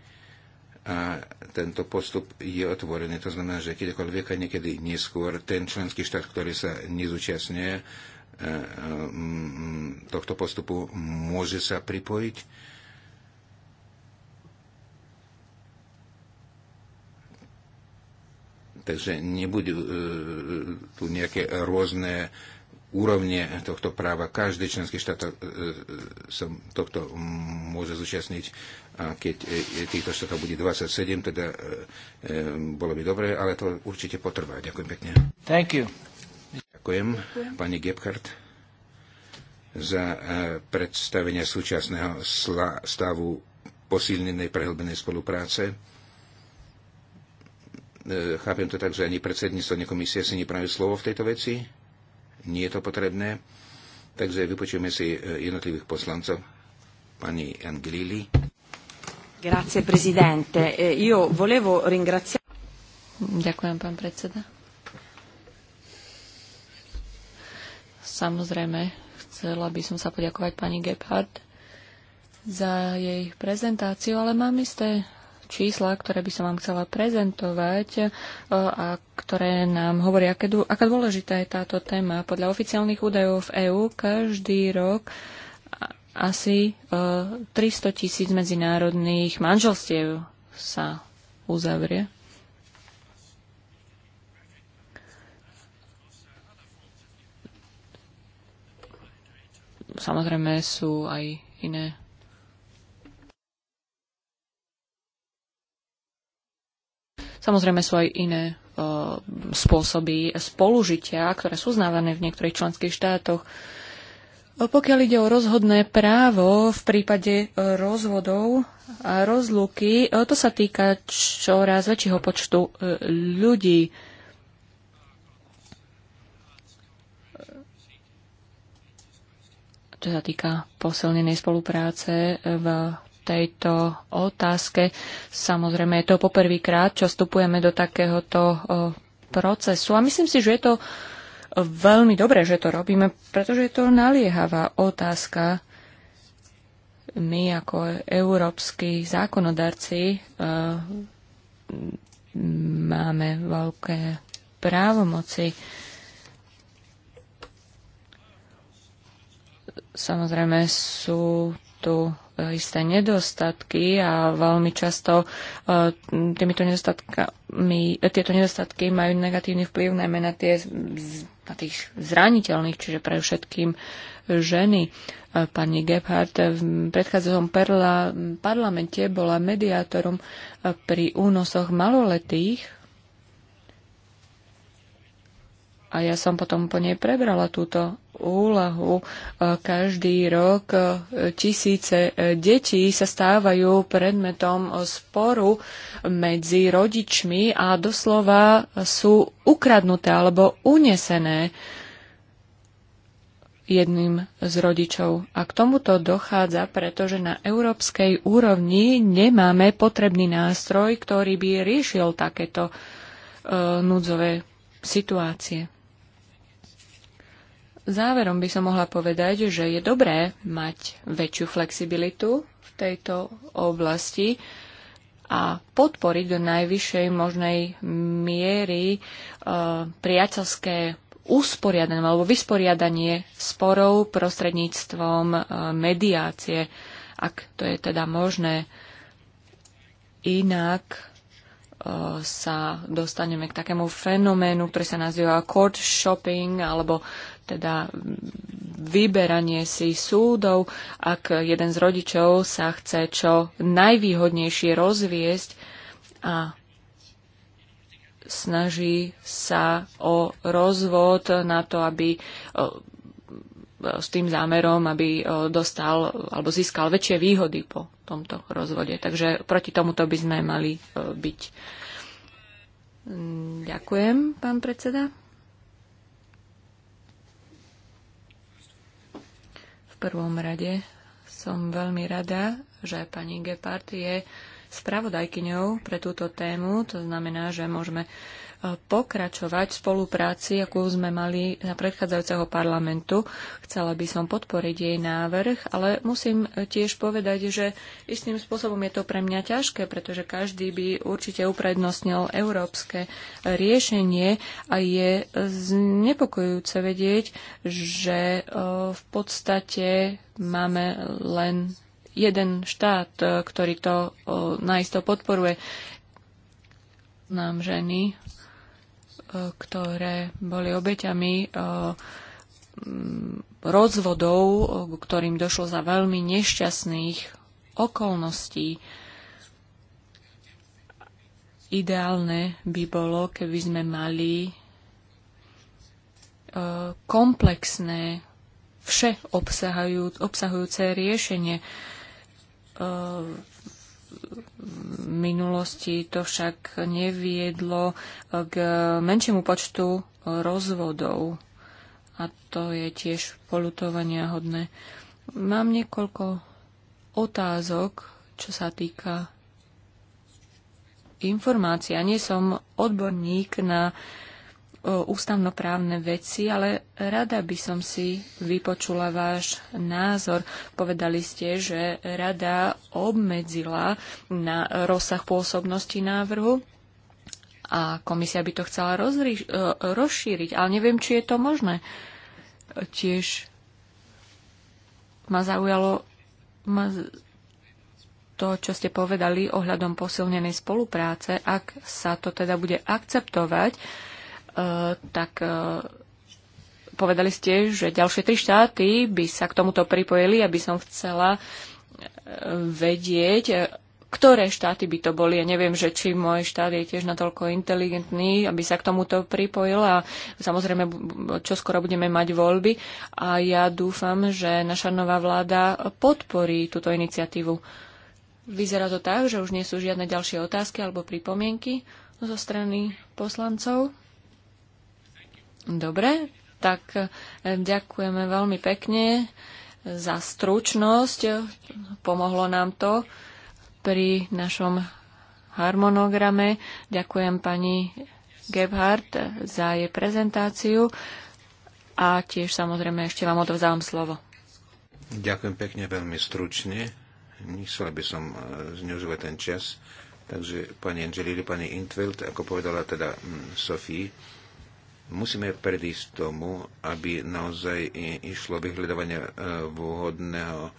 a tento postup je otvorený. To znamená, že kedykoľvek a niekedy neskôr ten členský štát, ktorý sa nezúčastňuje, E, e, tohto postupu môže sa pripojiť. Takže nebudú e, tu nejaké rôzne úrovne tohto práva. Každý členský štát sa tohto môže zúčastniť a keď týchto štátov bude 27, teda bolo by dobre, ale to určite potrvá. Ďakujem pekne. Thank you. Ďakujem, pani Gebhardt, za e, predstavenie súčasného stavu posilnenej prehlbenej spolupráce. E, chápem to tak, že ani predsedníctvo, ani komisie si nepraví slovo v tejto veci. Nie je to potrebné. Takže vypočujeme si e, jednotlivých poslancov. Pani Anglili. Grazie, prezidente. Io volevo ringraziare... Ďakujem, pán predseda. Samozrejme, chcela by som sa poďakovať pani Gebhardt za jej prezentáciu, ale mám isté čísla, ktoré by som vám chcela prezentovať e, a ktoré nám hovoria, aká dôležitá je táto téma. Podľa oficiálnych údajov v EÚ každý rok asi 300 e, tisíc medzinárodných manželstiev sa uzavrie. samozrejme sú aj iné Samozrejme sú aj iné uh, spôsoby spolužitia, ktoré sú znávané v niektorých členských štátoch. Pokiaľ ide o rozhodné právo v prípade rozvodov a rozluky, to sa týka čoraz väčšieho počtu ľudí. čo sa týka posilnenej spolupráce e, v tejto otázke. Samozrejme, je to poprvýkrát, čo vstupujeme do takéhoto e, procesu. A myslím si, že je to veľmi dobré, že to robíme, pretože je to naliehavá otázka. My ako európsky zákonodarci e, máme veľké právomoci. Samozrejme sú tu e, isté nedostatky a veľmi často e, týmito nedostatkami, e, tieto nedostatky majú negatívny vplyv najmä na, tie, na tých zraniteľných, čiže pre všetkým ženy. Pani Gebhardt v predchádzajúcom parlamente bola mediátorom pri únosoch maloletých A ja som potom po nej prebrala túto úlahu. E, každý rok e, tisíce e, detí sa stávajú predmetom sporu medzi rodičmi a doslova sú ukradnuté alebo unesené jedným z rodičov. A k tomuto dochádza, pretože na európskej úrovni nemáme potrebný nástroj, ktorý by riešil takéto e, núdzové situácie záverom by som mohla povedať, že je dobré mať väčšiu flexibilitu v tejto oblasti a podporiť do najvyššej možnej miery e, priateľské usporiadanie alebo vysporiadanie sporov prostredníctvom e, mediácie, ak to je teda možné. Inak e, sa dostaneme k takému fenoménu, ktorý sa nazýva court shopping alebo teda vyberanie si súdov, ak jeden z rodičov sa chce čo najvýhodnejšie rozviesť a snaží sa o rozvod na to, aby s tým zámerom, aby dostal alebo získal väčšie výhody po tomto rozvode. Takže proti tomuto by sme mali byť. Hm, ďakujem, pán predseda. prvom rade som veľmi rada, že pani Gepard je spravodajkyňou pre túto tému. To znamená, že môžeme pokračovať v spolupráci, akú sme mali za predchádzajúceho parlamentu. Chcela by som podporiť jej návrh, ale musím tiež povedať, že istým spôsobom je to pre mňa ťažké, pretože každý by určite uprednostnil európske riešenie a je znepokojujúce vedieť, že e, v podstate máme len jeden štát, e, ktorý to najisto e, naisto podporuje. Nám ženy ktoré boli obeťami e, mm, rozvodov, e, ktorým došlo za veľmi nešťastných okolností. Ideálne by bolo, keby sme mali e, komplexné, vše obsahujúce riešenie minulosti to však neviedlo eh, k menšiemu počtu rozvodov a to je tiež polutovania hodné. Mám niekoľko otázok, čo sa týka informácií. Ja nie som odborník na uh, ústavnoprávne veci, ale rada by som si vypočula váš názor. Povedali ste, že rada obmedzila na rozsah pôsobnosti návrhu a komisia by to chcela e, rozšíriť, ale neviem, či je to možné. Tiež ma zaujalo ma to, čo ste povedali ohľadom posilnenej spolupráce, ak sa to teda bude akceptovať, Eh, tak eh, povedali ste, že ďalšie tri štáty by sa k tomuto pripojili, aby som chcela eh, vedieť, ktoré štáty by to boli. Ja neviem, že či môj štát je tiež natoľko inteligentný, aby sa k tomuto pripojil a samozrejme, čo skoro budeme mať voľby a ja dúfam, že naša nová vláda podporí túto iniciatívu. Vyzerá to tak, že už nie sú žiadne ďalšie otázky alebo pripomienky zo strany poslancov. Dobre, tak eh, ďakujeme veľmi pekne za stručnosť. Pomohlo nám to pri našom harmonograme. Ďakujem pani Gebhardt za jej prezentáciu a tiež samozrejme ešte vám odovzdávam slovo. Ďakujem pekne veľmi stručne. Nechcel by som eh, zneužívať ten čas. Takže pani Angelili, pani Intveld, ako povedala teda mm, Sofie, Musíme predísť tomu, aby naozaj išlo vyhľadávanie e, vhodného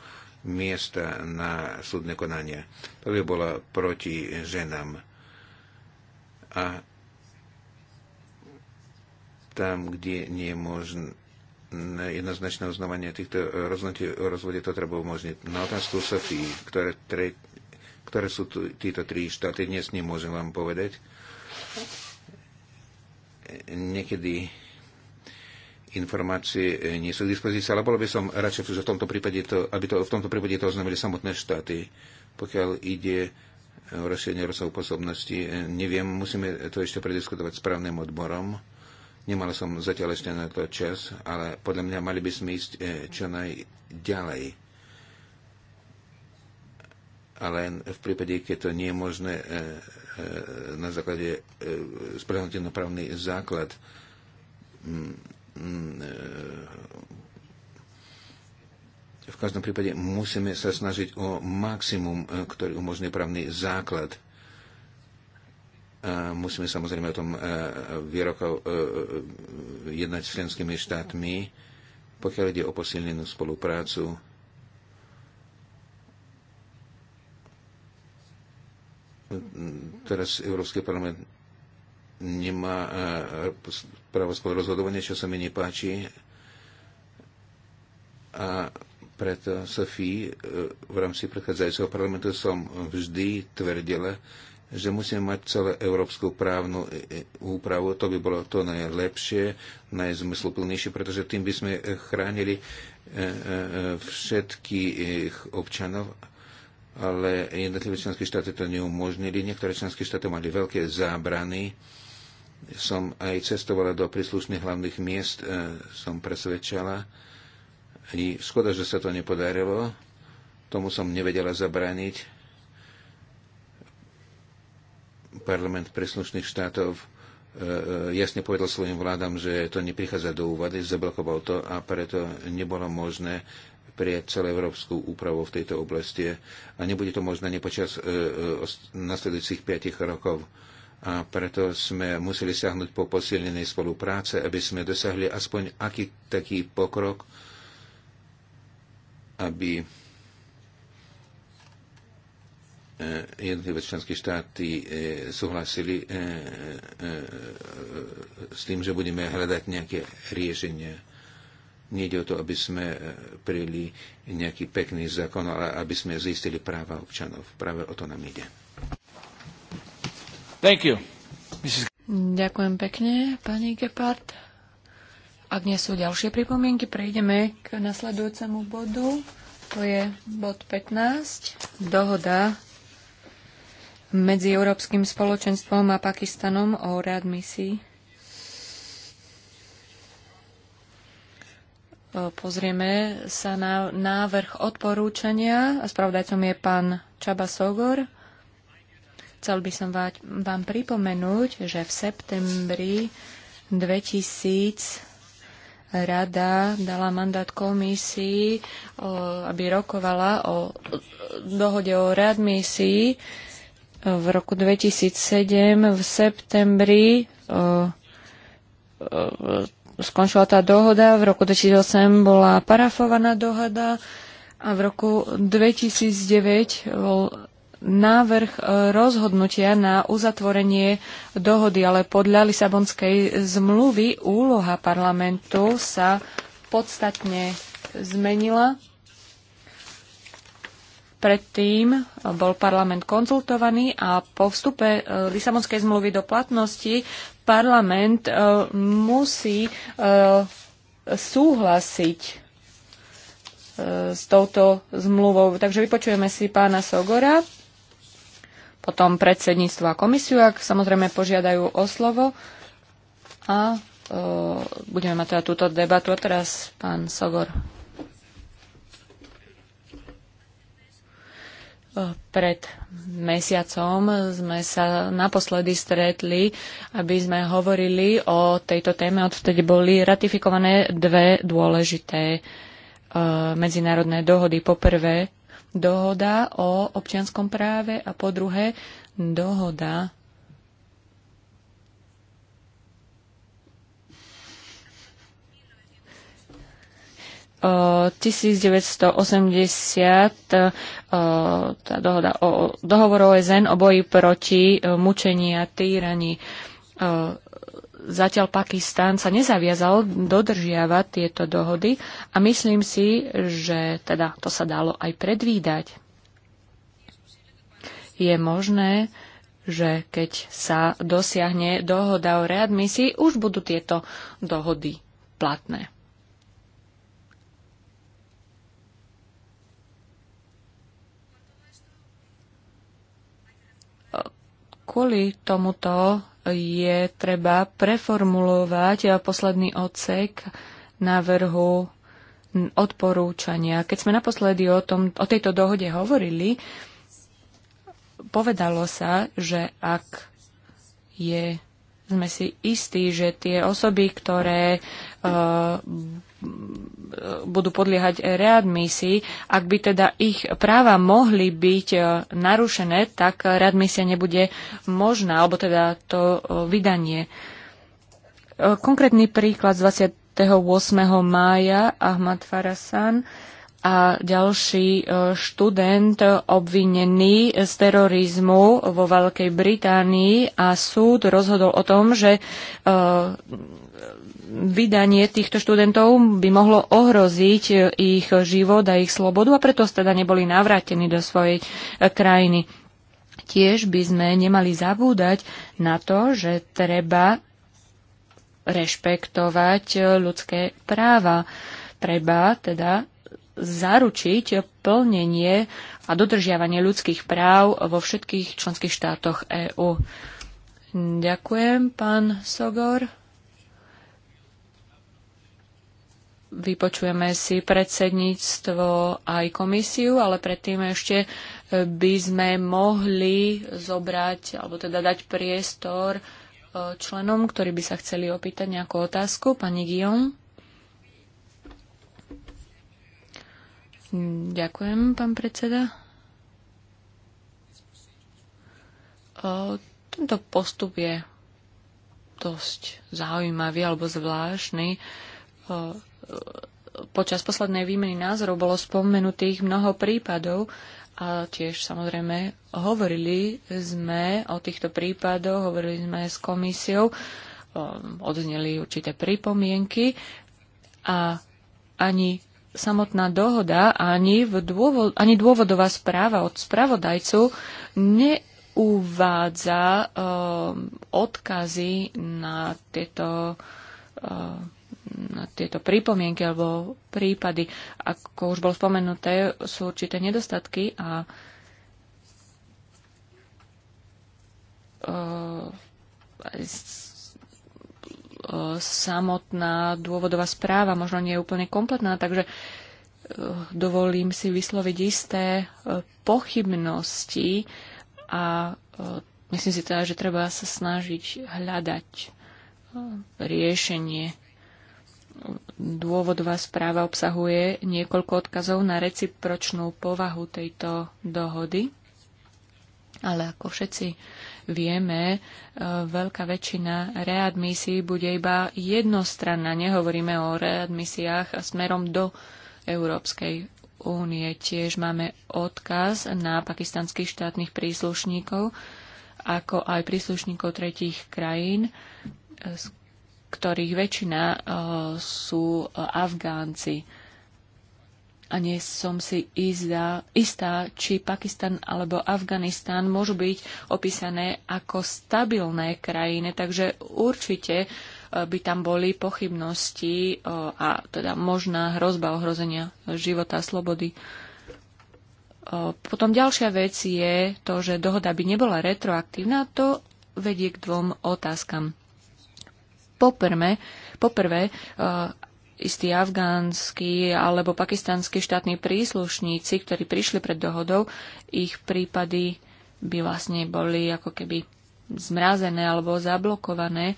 miesta na súdne konanie. To by bolo proti ženám. A tam, kde nie je možné jednoznačné uznávanie týchto rozhodnutí o rozvode, to treba umožniť. Na otázku Sofii, ktoré, tre, ktoré sú tu, títo tri štáty, dnes nemôžem vám povedať niekedy informácie e, nie sú k dispozícii, ale bolo by som radšej, že v tomto prípade to, aby to, v tomto prípade to oznámili samotné štáty. Pokiaľ ide o rozšírenie rozsahu pôsobnosti, e, neviem, musíme to ešte prediskutovať s právnym odborom. Nemal som zatiaľ ešte na to čas, ale podľa mňa mali by sme ísť e, čo najďalej. Ale v prípade, keď to nie je možné E, na základe e, správnotennoprávny základ mm, mm, e, v každom prípade musíme sa snažiť o maximum, ktorý umožňuje právny základ. A musíme samozrejme o tom výrokov jednať s členskými štátmi, pokiaľ ide o posilnenú spoluprácu teraz Európsky parlament nemá e, právo spolurozhodovania, čo sa mi nepáči. A preto Sofii e, v rámci predchádzajúceho parlamentu som vždy tvrdila, že musíme mať celé európsku právnu e, úpravu. To by bolo to najlepšie, najzmysluplnejšie, pretože tým by sme chránili všetkých občanov ale jednotlivé členské štáty to neumožnili. Niektoré členské štáty mali veľké zábrany. Som aj cestovala do príslušných hlavných miest, e, som presvedčala. I škoda, že sa to nepodarilo. Tomu som nevedela zabrániť. Parlament príslušných štátov e, e, jasne povedal svojim vládam, že to neprichádza do úvady, zablokoval to a preto nebolo možné pre celú európsku úpravu v tejto oblasti a nebude to možné ani počas e, e nasledujúcich 5 rokov. A preto sme museli siahnuť po posilnenej spolupráce, aby sme dosahli aspoň aký taký pokrok, aby e, jednotlivé členské štáty e, súhlasili s tým, že budeme hľadať nejaké riešenie Nejde o to, aby sme e, prijeli nejaký pekný zákon, ale aby sme zistili práva občanov. Práve o to nám ide. Thank you. Mrs. Ďakujem pekne, pani Gepard. Ak nie sú ďalšie pripomienky, prejdeme k nasledujúcemu bodu. To je bod 15. Dohoda medzi Európskym spoločenstvom a Pakistanom o readmisii Pozrieme sa na návrh odporúčania. Spravodajcom je pán Čaba Sogor. Chcel by som vám pripomenúť, že v septembri 2000 rada dala mandát komisii, aby rokovala o dohode o readmisii v roku 2007 v septembri skončila tá dohoda. V roku 2008 bola parafovaná dohoda a v roku 2009 bol návrh e, rozhodnutia na uzatvorenie dohody, ale podľa Lisabonskej zmluvy úloha parlamentu sa podstatne zmenila Predtým bol parlament konzultovaný a po vstupe e, Lisabonskej zmluvy do platnosti parlament e, musí e, súhlasiť s touto zmluvou. Takže vypočujeme si pána Sogora, potom predsedníctvo a komisiu, ak samozrejme požiadajú o slovo. A budeme mať teda túto debatu. A teraz pán Sogor. Pred mesiacom sme sa naposledy stretli, aby sme hovorili o tejto téme. Odvtedy boli ratifikované dve dôležité e, medzinárodné dohody. Poprvé dohoda o občianskom práve a po druhé dohoda 1980 e, tá dohoda o dohovor OSN o boji proti e, mučení a týraní. E, zatiaľ Pakistán sa nezaviazal dodržiavať tieto dohody a myslím si, že teda to sa dalo aj predvídať. Je možné, že keď sa dosiahne dohoda o readmisii, už budú tieto dohody platné. kvôli tomuto je treba preformulovať posledný odsek návrhu odporúčania. Keď sme naposledy o, tom, o tejto dohode hovorili, povedalo sa, že ak je, sme si istí, že tie osoby, ktoré uh, budú podliehať readmisii. Ak by teda ich práva mohli byť e, narušené, tak readmisia nebude možná, alebo teda to e, vydanie. E, konkrétny príklad z 28. mája Ahmad Farasan a ďalší študent obvinený z terorizmu vo Veľkej Británii a súd rozhodol o tom, že vydanie týchto študentov by mohlo ohroziť e, ich život a ich slobodu a preto teda neboli navrátení do svojej e, krajiny. Tiež by sme nemali zabúdať na to, že treba rešpektovať e, ľudské práva. Treba teda zaručiť plnenie a dodržiavanie ľudských práv vo všetkých členských štátoch EÚ. Ďakujem, pán Sogor. vypočujeme si predsedníctvo aj komisiu, ale predtým ešte e, by sme mohli zobrať, alebo teda dať priestor e, členom, ktorí by sa chceli opýtať nejakú otázku. Pani Guillaume? Ďakujem, pán predseda. E, tento postup je dosť zaujímavý alebo zvláštny počas poslednej výmeny názorov bolo spomenutých mnoho prípadov a tiež samozrejme hovorili sme o týchto prípadoch, hovorili sme s komisiou, um, odzneli určité pripomienky a ani samotná dohoda, ani, v dôvod, ani dôvodová správa od spravodajcu ne uvádza um, odkazy na tieto um, na tieto pripomienky alebo prípady, ako už bolo spomenuté, sú určité nedostatky a e, e, samotná dôvodová správa možno nie je úplne kompletná, takže e, dovolím si vysloviť isté pochybnosti a myslím si teda, že treba sa snažiť hľadať riešenie dôvodová správa obsahuje niekoľko odkazov na recipročnú povahu tejto dohody. Ale ako všetci vieme, e, veľká väčšina readmisí bude iba jednostranná. Nehovoríme o readmisiách smerom do Európskej únie. Tiež máme odkaz na pakistanských štátnych príslušníkov, ako aj príslušníkov tretích krajín, ktorých väčšina eh, sú eh, Afgánci. A nie som si istá, istá, či Pakistan alebo Afganistan môžu byť opísané ako stabilné krajiny, takže určite eh, by tam boli pochybnosti a teda možná hrozba ohrozenia života a slobody. Potom ďalšia vec je to, že dohoda by nebola retroaktívna, to vedie k dvom otázkam poprme, poprvé e, istí afgánsky alebo pakistanskí štátni príslušníci, ktorí prišli pred dohodou, ich prípady by vlastne boli ako keby zmrazené alebo zablokované.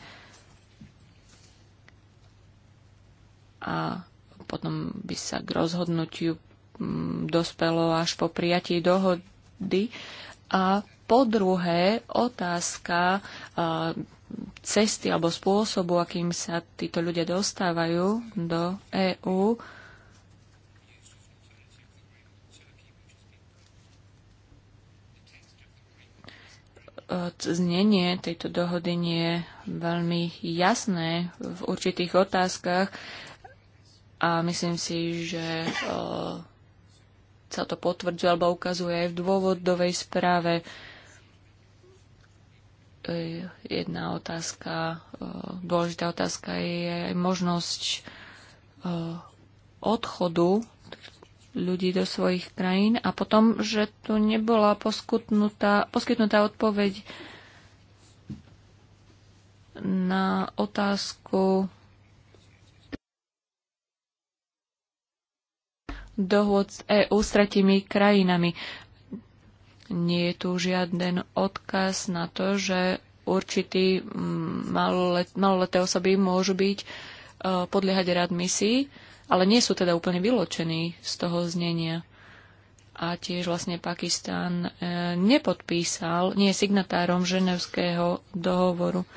A potom by sa k rozhodnutiu mm, dospelo až po prijatí dohody. A po druhé, otázka e, cesty alebo spôsobu, akým sa títo ľudia dostávajú do EÚ, znenie tejto dohody nie je veľmi jasné v určitých otázkach a myslím si, že sa to potvrdzuje alebo ukazuje aj v dôvodovej správe jedna otázka, e, dôležitá otázka je aj možnosť e, odchodu ľudí do svojich krajín a potom, že tu nebola poskytnutá, poskytnutá odpoveď na otázku dohôd s EU s tretimi krajinami. Nie je tu žiaden odkaz na to, že určitý mm, maloleté osoby môžu byť e, podliehať rád misií, ale nie sú teda úplne vyločení z toho znenia. A tiež vlastne Pakistán e, nepodpísal, nie je signatárom ženevského dohovoru.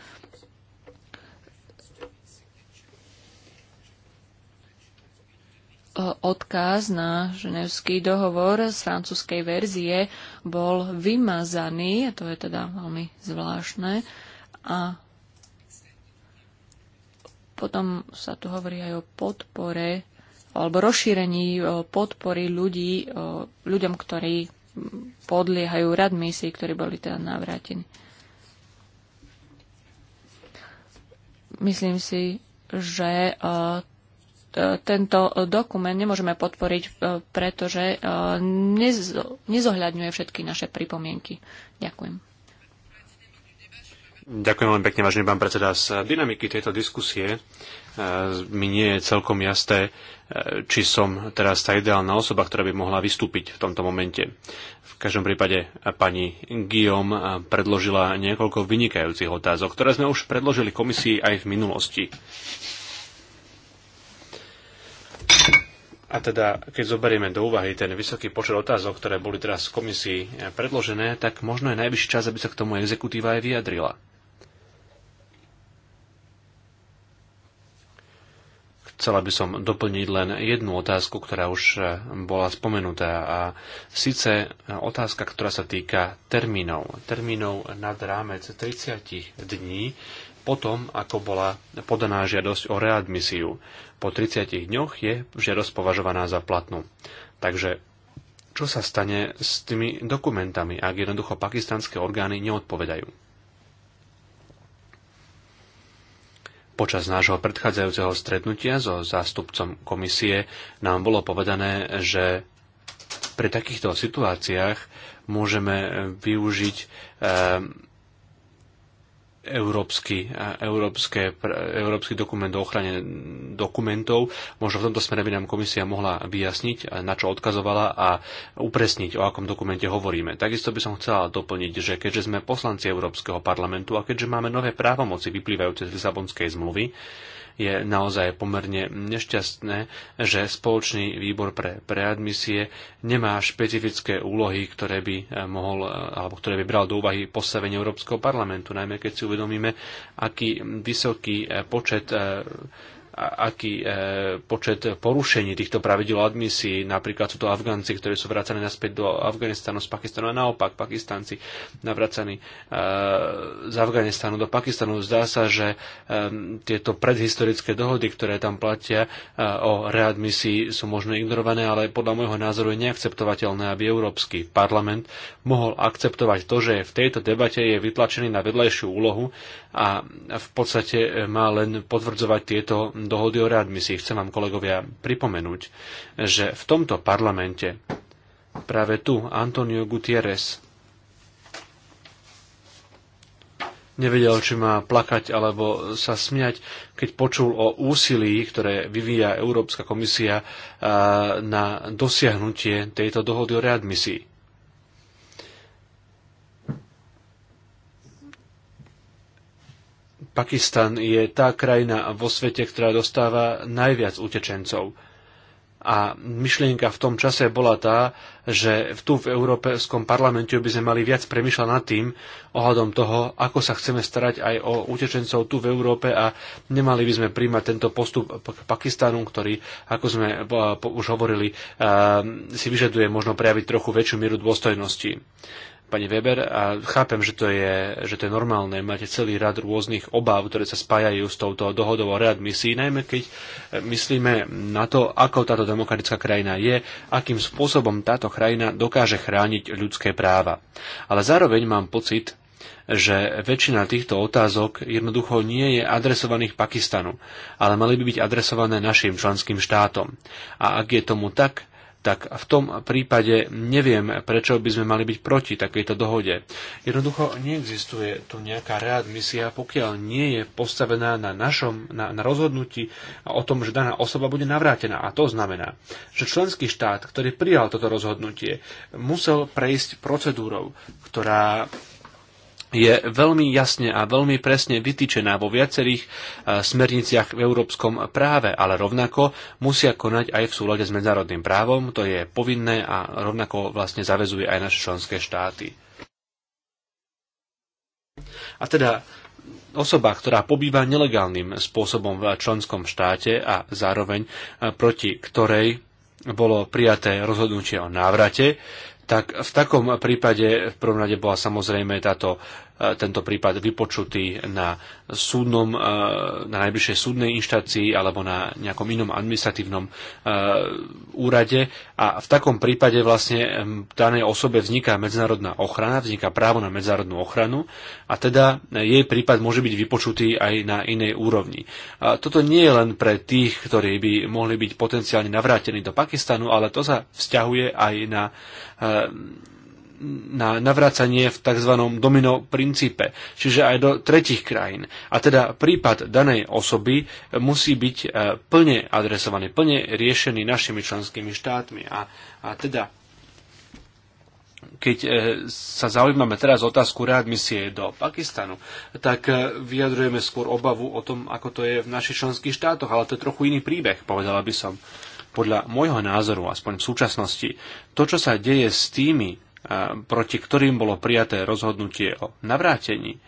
odkaz na ženevský dohovor z francúzskej verzie bol vymazaný, a to je teda veľmi zvláštne, a potom sa tu hovorí aj o podpore alebo rozšírení podpory ľudí, ľuďom, ktorí podliehajú rad misií, ktorí boli teda navrátení. Myslím si, že E, tento dokument nemôžeme podporiť, e, pretože e, nezohľadňuje všetky naše pripomienky. Ďakujem. Ďakujem veľmi pekne, vážený pán predseda. Z dynamiky tejto diskusie mi nie je celkom jasné, či som teraz tá ideálna osoba, ktorá by mohla vystúpiť v tomto momente. V každom prípade pani Guillaume predložila niekoľko vynikajúcich otázok, ktoré sme už predložili komisii aj v minulosti. A teda, keď zoberieme do úvahy ten vysoký počet otázok, ktoré boli teraz v komisii predložené, tak možno je najvyšší čas, aby sa k tomu exekutíva aj vyjadrila. Chcela by som doplniť len jednu otázku, ktorá už eh, bola spomenutá a síce eh, otázka, ktorá sa týka termínov. Termínov nad rámec 30 dní potom, ako bola podaná žiadosť o readmisiu. Po 30 dňoch je žiadosť považovaná za platnú. Takže čo sa stane s tými dokumentami, ak jednoducho pakistanské orgány neodpovedajú? Počas nášho predchádzajúceho stretnutia so zástupcom komisie nám bolo povedané, že pri takýchto situáciách môžeme využiť eh, európsky, európske, európsky dokument o ochrane dokumentov. Možno v tomto smere by nám komisia mohla vyjasniť, na čo odkazovala a upresniť, o akom dokumente hovoríme. Takisto by som chcela doplniť, že keďže sme poslanci Európskeho parlamentu a keďže máme nové právomoci vyplývajúce z Lisabonskej zmluvy, je naozaj pomerne nešťastné, že spoločný výbor pre preadmisie nemá špecifické úlohy, ktoré by eh, mohol, eh, alebo ktoré by bral do úvahy postavenie Európskeho parlamentu, najmä keď si uvedomíme, aký vysoký eh, počet aký e, počet porušení týchto pravidel admisií. Napríklad sú to Afgánci, ktorí sú vracaní naspäť do Afganistanu z Pakistanu a naopak Pakistanci navracaní e, z Afganistanu do Pakistanu. Zdá sa, že e, tieto predhistorické dohody, ktoré tam platia o readmisii, sú možno ignorované, ale podľa môjho názoru je neakceptovateľné, aby Európsky parlament mohol akceptovať to, že v tejto debate je vytlačený na vedľajšiu úlohu a v podstate má len potvrdzovať tieto dohody o readmisii. Chcem vám, kolegovia, pripomenúť, že v tomto parlamente práve tu Antonio Gutierrez nevedel, či má plakať alebo sa smiať, keď počul o úsilí, ktoré vyvíja Európska komisia na dosiahnutie tejto dohody o readmisii. Pakistan je tá krajina vo svete, ktorá dostáva najviac utečencov. A myšlienka v tom čase bola tá, že tu v Európskom parlamente by sme mali viac premyšľať nad tým ohľadom toho, ako sa chceme starať aj o utečencov tu v Európe a nemali by sme príjmať tento postup k Pakistanu, ktorý, ako sme už hovorili, si vyžaduje možno prejaviť trochu väčšiu mieru dôstojnosti pani Weber, a chápem, že to, je, že to je normálne. Máte celý rad rôznych obáv, ktoré sa spájajú s touto dohodou o readmisii, najmä keď e, myslíme na to, ako táto demokratická krajina je, akým spôsobom táto krajina dokáže chrániť ľudské práva. Ale zároveň mám pocit, že väčšina týchto otázok jednoducho nie je adresovaných Pakistanu, ale mali by byť adresované našim členským štátom. A ak je tomu tak, tak v tom prípade neviem, prečo by sme mali byť proti takejto dohode. Jednoducho neexistuje tu nejaká readmisia, pokiaľ nie je postavená na našom, na, na rozhodnutí o tom, že daná osoba bude navrátená. A to znamená, že členský štát, ktorý prijal toto rozhodnutie, musel prejsť procedúrou, ktorá je veľmi jasne a veľmi presne vytýčená vo viacerých e, smerniciach v európskom práve, ale rovnako musia konať aj v súlade s medzinárodným právom, to je povinné a rovnako vlastne zavezuje aj naše členské štáty. A teda osoba, ktorá pobýva nelegálnym spôsobom v členskom štáte a zároveň e, proti ktorej bolo prijaté rozhodnutie o návrate, tak v takom prípade v prvom rade bola samozrejme táto E, tento prípad vypočutý na súdnom, e, na najbližšej súdnej inštácii alebo na nejakom inom administratívnom e, úrade a v takom prípade vlastne danej osobe vzniká medzinárodná ochrana, vzniká právo na medzinárodnú ochranu a teda jej prípad môže byť vypočutý aj na inej úrovni. A toto nie je len pre tých, ktorí by mohli byť potenciálne navrátení do Pakistanu, ale to sa vzťahuje aj na na navracanie v tzv. domino princípe, čiže aj do tretich krajín. A teda prípad danej osoby musí byť e, plne adresovaný, plne riešený našimi členskými štátmi. A, a teda keď e, sa zaujímame teraz otázku readmisie do Pakistanu, tak e, vyjadrujeme skôr obavu o tom, ako to je v našich členských štátoch, ale to je trochu iný príbeh, povedala by som. Podľa môjho názoru, aspoň v súčasnosti, to, čo sa deje s tými proti ktorým bolo prijaté rozhodnutie o navrátení,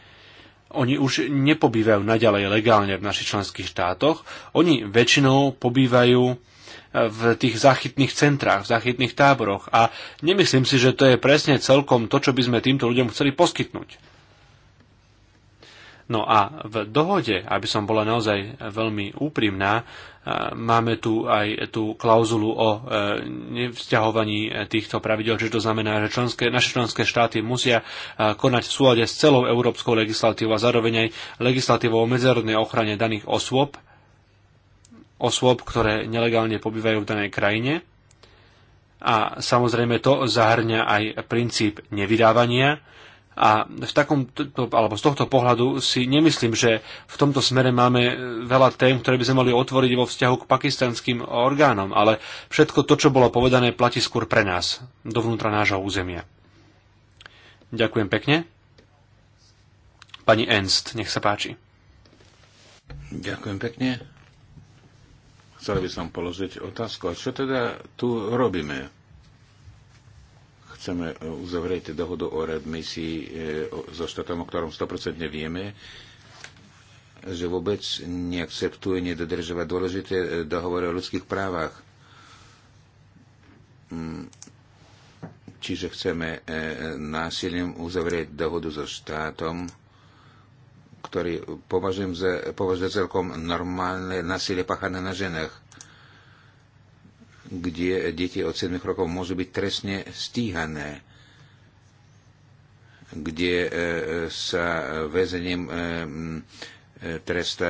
oni už nepobývajú naďalej legálne v našich členských štátoch, oni väčšinou pobývajú e, v tých záchytných centrách, v záchytných táboroch a nemyslím si, že to je presne celkom to, čo by sme týmto ľuďom chceli poskytnúť. No a v dohode, aby som bola naozaj veľmi úprimná, e, máme tu aj tú klauzulu o e, nevzťahovaní e, týchto pravidel, čiže to znamená, že členské, naše členské štáty musia konať v súlade s celou európskou legislatívou a zároveň aj legislatívou o medzinárodnej ochrane daných osôb, osôb, ktoré nelegálne pobývajú v danej krajine. A samozrejme to zahrňa aj princíp nevydávania, a v takom, alebo z tohto pohľadu si nemyslím, že v tomto smere máme veľa tém, ktoré by sme mali otvoriť vo vzťahu k pakistanským orgánom, ale všetko to, čo bolo povedané, platí skôr pre nás, dovnútra nášho územia. Ďakujem pekne. Pani Enst, nech sa páči. Ďakujem pekne. Chcel by som položiť otázku. A čo teda tu robíme? chceme e, uzavrieť dohodu o readmisii e, so štátom, o ktorom 100% vieme, že vôbec neakceptuje nedodržovať dôležité e, dohovory o ľudských právach. Mm. Čiže chceme násilím uzavrieť dohodu so štátom, ktorý považujem za, považujem celkom normálne násilie páchané na ženách kde deti od 7 rokov môžu byť trestne stíhané, kde e, e, sa väzením e, tresta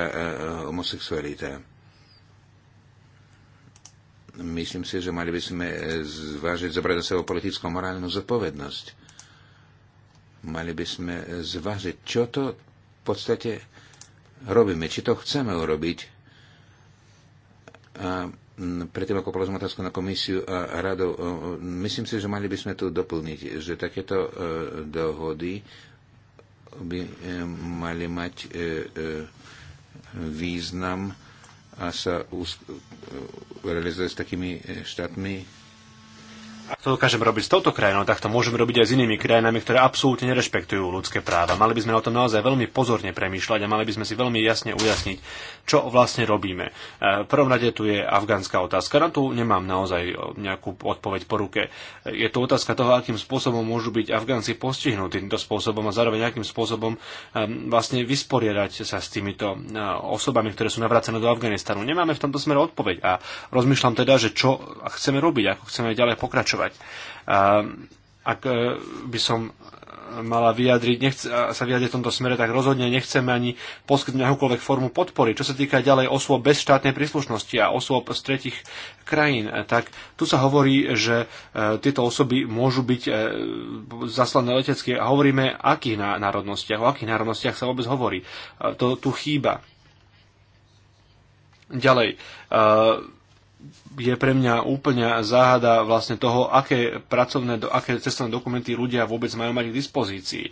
homosexualita. Myslím si, že mali by sme zvážiť zobrať na sebou politickú morálnu zodpovednosť. Mali by sme zvážiť, čo to v podstate robíme, či to chceme urobiť. A predtým ako položím otázku na komisiu a radu, myslím si, že mali by sme tu doplniť, že takéto e, dohody by e, mali mať e, význam a sa realizovať s takými štátmi, ak to dokážeme robiť s touto krajinou, tak to môžeme robiť aj s inými krajinami, ktoré absolútne nerešpektujú ľudské práva. Mali by sme o tom naozaj veľmi pozorne premýšľať a mali by sme si veľmi jasne ujasniť, čo vlastne robíme. E, v prvom rade tu je afgánska otázka. Na tu nemám naozaj nejakú odpoveď po ruke. Je to otázka toho, akým spôsobom môžu byť Afgánci postihnutí týmto spôsobom a zároveň akým spôsobom e, vlastne vysporiadať sa s týmito e, osobami, ktoré sú navracené do Afganistanu. Nemáme v tomto smere odpoveď a rozmýšľam teda, že čo chceme robiť, ako chceme ďalej pokračovať. A Ak e, by som mala vyjadriť, nechce, sa vyjadriť v tomto smere, tak rozhodne nechceme ani poskytnúť akúkoľvek formu podpory. Čo sa týka ďalej osôb bez štátnej príslušnosti a osôb z tretich krajín, tak tu sa hovorí, že e, tieto osoby môžu byť e, zaslané letecké a hovoríme, akých národnostiach, o akých národnostiach sa vôbec hovorí. To tu chýba. Ďalej. Uh, je pre mňa úplne záhada vlastne toho, aké pracovné, aké cestovné dokumenty ľudia vôbec majú mať k dispozícii.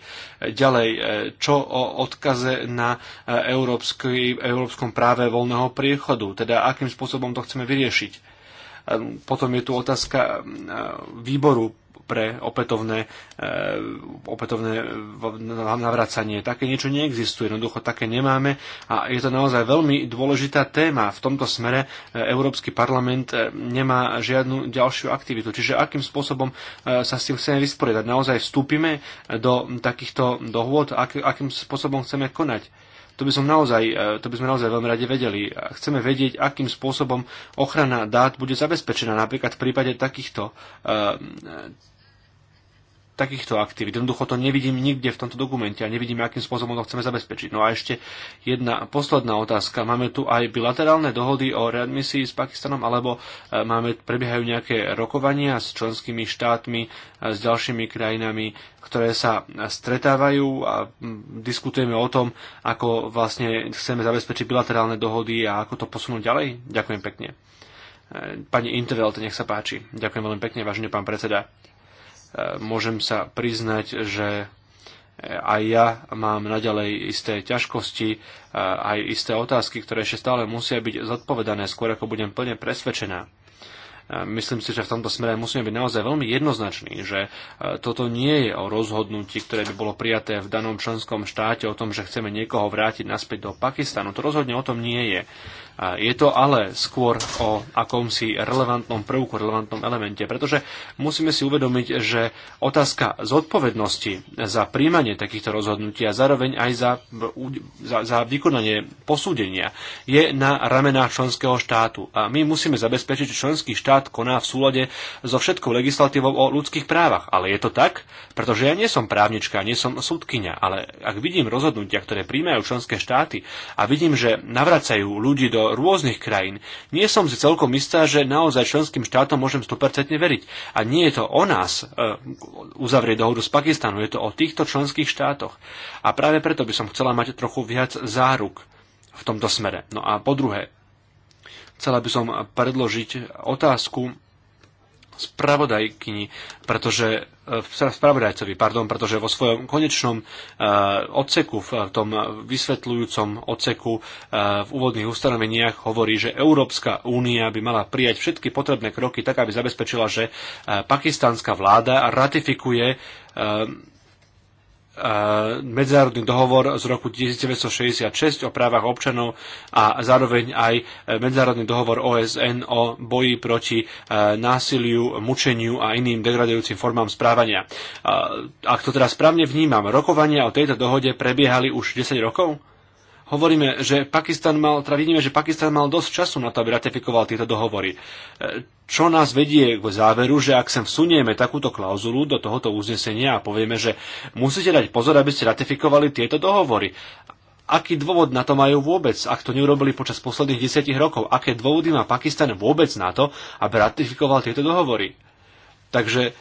Ďalej, e, čo o odkaze na e, európsky, európskom práve voľného priechodu, teda akým spôsobom to chceme vyriešiť. E, potom je tu otázka výboru pre opätovné, eh, opätovné eh, navracanie. Také niečo neexistuje, jednoducho také nemáme a je to naozaj veľmi dôležitá téma. V tomto smere eh, Európsky parlament nemá žiadnu ďalšiu aktivitu. Čiže akým spôsobom sa s tým chceme vysporiadať? Naozaj vstúpime do takýchto dohôd? Akým spôsobom chceme konať? To by, som naozaj, to by sme naozaj veľmi radi vedeli. Chceme vedieť, akým spôsobom ochrana dát bude zabezpečená, napríklad v prípade takýchto, takýchto aktivít. Jednoducho to nevidím nikde v tomto dokumente a nevidím, akým spôsobom to chceme zabezpečiť. No a ešte jedna posledná otázka. Máme tu aj bilaterálne dohody o readmisii s Pakistanom, alebo e, máme, prebiehajú nejaké rokovania s členskými štátmi, e, s ďalšími krajinami, ktoré sa stretávajú a diskutujeme o tom, ako vlastne chceme zabezpečiť bilaterálne dohody a ako to posunúť ďalej. Ďakujem pekne. E, pani Intervelt, nech sa páči. Ďakujem veľmi pekne, vážený pán predseda môžem sa priznať, že aj ja mám naďalej isté ťažkosti, aj isté otázky, ktoré ešte stále musia byť zodpovedané, skôr ako budem plne presvedčená. Myslím si, že v tomto smere musíme byť naozaj veľmi jednoznační, že toto nie je o rozhodnutí, ktoré by bolo prijaté v danom členskom štáte o tom, že chceme niekoho vrátiť naspäť do Pakistanu. To rozhodne o tom nie je. Je to ale skôr o akomsi relevantnom prvku, relevantnom elemente, pretože musíme si uvedomiť, že otázka zodpovednosti za príjmanie takýchto rozhodnutí a zároveň aj za, za, za vykonanie posúdenia je na ramenách členského štátu. A my musíme zabezpečiť, že členský štát koná v súlade so všetkou legislatívou o ľudských právach. Ale je to tak? Pretože ja nie som právnička, nie som súdkyňa, ale ak vidím rozhodnutia, ktoré príjmajú členské štáty a vidím, že navracajú ľudí do rôznych krajín. Nie som si celkom istá, že naozaj členským štátom môžem 100% veriť. A nie je to o nás e, uzavrieť dohodu s Pakistanu, je to o týchto členských štátoch. A práve preto by som chcela mať trochu viac záruk v tomto smere. No a po druhé, chcela by som predložiť otázku spravodajkyni, pretože spravodajcovi, pardon, pretože vo svojom konečnom e, odseku, v tom vysvetľujúcom odseku e, v úvodných ustanoveniach hovorí, že Európska únia by mala prijať všetky potrebné kroky tak, aby zabezpečila, že e, pakistánska vláda ratifikuje Eh, medzinárodný dohovor z roku 1966 o právach občanov a zároveň aj eh, medzinárodný dohovor OSN o boji proti eh, násiliu, mučeniu a iným degradujúcim formám správania. Ak to teraz správne vnímam, rokovania o tejto dohode prebiehali už 10 rokov? hovoríme, že Pakistan mal, teda vidíme, že Pakistan mal dosť času na to, aby ratifikoval tieto dohovory. E, čo nás vedie k záveru, že ak sem vsunieme takúto klauzulu do tohoto uznesenia a povieme, že musíte dať pozor, aby ste ratifikovali tieto dohovory. Aký dôvod na to majú vôbec, ak to neurobili počas posledných desiatich rokov? Aké dôvody má Pakistan vôbec na to, aby ratifikoval tieto dohovory? Takže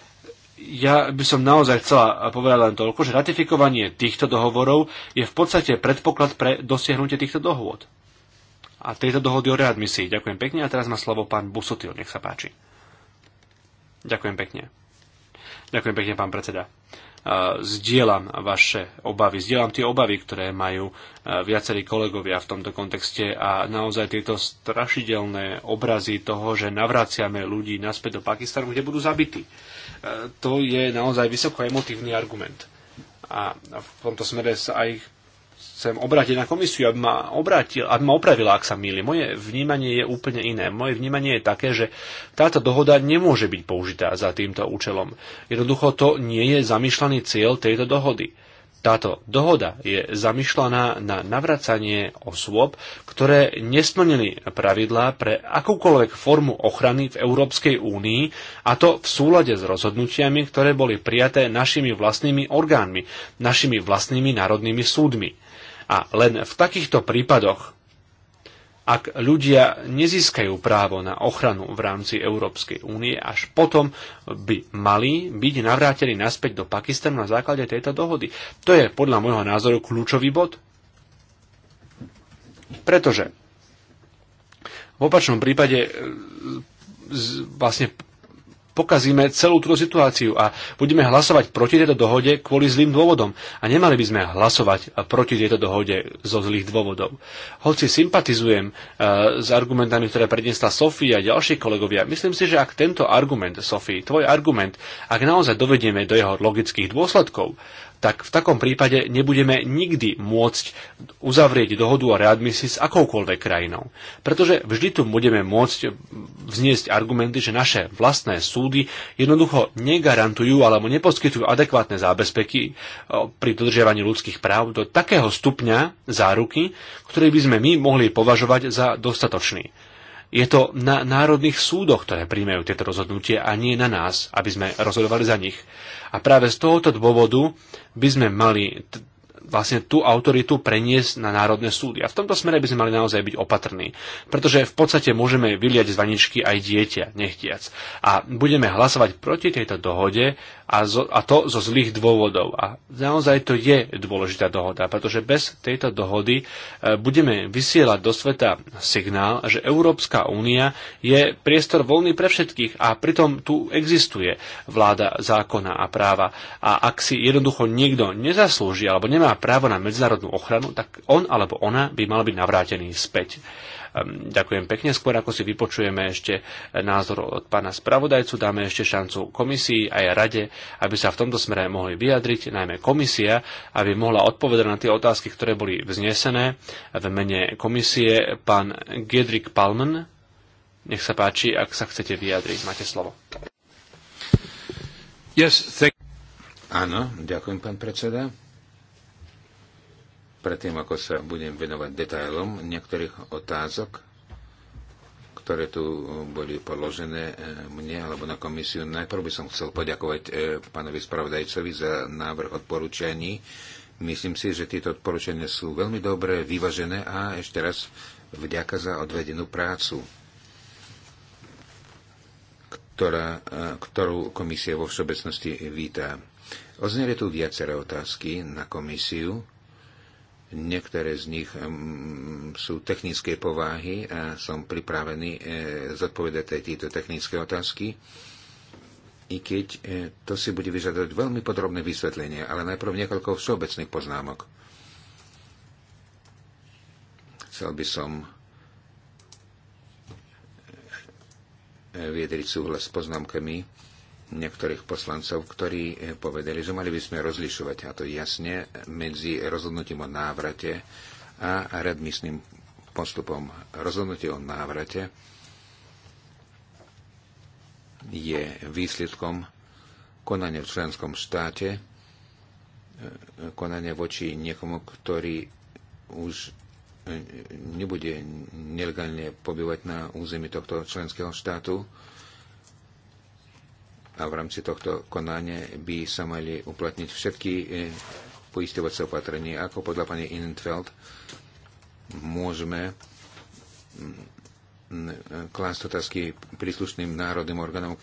ja by som naozaj chcela povedať len toľko, že ratifikovanie týchto dohovorov je v podstate predpoklad pre dosiahnutie týchto dohôd. A tejto dohody o readmisii. Ďakujem pekne a teraz má slovo pán Busutil, nech sa páči. Ďakujem pekne. Ďakujem pekne, pán predseda zdieľam vaše obavy, zdieľam tie obavy, ktoré majú viacerí kolegovia v tomto kontexte a naozaj tieto strašidelné obrazy toho, že navraciame ľudí naspäť do Pakistanu, kde budú zabití. E, to je naozaj vysoko emotívny argument. A v tomto smere sa aj chcem obrátiť na komisiu, aby ma, obrátil, aby ma opravila, ak sa mýli. Moje vnímanie je úplne iné. Moje vnímanie je také, že táto dohoda nemôže byť použitá za týmto účelom. Jednoducho to nie je zamýšľaný cieľ tejto dohody. Táto dohoda je zamýšľaná na navracanie osôb, ktoré nesplnili pravidlá pre akúkoľvek formu ochrany v Európskej únii, a to v súlade s rozhodnutiami, ktoré boli prijaté našimi vlastnými orgánmi, našimi vlastnými národnými súdmi. A len v takýchto prípadoch ak ľudia nezískajú právo na ochranu v rámci Európskej únie, až potom by mali byť navrátení naspäť do Pakistanu na základe tejto dohody. To je podľa môjho názoru kľúčový bod. Pretože v opačnom prípade e, vlastne pokazíme celú túto situáciu a budeme hlasovať proti tejto dohode kvôli zlým dôvodom. A nemali by sme hlasovať proti tejto dohode zo zlých dôvodov. Hoci sympatizujem eh, s argumentami, ktoré predniesla Sofia a ďalší kolegovia, myslím si, že ak tento argument, Sofie, tvoj argument, ak naozaj dovedieme do jeho logických dôsledkov, tak v takom prípade nebudeme nikdy môcť uzavrieť dohodu o readmisii s akoukoľvek krajinou. Pretože vždy tu budeme môcť vzniesť argumenty, že naše vlastné súdy jednoducho negarantujú alebo neposkytujú adekvátne zábezpeky eh, pri dodržiavaní ľudských práv do takého stupňa záruky, ktorý by sme my mohli považovať za dostatočný je to na národných súdoch, ktoré príjmajú tieto rozhodnutie a nie na nás, aby sme rozhodovali za nich. A práve z tohoto dôvodu by sme mali vlastne tú autoritu preniesť na národné súdy. A v tomto smere by sme mali naozaj byť opatrní, pretože v podstate môžeme vyliať z vaničky aj dieťa, nechtiac. A budeme hlasovať proti tejto dohode a, zo, a to zo zlých dôvodov. A naozaj to je dôležitá dohoda, pretože bez tejto dohody e, budeme vysielať do sveta signál, že Európska únia je priestor voľný pre všetkých a pritom tu existuje vláda zákona a práva. A ak si jednoducho niekto nezaslúži alebo nemá právo na medzinárodnú ochranu, tak on alebo ona by mal byť navrátený späť. Ehm, ďakujem pekne. Skôr ako si vypočujeme ešte názor od pána spravodajcu, dáme ešte šancu komisii aj rade, aby sa v tomto smere mohli vyjadriť, najmä komisia, aby mohla odpovedať na tie otázky, ktoré boli vznesené v mene komisie. Pán Gedrik Palmen, nech sa páči, ak sa chcete vyjadriť, máte slovo. Yes, thank- Áno, ďakujem, pán predseda. Predtým, ako sa budem venovať detailom niektorých otázok, ktoré tu eh, boli položené eh, mne alebo na komisiu, najprv by som chcel poďakovať eh, pánovi spravodajcovi za návrh odporúčaní. Myslím si, že tieto odporúčania sú veľmi dobre vyvažené a ešte raz vďaka za odvedenú prácu ktorá, ktorú komisia vo všeobecnosti vítá. Ozneli tu viaceré otázky na komisiu. Niektoré z nich mm, sú technické povahy a som pripravený e, zodpovedať aj tieto technické otázky, i keď e, to si bude vyžadovať veľmi podrobné vysvetlenie, ale najprv niekoľko všeobecných poznámok. Chcel by som e, viedriť súhlas s poznámkami niektorých poslancov, ktorí e, povedali, že mali by sme rozlišovať, a to jasne, medzi rozhodnutím o návrate a readmisným postupom. Rozhodnutie o návrate je výsledkom konania v členskom štáte, e, konania voči niekomu, ktorý už e, nebude nelegálne pobývať na území tohto členského štátu a v rámci tohto konania by sa mali uplatniť všetky e, poistovacie opatrenia, ako podľa pani Innenfeld môžeme klásť otázky príslušným národným orgánom,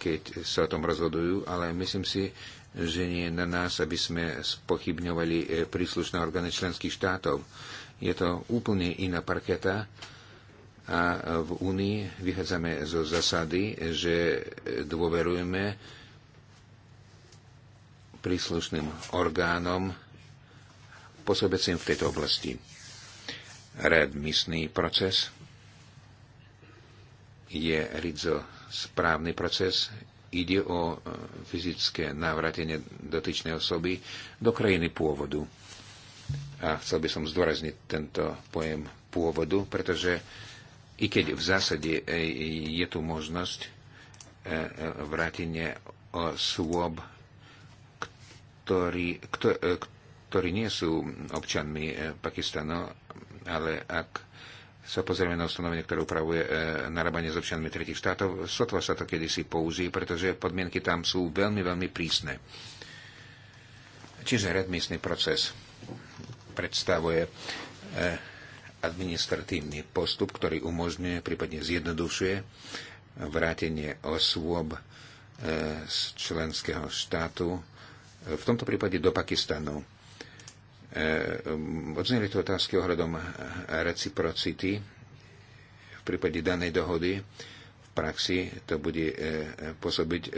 keď sa o tom rozhodujú, ale myslím si, že nie je na nás, aby sme spochybňovali e, príslušné orgány členských štátov. Je to úplne iná parketa, a v Únii vychádzame zo zásady, že dôverujeme príslušným orgánom pôsobecím v tejto oblasti. Readmisný proces je rizo správny proces, ide o e, fyzické návratenie dotyčnej osoby do krajiny pôvodu. A chcel by som zdôrazniť tento pojem pôvodu, pretože i keď v zásade e, e, je tu možnosť e, vrátenia osôb, ktorí, ktorí nie sú občanmi Pakistanu, ale ak sa pozrieme na ustanovenie, ktoré upravuje narábanie s občanmi tretich štátov, sotva sa to kedysi použije, pretože podmienky tam sú veľmi, veľmi prísne. Čiže redmisný proces predstavuje administratívny postup, ktorý umožňuje, prípadne zjednodušuje vrátenie osôb e, z členského štátu, v tomto prípade do Pakistanu. E, Odzneli tu otázky ohľadom reciprocity v prípade danej dohody praxi to bude e, e, pôsobiť e,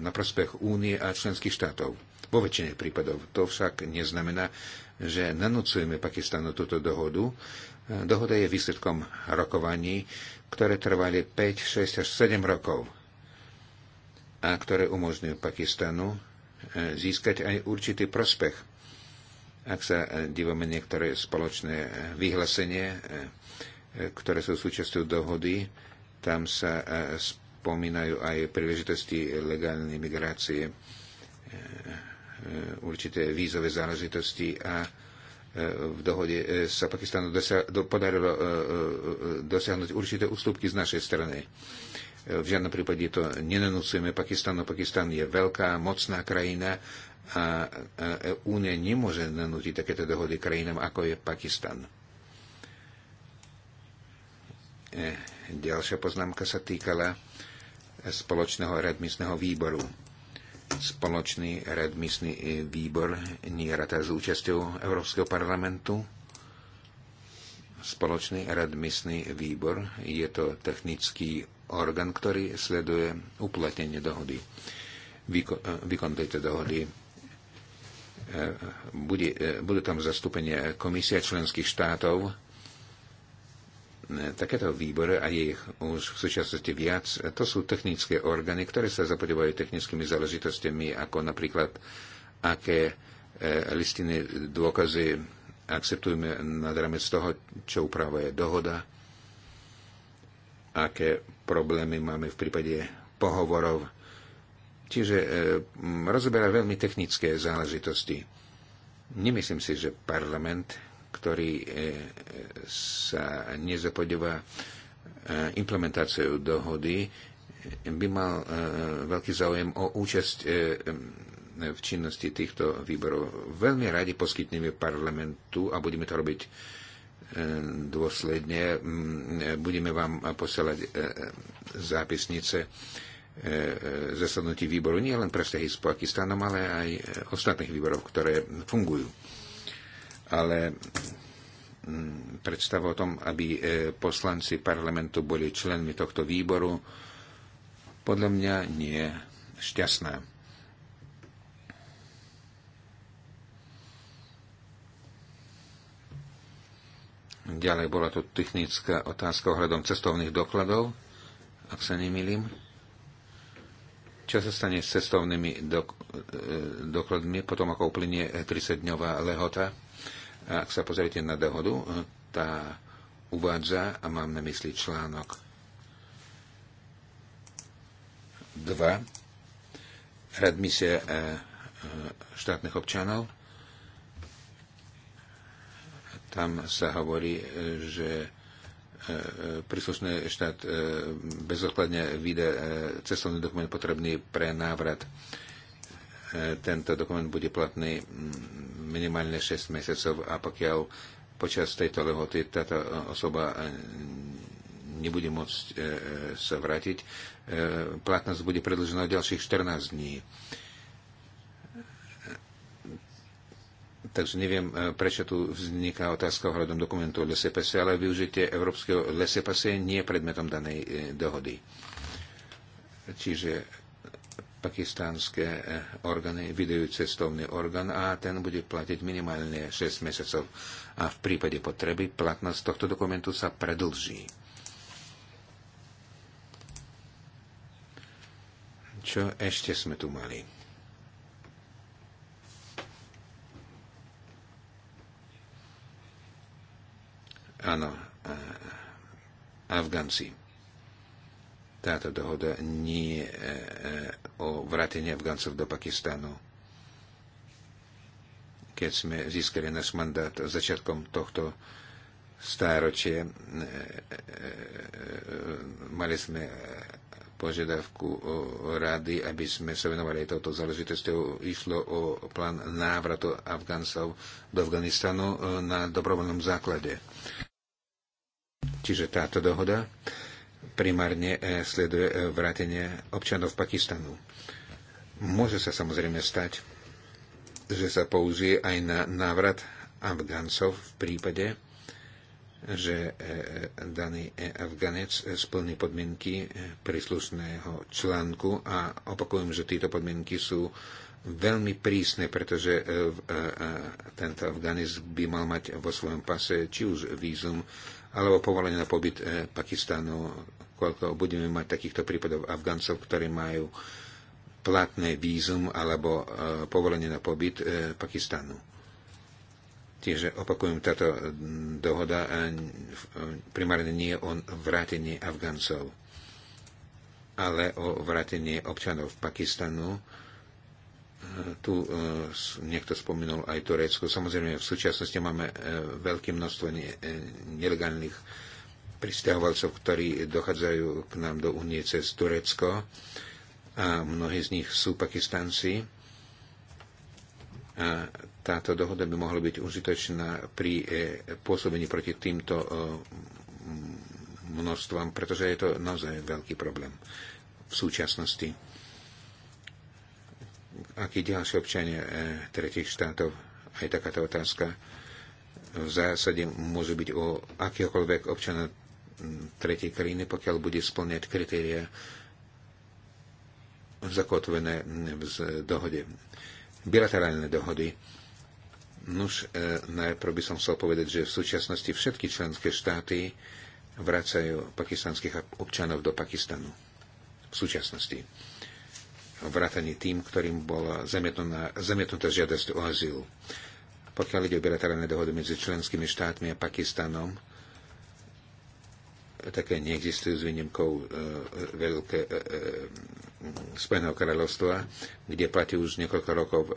na prospech únie a členských štátov. Vo väčšine prípadov to však neznamená, že nanúcujeme Pakistanu túto dohodu. Dohoda je výsledkom rokovaní, ktoré trvali 5, 6 až 7 rokov a ktoré umožňujú Pakistanu získať aj určitý prospech. Ak sa divame niektoré spoločné vyhlásenie, ktoré sú súčasťou dohody, tam sa e, spomínajú aj príležitosti legálnej migrácie, e, e, určité vízové záležitosti a v dohode sa Pakistanu podarilo dosiahnuť určité ústupky z našej strany. V žiadnom prípade to nenanúcujeme Pakistanu. No Pakistan je veľká, mocná krajina a Únia nemôže nanútiť takéto dohody krajinám, ako je Pakistan. Ďalšia poznámka sa týkala spoločného redmisného výboru. Spoločný redmisný e, výbor nerata s účasťou Európskeho parlamentu. Spoločný redmisný výbor je to technický orgán, ktorý sleduje uplatnenie dohody. E, výkon tejto dohody e, bude, bude tam zastúpenie komisia členských štátov, takéto výbory a je ich už v súčasnosti viac, to sú technické orgány, ktoré sa zapodobajú technickými záležitostiami, ako napríklad, aké e, listiny dôkazy akceptujeme nad rámec toho, čo upravuje dohoda, aké problémy máme v prípade pohovorov. Čiže e, rozoberá veľmi technické záležitosti. Nemyslím si, že parlament ktorý e, e, sa nezapodieva implementáciou dohody, by mal e, veľký záujem o účasť v činnosti týchto výborov. Veľmi radi poskytneme parlamentu a budeme to robiť dôsledne. Mm, budeme vám posielať zápisnice zasadnutí výboru nie len pre vzťahy s Pakistanom, ale aj ostatných výborov, ktoré fungujú ale mm, predstava o tom, aby e, poslanci parlamentu boli členmi tohto výboru, podľa mňa nie je šťastná. Ďalej bola tu technická otázka ohľadom cestovných dokladov, ak sa nemýlim. Čo sa stane s cestovnými dok- e, dokladmi potom, ako uplynie 30-dňová lehota? Ak sa pozriete na dohodu, eh, tá uvádza, a mám na mysli článok 2, readmisia eh, eh, štátnych občanov, tam sa hovorí, že príslušný štát bezodkladne vydá cestovný dokument potrebný pre návrat E, tento dokument bude platný minimálne 6 mesiacov a pokiaľ počas tejto lehoty táto e, osoba e, nebude môcť sa vrátiť, platnosť bude predlžená ďalších 14 dní. Takže neviem, prečo tu vzniká otázka ohľadom dokumentu LSPC, ale využitie európskeho LSPC nie je predmetom danej dohody. Čiže pakistánske eh, orgány vydajú cestovný orgán a ten bude platiť minimálne 6 mesiacov a v prípade potreby platnosť tohto dokumentu sa predlží. Čo ešte sme tu mali? Áno, eh, Afganci. Táto dohoda nie je e, o vrátení Afgáncov do Pakistanu. Keď sme získali náš mandát začiatkom tohto stáročie, e, e, mali sme požiadavku rady, aby sme sa venovali touto záležitosťou. Išlo o plán návratu Afgáncov do Afganistanu na dobrovoľnom základe. Čiže táto dohoda primárne e, sleduje e, vrátenie občanov Pakistanu. Môže sa samozrejme stať, že sa použije aj na návrat Afgáncov v prípade, že e, daný Afganec splní podmienky príslušného článku a opakujem, že tieto podmienky sú veľmi prísne, pretože tento Afganec by mal mať vo svojom pase či už vízum alebo povolenie na pobyt e, Pakistanu, koľko budeme mať takýchto prípadov Afgáncov, ktorí majú platné vízum alebo e, povolenie na pobyt e, Pakistanu. Tiež opakujem, táto dohoda primárne nie je o vrátení Afgáncov, ale o vrátení občanov Pakistanu, tu e, niekto spomínal aj Turecko. Samozrejme, v súčasnosti máme e, veľké množstvo e, nelegálnych pristahovalcov, ktorí dochádzajú k nám do Unie cez Turecko a mnohí z nich sú Pakistanci. A táto dohoda by mohla byť užitočná pri pôsobení proti týmto množstvám, pretože je to naozaj veľký problém v súčasnosti akí ďalší občania e, tretich štátov, aj takáto otázka v zásade môže byť o akéhokoľvek občana tretej krajiny, pokiaľ bude splňať kritéria zakotvené v dohode. Bilaterálne dohody. Nuž, e, najprv by som chcel povedať, že v súčasnosti všetky členské štáty vracajú pakistanských občanov do Pakistanu. V súčasnosti vrátane tým, ktorým bola zamietnutá žiadosť o azyl. Pokiaľ ide o bilaterálne dohody medzi členskými štátmi a Pakistanom, také neexistujú s výnimkou e, veľké, e, e Spojeného kráľovstva, kde platí už niekoľko rokov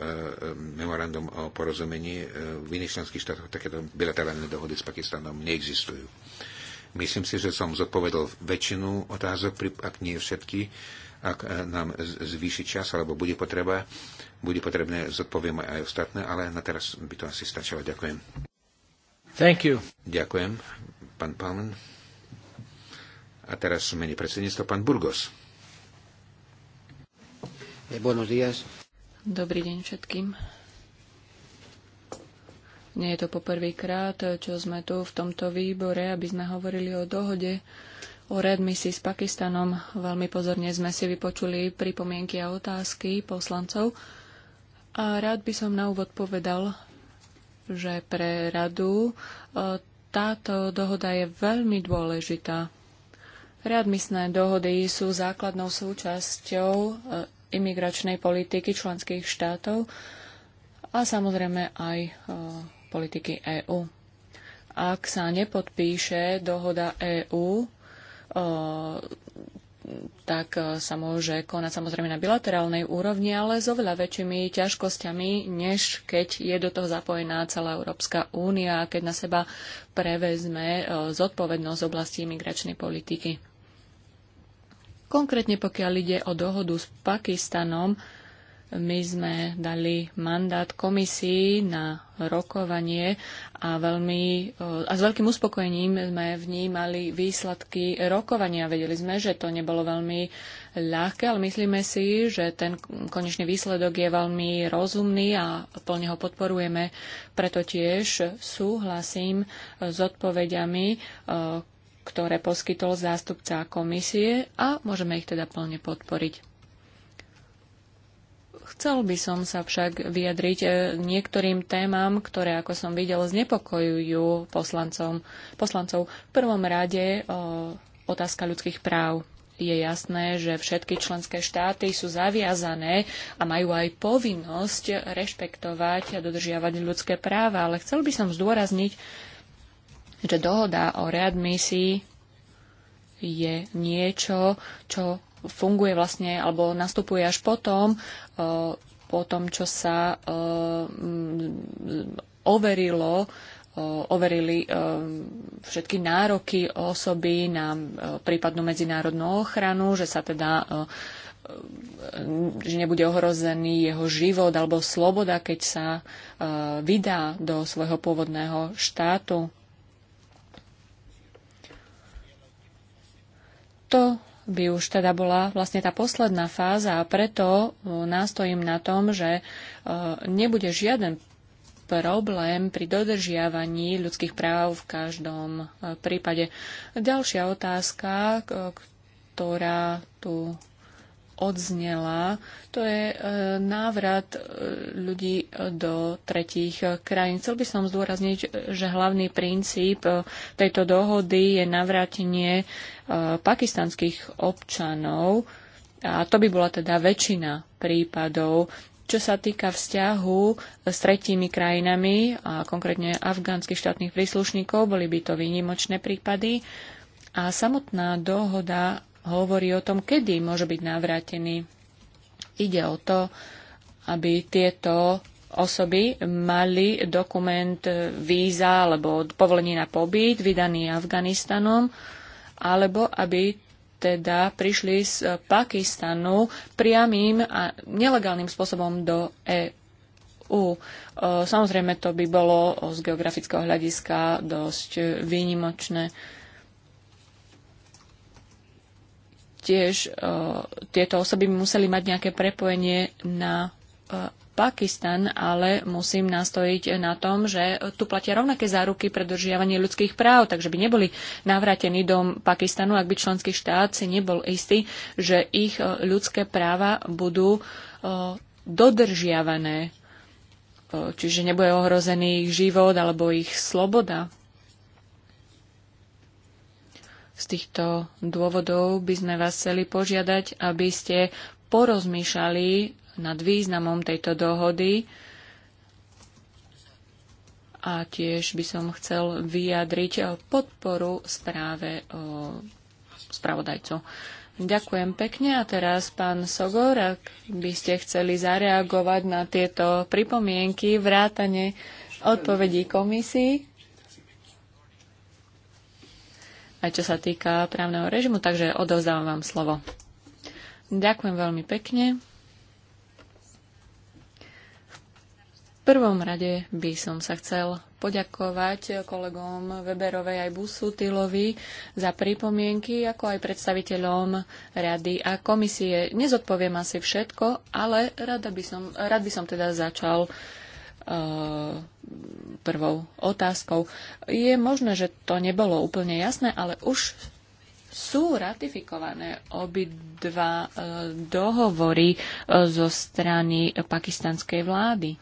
e, e, memorandum o porozumení. E, v iných členských štátoch takéto bilaterálne dohody s Pakistanom neexistujú. Myslím si, že som zodpovedal väčšinu otázok, ak nie všetky. E, ak eh, nám zvýši čas, alebo bude potreba, bude potrebné, zodpovieme aj ostatné, ale na teraz by to asi stačilo. Ďakujem. Thank you. Ďakujem, pán Palmen. A teraz mení predsedníctvo pán Burgos. Hey, eh, Buenos días. Dobrý deň všetkým. Nie je to poprvýkrát, čo sme tu v tomto výbore, aby sme hovorili o dohode o readmisii s Pakistanom. Veľmi pozorne sme si vypočuli pripomienky a otázky poslancov. A rád by som na úvod povedal, že pre radu e, táto dohoda je veľmi dôležitá. Readmisné dohody sú základnou súčasťou e, imigračnej politiky členských štátov a samozrejme aj e, politiky EÚ. Ak sa nepodpíše dohoda EÚ, Eh, tak eh, sa môže konať samozrejme na bilaterálnej úrovni, ale s oveľa väčšími ťažkosťami, než keď je do toho zapojená celá Európska únia a keď na seba prevezme eh, zodpovednosť z oblasti imigračnej politiky. Konkrétne pokiaľ ide o dohodu s Pakistanom, my sme dali mandát komisii na rokovanie a, veľmi, a s veľkým uspokojením sme vnímali výsledky rokovania. Vedeli sme, že to nebolo veľmi ľahké, ale myslíme si, že ten konečný výsledok je veľmi rozumný a plne ho podporujeme. Preto tiež súhlasím s odpovediami, ktoré poskytol zástupca komisie a môžeme ich teda plne podporiť. Chcel by som sa však vyjadriť e, niektorým témam, ktoré, ako som videl, znepokojujú poslancom, poslancov. V prvom rade e, otázka ľudských práv. Je jasné, že všetky členské štáty sú zaviazané a majú aj povinnosť rešpektovať a dodržiavať ľudské práva, ale chcel by som zdôrazniť, že dohoda o readmisii je niečo, čo funguje vlastne alebo nastupuje až potom, e, po tom, čo sa e, overilo e, overili všetky nároky osoby na prípadnú medzinárodnú ochranu, že sa teda že nebude ohrozený jeho život alebo sloboda, keď sa vydá do svojho pôvodného štátu. To by už teda bola vlastne tá posledná fáza a preto e, nástojím na tom, že e, nebude žiaden problém pri dodržiavaní ľudských práv v každom e, prípade. Ďalšia otázka, ktorá tu odznela, to je e, návrat e, ľudí e, do tretích krajín. Chcel by som zdôrazniť, že hlavný princíp tejto dohody je navrátenie pakistanských občanov a to by bola teda väčšina prípadov. Čo sa týka vzťahu s tretími krajinami a konkrétne afgánskych štátnych príslušníkov, boli by to výnimočné prípady. A samotná dohoda hovorí o tom, kedy môže byť navrátený. Ide o to, aby tieto osoby mali dokument e, víza alebo povolenie na pobyt vydaný Afganistanom, alebo aby teda prišli z Pakistanu priamým a nelegálnym spôsobom do EÚ. E, samozrejme, to by bolo z geografického hľadiska dosť výnimočné. tiež uh, tieto osoby by museli mať nejaké prepojenie na uh, Pakistan, ale musím nastojiť na tom, že tu platia rovnaké záruky pre dodržiavanie ľudských práv, takže by neboli navrátení do Pakistanu, ak by členský štát si nebol istý, že ich e, ľudské práva budú dodržiavané, čiže nebude ohrozený ich život alebo ich sloboda. Z týchto dôvodov by sme vás chceli požiadať, aby ste porozmýšľali nad významom tejto dohody a tiež by som chcel vyjadriť podporu správe spravodajcu. Ďakujem pekne a teraz pán Sogor, ak by ste chceli zareagovať na tieto pripomienky, vrátane odpovedí komisii. aj čo sa týka právneho režimu, takže odovzdávam vám slovo. Ďakujem veľmi pekne. V prvom rade by som sa chcel poďakovať kolegom Weberovej aj Busutilovi za pripomienky, ako aj predstaviteľom rady a komisie. Nezodpoviem asi všetko, ale rada by som, rád by som teda začal uh, E, prvou otázkou. Je možné, že to nebolo úplne jasné, ale už sú ratifikované obidva e, dohovory e, zo strany pakistanskej vlády.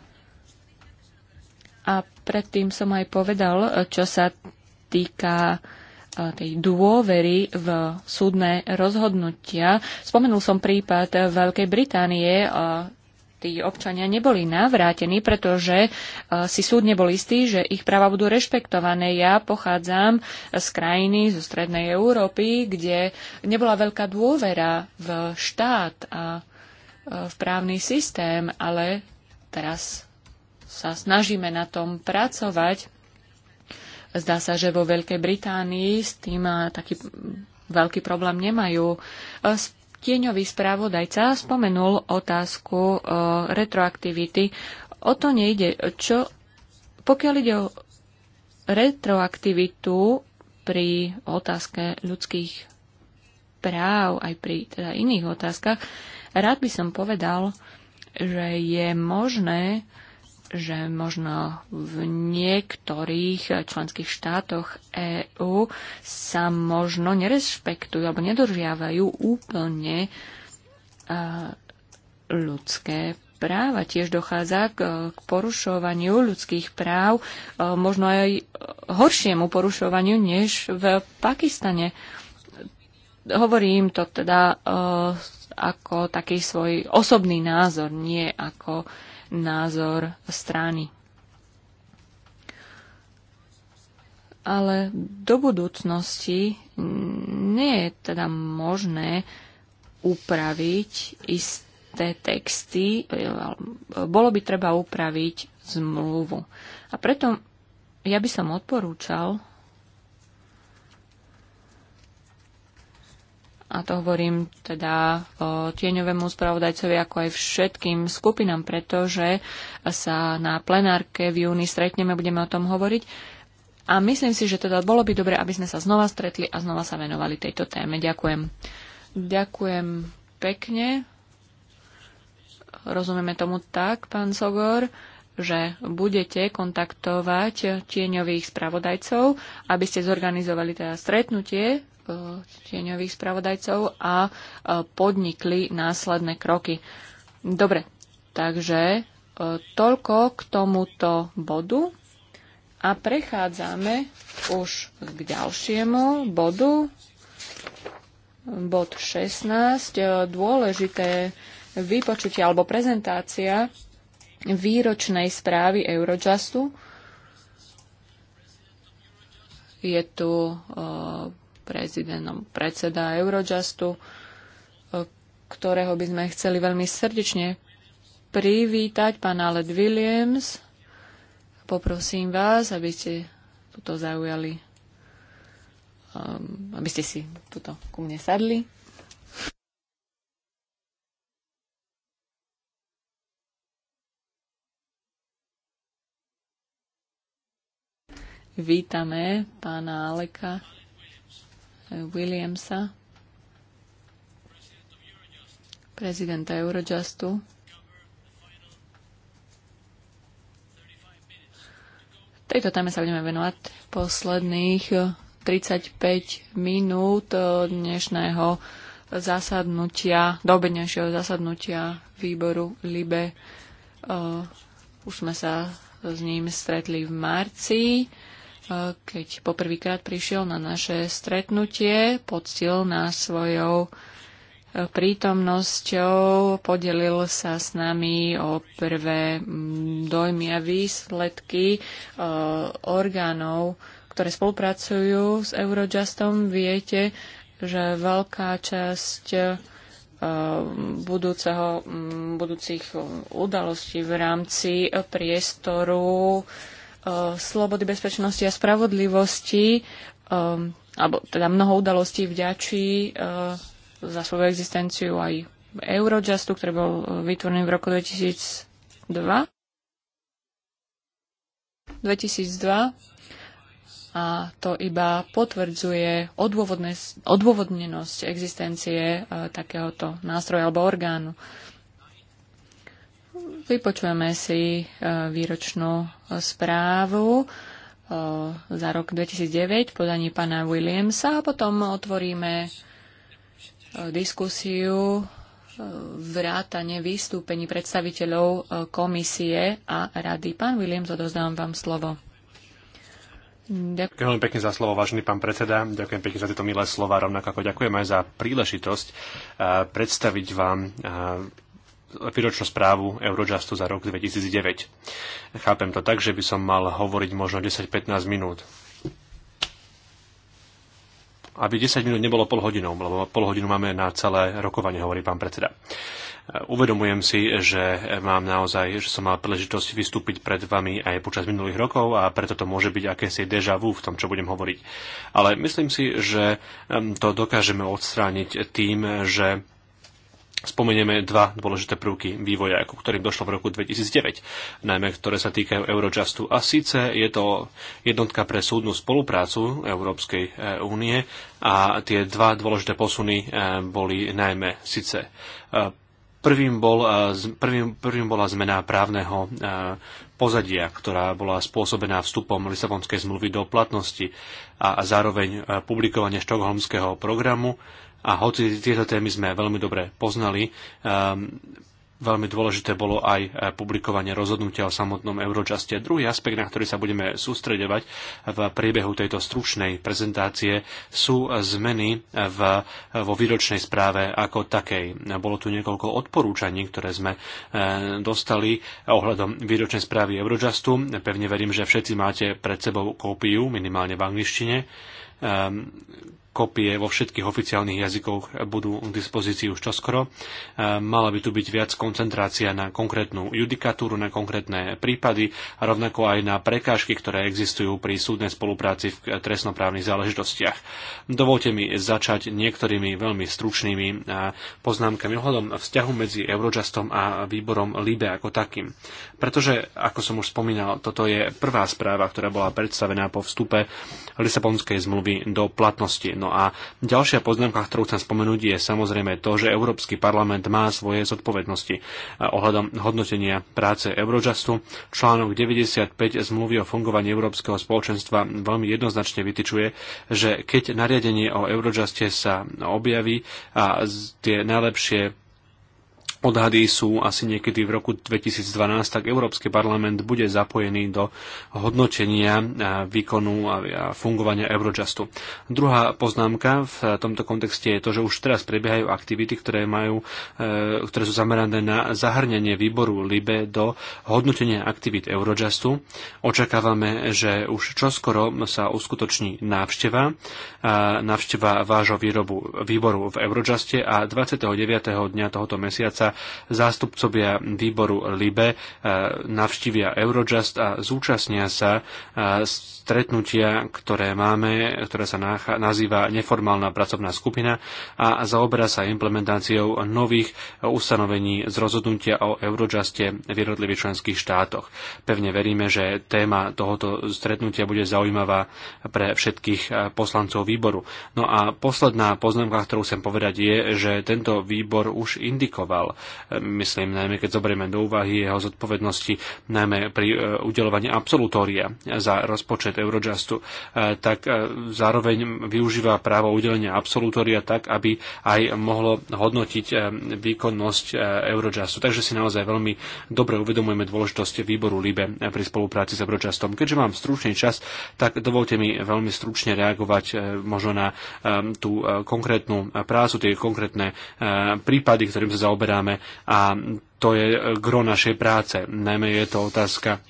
A predtým som aj povedal, čo sa týka tej dôvery v súdne rozhodnutia. Spomenul som prípad Veľkej Británie, tí občania neboli navrátení, pretože e, si súd nebol istý, že ich práva budú rešpektované. Ja pochádzam z krajiny, zo strednej Európy, kde nebola veľká dôvera v štát a e, v právny systém, ale teraz sa snažíme na tom pracovať. Zdá sa, že vo Veľkej Británii s tým e, taký veľký problém nemajú. Tieňový správodajca spomenul otázku e, retroaktivity. O to nejde. Čo, pokiaľ ide o retroaktivitu pri otázke ľudských práv, aj pri teda iných otázkach, rád by som povedal, že je možné že možno v niektorých členských štátoch EÚ sa možno nerespektujú alebo nedržiavajú úplne e, ľudské práva. Tiež dochádza k, k porušovaniu ľudských práv, e, možno aj horšiemu porušovaniu než v Pakistane. Hovorím to teda e, ako taký svoj osobný názor, nie ako uh, názor strany. Ale do budúcnosti nie je teda možné upraviť isté texty, bolo by treba upraviť zmluvu. A preto ja by som odporúčal a to hovorím teda o tieňovému spravodajcovi, ako aj všetkým skupinám, pretože sa na plenárke v júni stretneme, budeme o tom hovoriť. A myslím si, že teda bolo by dobre, aby sme sa znova stretli a znova sa venovali tejto téme. Ďakujem. Ďakujem pekne. Rozumieme tomu tak, pán Sogor že budete kontaktovať tieňových spravodajcov, aby ste zorganizovali teda stretnutie E, tieňových spravodajcov a e, podnikli následné kroky. Dobre, takže e, toľko k tomuto bodu a prechádzame už k ďalšiemu bodu, bod 16, dôležité vypočutie alebo prezentácia výročnej správy Eurojustu. Je tu prezidentom predseda Eurojustu, e, ktorého by sme chceli veľmi srdečne privítať, pán Aled Williams. Poprosím vás, aby ste tuto zaujali, e, aby ste si tuto ku mne sadli. Vítame pána Aleka Williamsa, prezidenta Eurojustu, Tejto téme sa budeme venovať posledných 35 eh, minút eh, dnešného zasadnutia, dobednejšieho zasadnutia výboru LIBE. Eh, už sme sa s ním stretli v marci keď poprvýkrát prišiel na naše stretnutie, poctil nás svojou e, prítomnosťou, podelil sa s nami o prvé mm, dojmy a výsledky e, orgánov, ktoré spolupracujú s Eurojustom. Viete, že veľká časť e, budúceho, budúcich udalostí v rámci priestoru Eh, slobody, bezpečnosti a spravodlivosti, um, alebo teda mnoho udalostí vďačí uh, za svoju existenciu aj Eurojustu, ktorý bol vytvorený v roku 2002. 2002 a to iba potvrdzuje odôvodnenosť existencie uh, takéhoto nástroja alebo orgánu. Uh, Vypočujeme si e, výročnú e, správu e, za rok 2009 podaní pána Williamsa a potom otvoríme diskusiu vrátane vystúpení predstaviteľov komisie a rady. Pán Williams, odozdávam vám slovo. Ďakujem veľmi pekne za slovo, vážený pán predseda. Ďakujem pekne za tieto milé slova, rovnako ako ďakujem aj za príležitosť predstaviť vám výročnú správu Eurojustu za rok 2009. Chápem to tak, že by som mal hovoriť možno 10-15 minút. Aby 10 minút nebolo pol hodinou, lebo pol hodinu máme na celé rokovanie, hovorí pán predseda. Uvedomujem si, že mám naozaj, že som mal príležitosť vystúpiť pred vami aj počas minulých rokov a preto to môže byť akési deja vu v tom, čo budem hovoriť. Ale myslím si, že ehm, to dokážeme odstrániť tým, že spomenieme dva dôležité prvky vývoja, ku ktorým došlo v roku 2009, najmä ktoré sa týkajú Eurojustu. A síce je to jednotka pre súdnu spoluprácu Európskej e, únie a tie dva dôležité posuny e, boli najmä síce e, Prvým, bol, prvým, prvým bola zmena právneho pozadia, ktorá bola spôsobená vstupom Lisabonskej zmluvy do platnosti a zároveň publikovanie štokholmského programu a hoci tieto témy sme veľmi dobre poznali, um, Veľmi dôležité bolo aj e, publikovanie rozhodnutia o samotnom Eurojuste. Druhý aspekt, na ktorý sa budeme sústredovať v priebehu tejto stručnej prezentácie, sú zmeny v, vo výročnej správe ako takej. Bolo tu niekoľko odporúčaní, ktoré sme e, dostali ohľadom výročnej správy Eurojustu. Pevne verím, že všetci máte pred sebou kópiu, minimálne v angličtine ehm, kopie vo všetkých oficiálnych jazykoch budú k dispozícii už čoskoro. E, mala by tu byť viac koncentrácia na konkrétnu judikatúru, na konkrétne prípady a rovnako aj na prekážky, ktoré existujú pri súdnej spolupráci v trestnoprávnych záležitostiach. Dovolte mi začať niektorými veľmi stručnými e, poznámkami ohľadom vzťahu medzi Eurojustom a výborom LIBE ako takým. Pretože, ako som už spomínal, toto je prvá správa, ktorá bola predstavená po vstupe Lisabonskej zmluvy do platnosti No a ďalšia poznámka, ktorú chcem spomenúť, je samozrejme to, že Európsky parlament má svoje zodpovednosti ohľadom hodnotenia práce Eurojustu. Článok 95 zmluvy o fungovaní Európskeho spoločenstva veľmi jednoznačne vytyčuje, že keď nariadenie o Eurojuste sa objaví a tie najlepšie Odhady sú asi niekedy v roku 2012, tak Európsky parlament bude zapojený do hodnotenia výkonu a fungovania Eurojustu. Druhá poznámka v tomto kontexte je to, že už teraz prebiehajú aktivity, ktoré, majú, e, ktoré sú zamerané na zahrnenie výboru LIBE do hodnotenia aktivít Eurojustu. Očakávame, že už čoskoro sa uskutoční návšteva, návšteva vášho výrobu, výboru v Eurojuste a 29. dňa tohoto mesiaca zástupcovia výboru LIBE e, navštívia Eurojust a zúčastnia sa e, stretnutia, ktoré máme, ktoré sa nazýva neformálna pracovná skupina a zaoberá sa implementáciou nových ustanovení z rozhodnutia o Eurojuste v jednotlivých členských štátoch. Pevne veríme, že téma tohoto stretnutia bude zaujímavá pre všetkých e, poslancov výboru. No a posledná poznámka, ktorú chcem povedať, je, že tento výbor už indikoval, myslím najmä keď zoberieme do úvahy jeho zodpovednosti najmä pri e, udelovaní absolutória za rozpočet Eurojustu, e, tak e, zároveň využíva právo udelenia absolutória tak, aby aj mohlo hodnotiť výkonnosť Eurojustu. Takže si naozaj veľmi dobre uvedomujeme dôležitosť výboru LIBE pri spolupráci s Eurojustom. Keďže mám stručný čas, tak dovolte mi veľmi stručne reagovať možno na tú konkrétnu prácu, tie konkrétne prípady, ktorým sa zaoberáme máme a to je gro našej práce. Najmä je to otázka e,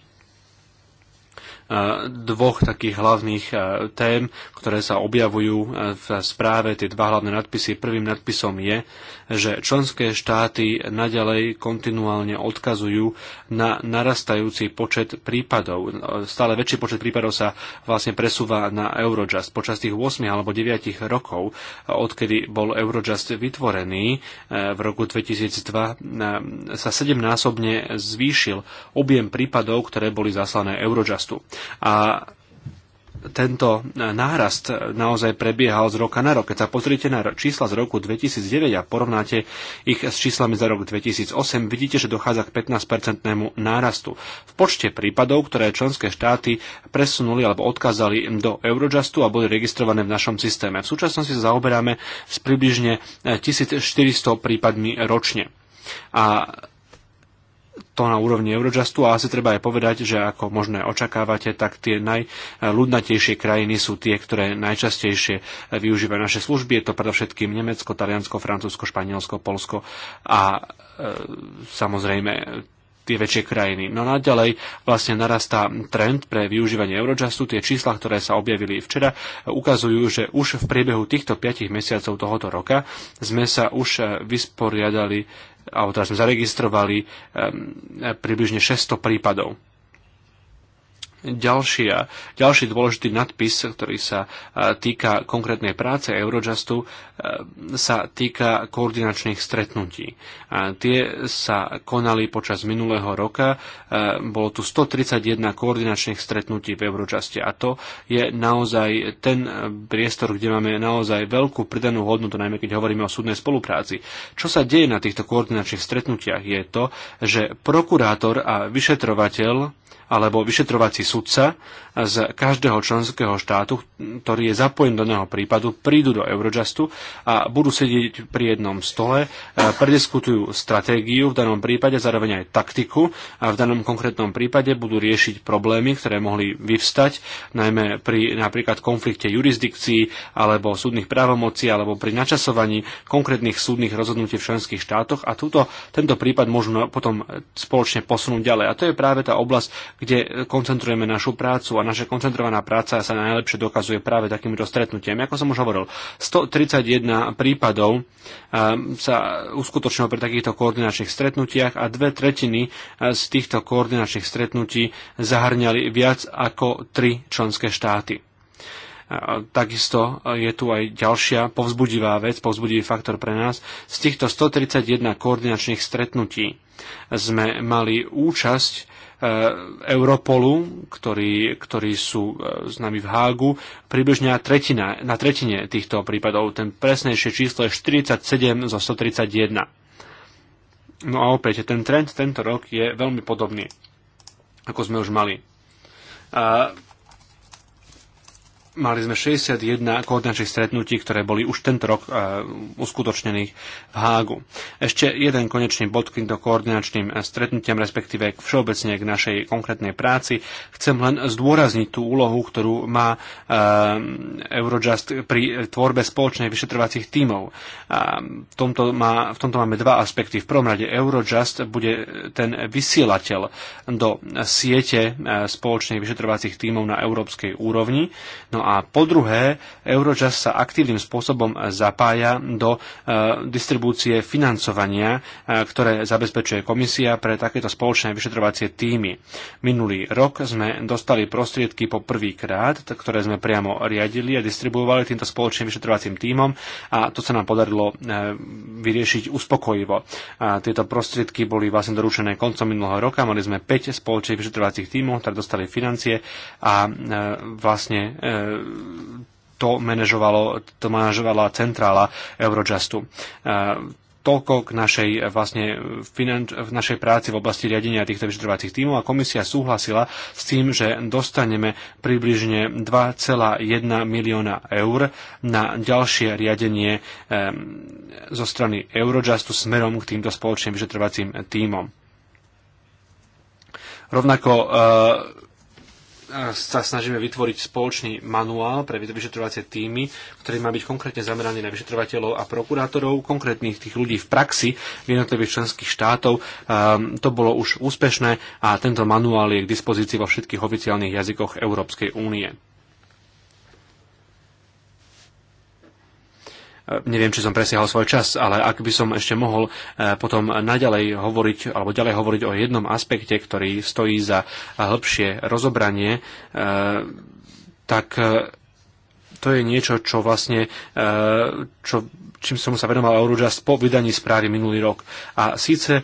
dvoch takých hlavných e, tém, ktoré sa objavujú e, v správe, tie dva hlavné nadpisy. Prvým nadpisom je, že členské štáty naďalej kontinuálne odkazujú na narastajúci počet prípadov. Stále väčší počet prípadov sa vlastne presúva na Eurojust. Počas tých 8 alebo 9 rokov, odkedy bol Eurojust vytvorený eh, v roku 2002, eh, sa sedemnásobne zvýšil objem prípadov, ktoré boli zaslané Eurojustu. A tento e, nárast naozaj prebiehal z roka na rok. Keď sa pozrite na čísla z roku 2009 a porovnáte ich s číslami za rok 2008, vidíte, že dochádza k 15-percentnému nárastu. V počte prípadov, ktoré členské štáty presunuli alebo odkázali do Eurojustu a boli registrované v našom systéme. V súčasnosti sa zaoberáme s približne 1400 e, prípadmi ročne. A to na úrovni Eurojustu a asi treba aj povedať, že ako možné očakávate, tak tie najľudnatejšie krajiny sú tie, ktoré najčastejšie využívajú naše služby. Je to predovšetkým Nemecko, Taliansko, Francúzsko, Španielsko, Polsko a e, samozrejme tie väčšie krajiny. No naďalej vlastne narastá trend pre využívanie Eurojustu. Tie čísla, ktoré sa objavili včera, ukazujú, že už v priebehu týchto 5 mesiacov tohoto roka sme sa už vysporiadali alebo teraz sme zaregistrovali ehm, približne 600 prípadov ďalšia, ďalší dôležitý nadpis, ktorý sa e, týka konkrétnej práce Eurojustu, e, sa týka koordinačných stretnutí. A tie sa konali počas minulého roka. E, bolo tu 131 koordinačných stretnutí v Eurojuste a to je naozaj ten priestor, kde máme naozaj veľkú pridanú hodnotu, najmä keď hovoríme o súdnej spolupráci. Čo sa deje na týchto koordinačných stretnutiach je to, že prokurátor a vyšetrovateľ alebo vyšetrovací sudca z každého členského štátu, ktorý je zapojený do daného prípadu, prídu do Eurojustu a budú sedieť pri jednom stole, e, prediskutujú stratégiu v danom prípade, zároveň aj taktiku a v danom konkrétnom prípade budú riešiť problémy, ktoré mohli vyvstať, najmä pri napríklad konflikte jurisdikcií alebo súdnych právomocí alebo pri načasovaní konkrétnych súdnych rozhodnutí v členských štátoch a túto, tento prípad môžu potom spoločne posunúť ďalej. A to je práve tá oblasť, kde koncentrujeme našu prácu a naša koncentrovaná práca sa najlepšie dokazuje práve takýmto stretnutiam. Ako som už hovoril, 131 prípadov eh, sa uskutočnilo pri takýchto koordinačných stretnutiach a dve tretiny eh, z týchto koordinačných stretnutí zahrňali viac ako tri členské štáty. Eh, takisto je tu aj ďalšia povzbudivá vec, povzbudivý faktor pre nás. Z týchto 131 koordinačných stretnutí sme mali účasť E, Europolu, ktorí, ktorí sú e, s nami v Hágu, približne na, tretina, na tretine týchto prípadov. Ten presnejšie číslo je 47 zo 131. No a opäť, ten trend tento rok je veľmi podobný, ako sme už mali. A Mali sme 61 koordinačných stretnutí, ktoré boli už tento rok e, uskutočnených v Hágu. Ešte jeden konečný bod k týmto koordinačným e, stretnutiam, respektíve k všeobecne k našej konkrétnej práci. Chcem len zdôrazniť tú úlohu, ktorú má e, Eurojust pri tvorbe spoločnej vyšetrovacích tímov. V tomto, má, v tomto máme dva aspekty. V prvom rade Eurojust bude ten vysielateľ do siete spoločných vyšetrovacích tímov na európskej úrovni. No No a po druhé, Eurojust sa aktívnym spôsobom zapája do e, distribúcie financovania, e, ktoré zabezpečuje komisia pre takéto spoločné vyšetrovacie týmy. Minulý rok sme dostali prostriedky po prvýkrát, ktoré sme priamo riadili a distribuovali týmto spoločným vyšetrovacím týmom a to sa nám podarilo e, vyriešiť uspokojivo. A tieto prostriedky boli vlastne doručené koncom minulého roka, mali sme 5 spoločných vyšetrovacích týmov, ktoré dostali financie a vlastne to, manažovalo, to manažovala centrála Eurojustu. E, toľko k našej, e, vlastne, finanč, v našej práci v oblasti riadenia týchto vyšetrovacích tímov a komisia súhlasila s tým, že dostaneme približne 2,1 milióna eur na ďalšie riadenie e, zo strany Eurojustu smerom k týmto spoločným vyšetrovacím tímom. Rovnako sa snažíme vytvoriť spoločný manuál pre vyšetrovacie týmy, ktorý má byť konkrétne zameraný na vyšetrovateľov a prokurátorov, konkrétnych tých ľudí v praxi v jednotlivých členských štátov. Ehm, to bolo už úspešné a tento manuál je k dispozícii vo všetkých oficiálnych jazykoch Európskej únie. neviem, či som presiahol svoj čas, ale ak by som ešte mohol eh, potom naďalej hovoriť, alebo ďalej hovoriť o jednom aspekte, ktorý stojí za hĺbšie rozobranie, eh, tak eh, to je niečo, čo vlastne, e, čo, čím som sa venoval Eurojust po vydaní správy minulý rok. A síce e,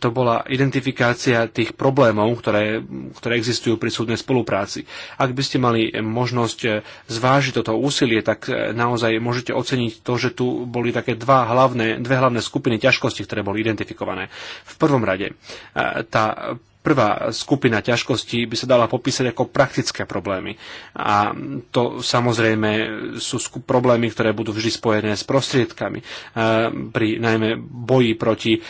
to bola identifikácia tých problémov, ktoré, ktoré existujú pri súdnej spolupráci. Ak by ste mali možnosť e, zvážiť toto úsilie, tak naozaj môžete oceniť to, že tu boli také dva hlavné, dve hlavné skupiny ťažkosti, ktoré boli identifikované. V prvom rade tá Prvá skupina ťažkostí by sa dala popísať ako praktické problémy. A to samozrejme sú problémy, ktoré budú vždy spojené s prostriedkami. E, pri najmä boji proti e,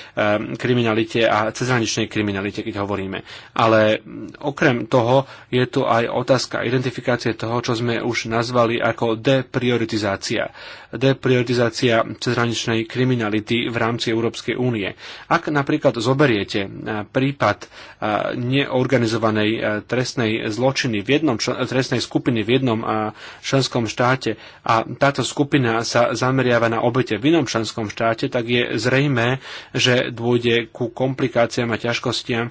kriminalite a cezhraničnej kriminalite, keď hovoríme. Ale okrem toho je tu aj otázka identifikácie toho, čo sme už nazvali ako deprioritizácia. Deprioritizácia cezhraničnej kriminality v rámci Európskej únie. Ak napríklad zoberiete e, prípad neorganizovanej e, trestnej zločiny v jednom e, trestnej skupiny v jednom e, členskom štáte a táto skupina sa zameriava na obete v inom členskom štáte, tak je zrejmé, že dôjde ku komplikáciám a ťažkostiam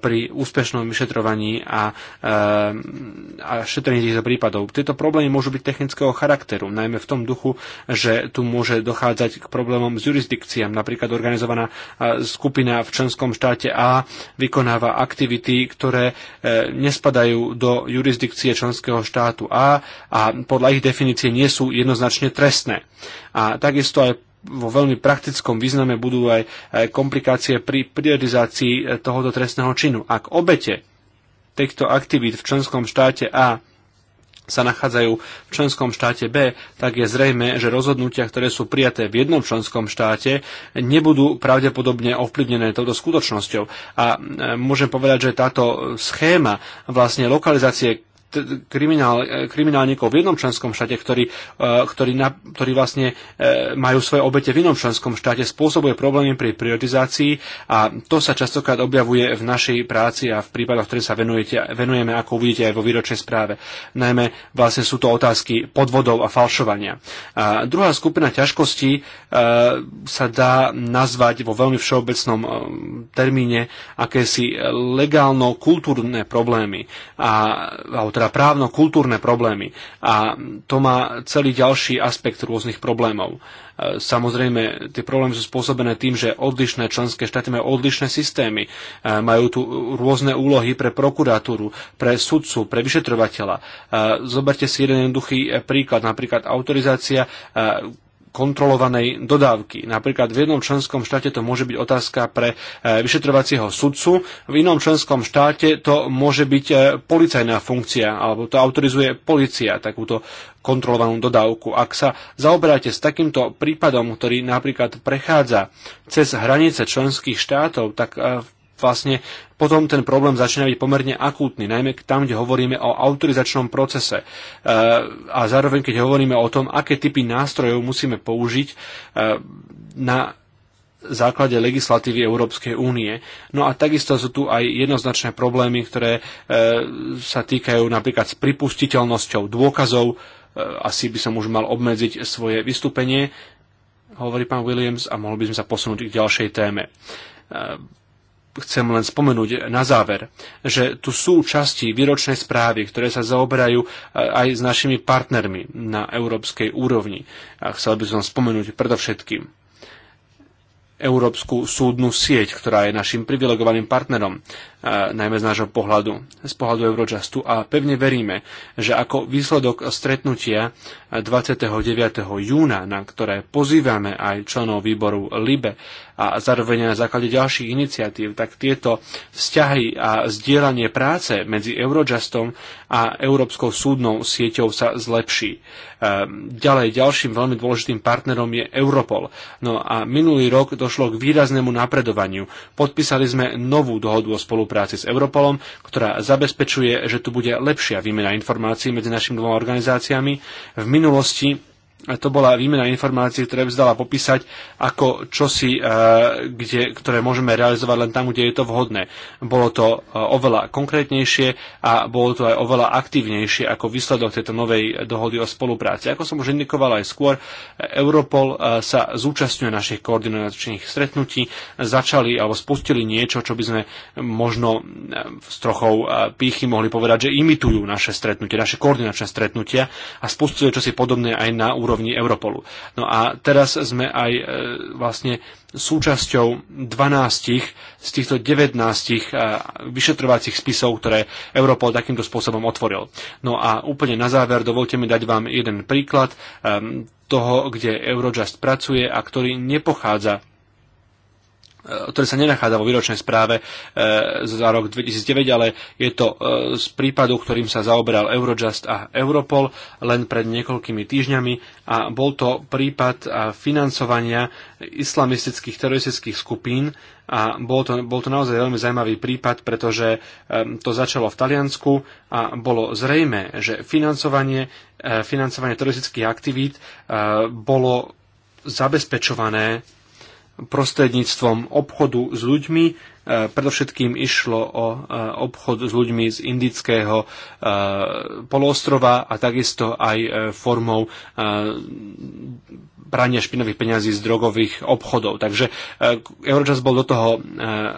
pri úspešnom vyšetrovaní a, a šetrení týchto prípadov. Tieto problémy môžu byť technického charakteru, najmä v tom duchu, že tu môže dochádzať k problémom s jurisdikciám. Napríklad organizovaná skupina v členskom štáte A vykonáva vykonáva aktivity, ktoré e, nespadajú do jurisdikcie členského štátu A a podľa ich definície nie sú jednoznačne trestné. A takisto aj vo veľmi praktickom význame budú aj e, komplikácie pri priorizácii e, tohoto trestného činu. Ak obete týchto aktivít v členskom štáte A sa nachádzajú v členskom štáte B, tak je zrejme, že rozhodnutia, ktoré sú prijaté v jednom členskom štáte, nebudú pravdepodobne ovplyvnené touto skutočnosťou. A e, môžem povedať, že táto schéma vlastne lokalizácie kriminál, e, kriminálnikov v jednom členskom štáte, ktorí, e, ktorí, na, ktorí vlastne e, majú svoje obete v inom členskom štáte, spôsobuje problémy pri prioritizácii a to sa častokrát objavuje v našej práci a v prípadoch, ktoré sa venujete, venujeme, ako uvidíte aj vo výročnej správe. Najmä vlastne sú to otázky podvodov a falšovania. A druhá skupina ťažkostí sa dá nazvať vo veľmi všeobecnom termíne akési legálno-kultúrne problémy a, alebo teda právno-kultúrne problémy. A to má celý ďalší aspekt rôznych problémov. E, samozrejme, tie problémy sú spôsobené tým, že odlišné členské štáty majú odlišné systémy, e, majú tu rôzne úlohy pre prokuratúru, pre sudcu, pre vyšetrovateľa. E, zoberte si jeden jednoduchý príklad, napríklad autorizácia kontrolovanej dodávky. Napríklad v jednom členskom štáte to môže byť otázka pre e, vyšetrovacieho sudcu, v inom členskom štáte to môže byť e, policajná funkcia, alebo to autorizuje policia takúto kontrolovanú dodávku. Ak sa zaoberáte s takýmto prípadom, ktorý napríklad prechádza cez hranice členských štátov, tak v e, vlastne potom ten problém začína byť pomerne akútny, najmä tam, kde hovoríme o autorizačnom procese. Eh, a zároveň, keď hovoríme o tom, aké typy nástrojov musíme použiť eh, na základe legislatívy Európskej únie. No a takisto sú tu aj jednoznačné problémy, ktoré eh, sa týkajú napríklad s pripustiteľnosťou dôkazov. asi by som už mal obmedziť svoje vystúpenie, hovorí pán Williams, a mohli by sme sa posunúť k ďalšej téme chcem len spomenúť na záver, že tu sú časti výročnej správy, ktoré sa zaoberajú e, aj s našimi partnermi na európskej úrovni. A chcel by som spomenúť predovšetkým Európsku súdnu sieť, ktorá je našim privilegovaným partnerom, e, najmä z nášho pohľadu, z pohľadu Eurojustu a pevne veríme, že ako výsledok stretnutia 29. E, júna, na ktoré pozývame aj členov výboru LIBE, a zároveň na základe ďalších iniciatív, tak tieto vzťahy a zdieľanie práce medzi Eurojustom a Európskou súdnou sieťou sa zlepší. Ehm, ďalej, ďalším veľmi dôležitým partnerom je Europol. No a minulý rok došlo k výraznému napredovaniu. Podpísali sme novú dohodu o spolupráci s Europolom, ktorá zabezpečuje, že tu bude lepšia výmena informácií medzi našimi dvoma organizáciami. V minulosti to bola výmena informácií, ktoré by zdala popísať ako čosi, e, kde, ktoré môžeme realizovať len tam, kde je to vhodné. Bolo to e, oveľa konkrétnejšie a bolo to aj oveľa aktívnejšie ako výsledok tejto novej dohody o spolupráci. Ako som už indikoval aj skôr, e, Europol sa zúčastňuje našich koordinačných stretnutí, začali alebo spustili niečo, čo by sme možno s trochou pýchy mohli povedať, že imitujú naše stretnutie, naše koordinačné stretnutia a spustili čosi podobné aj na úrovni úrovni Europolu. No a teraz sme aj e, vlastne súčasťou 12 z týchto 19 e, vyšetrovacích spisov, ktoré Europol takýmto spôsobom otvoril. No a úplne na záver dovolte mi dať vám jeden príklad e, toho, kde Eurojust pracuje a ktorý nepochádza ktoré sa nenachádza vo výročnej správe e, za rok 2009, ale je to e, z prípadu, ktorým sa zaoberal Eurojust a Europol len pred niekoľkými týždňami a bol to prípad e, financovania islamistických teroristických skupín a bol to, bol to naozaj veľmi zaujímavý prípad, pretože to začalo v Taliansku a bolo zrejme, že financovanie, financovanie teroristických aktivít bolo zabezpečované prostredníctvom obchodu s ľuďmi Eh, predovšetkým išlo o eh, obchod s ľuďmi z indického eh, poloostrova a takisto aj formou prania špinových peňazí z drogových obchodov. Takže Eurojust bol do toho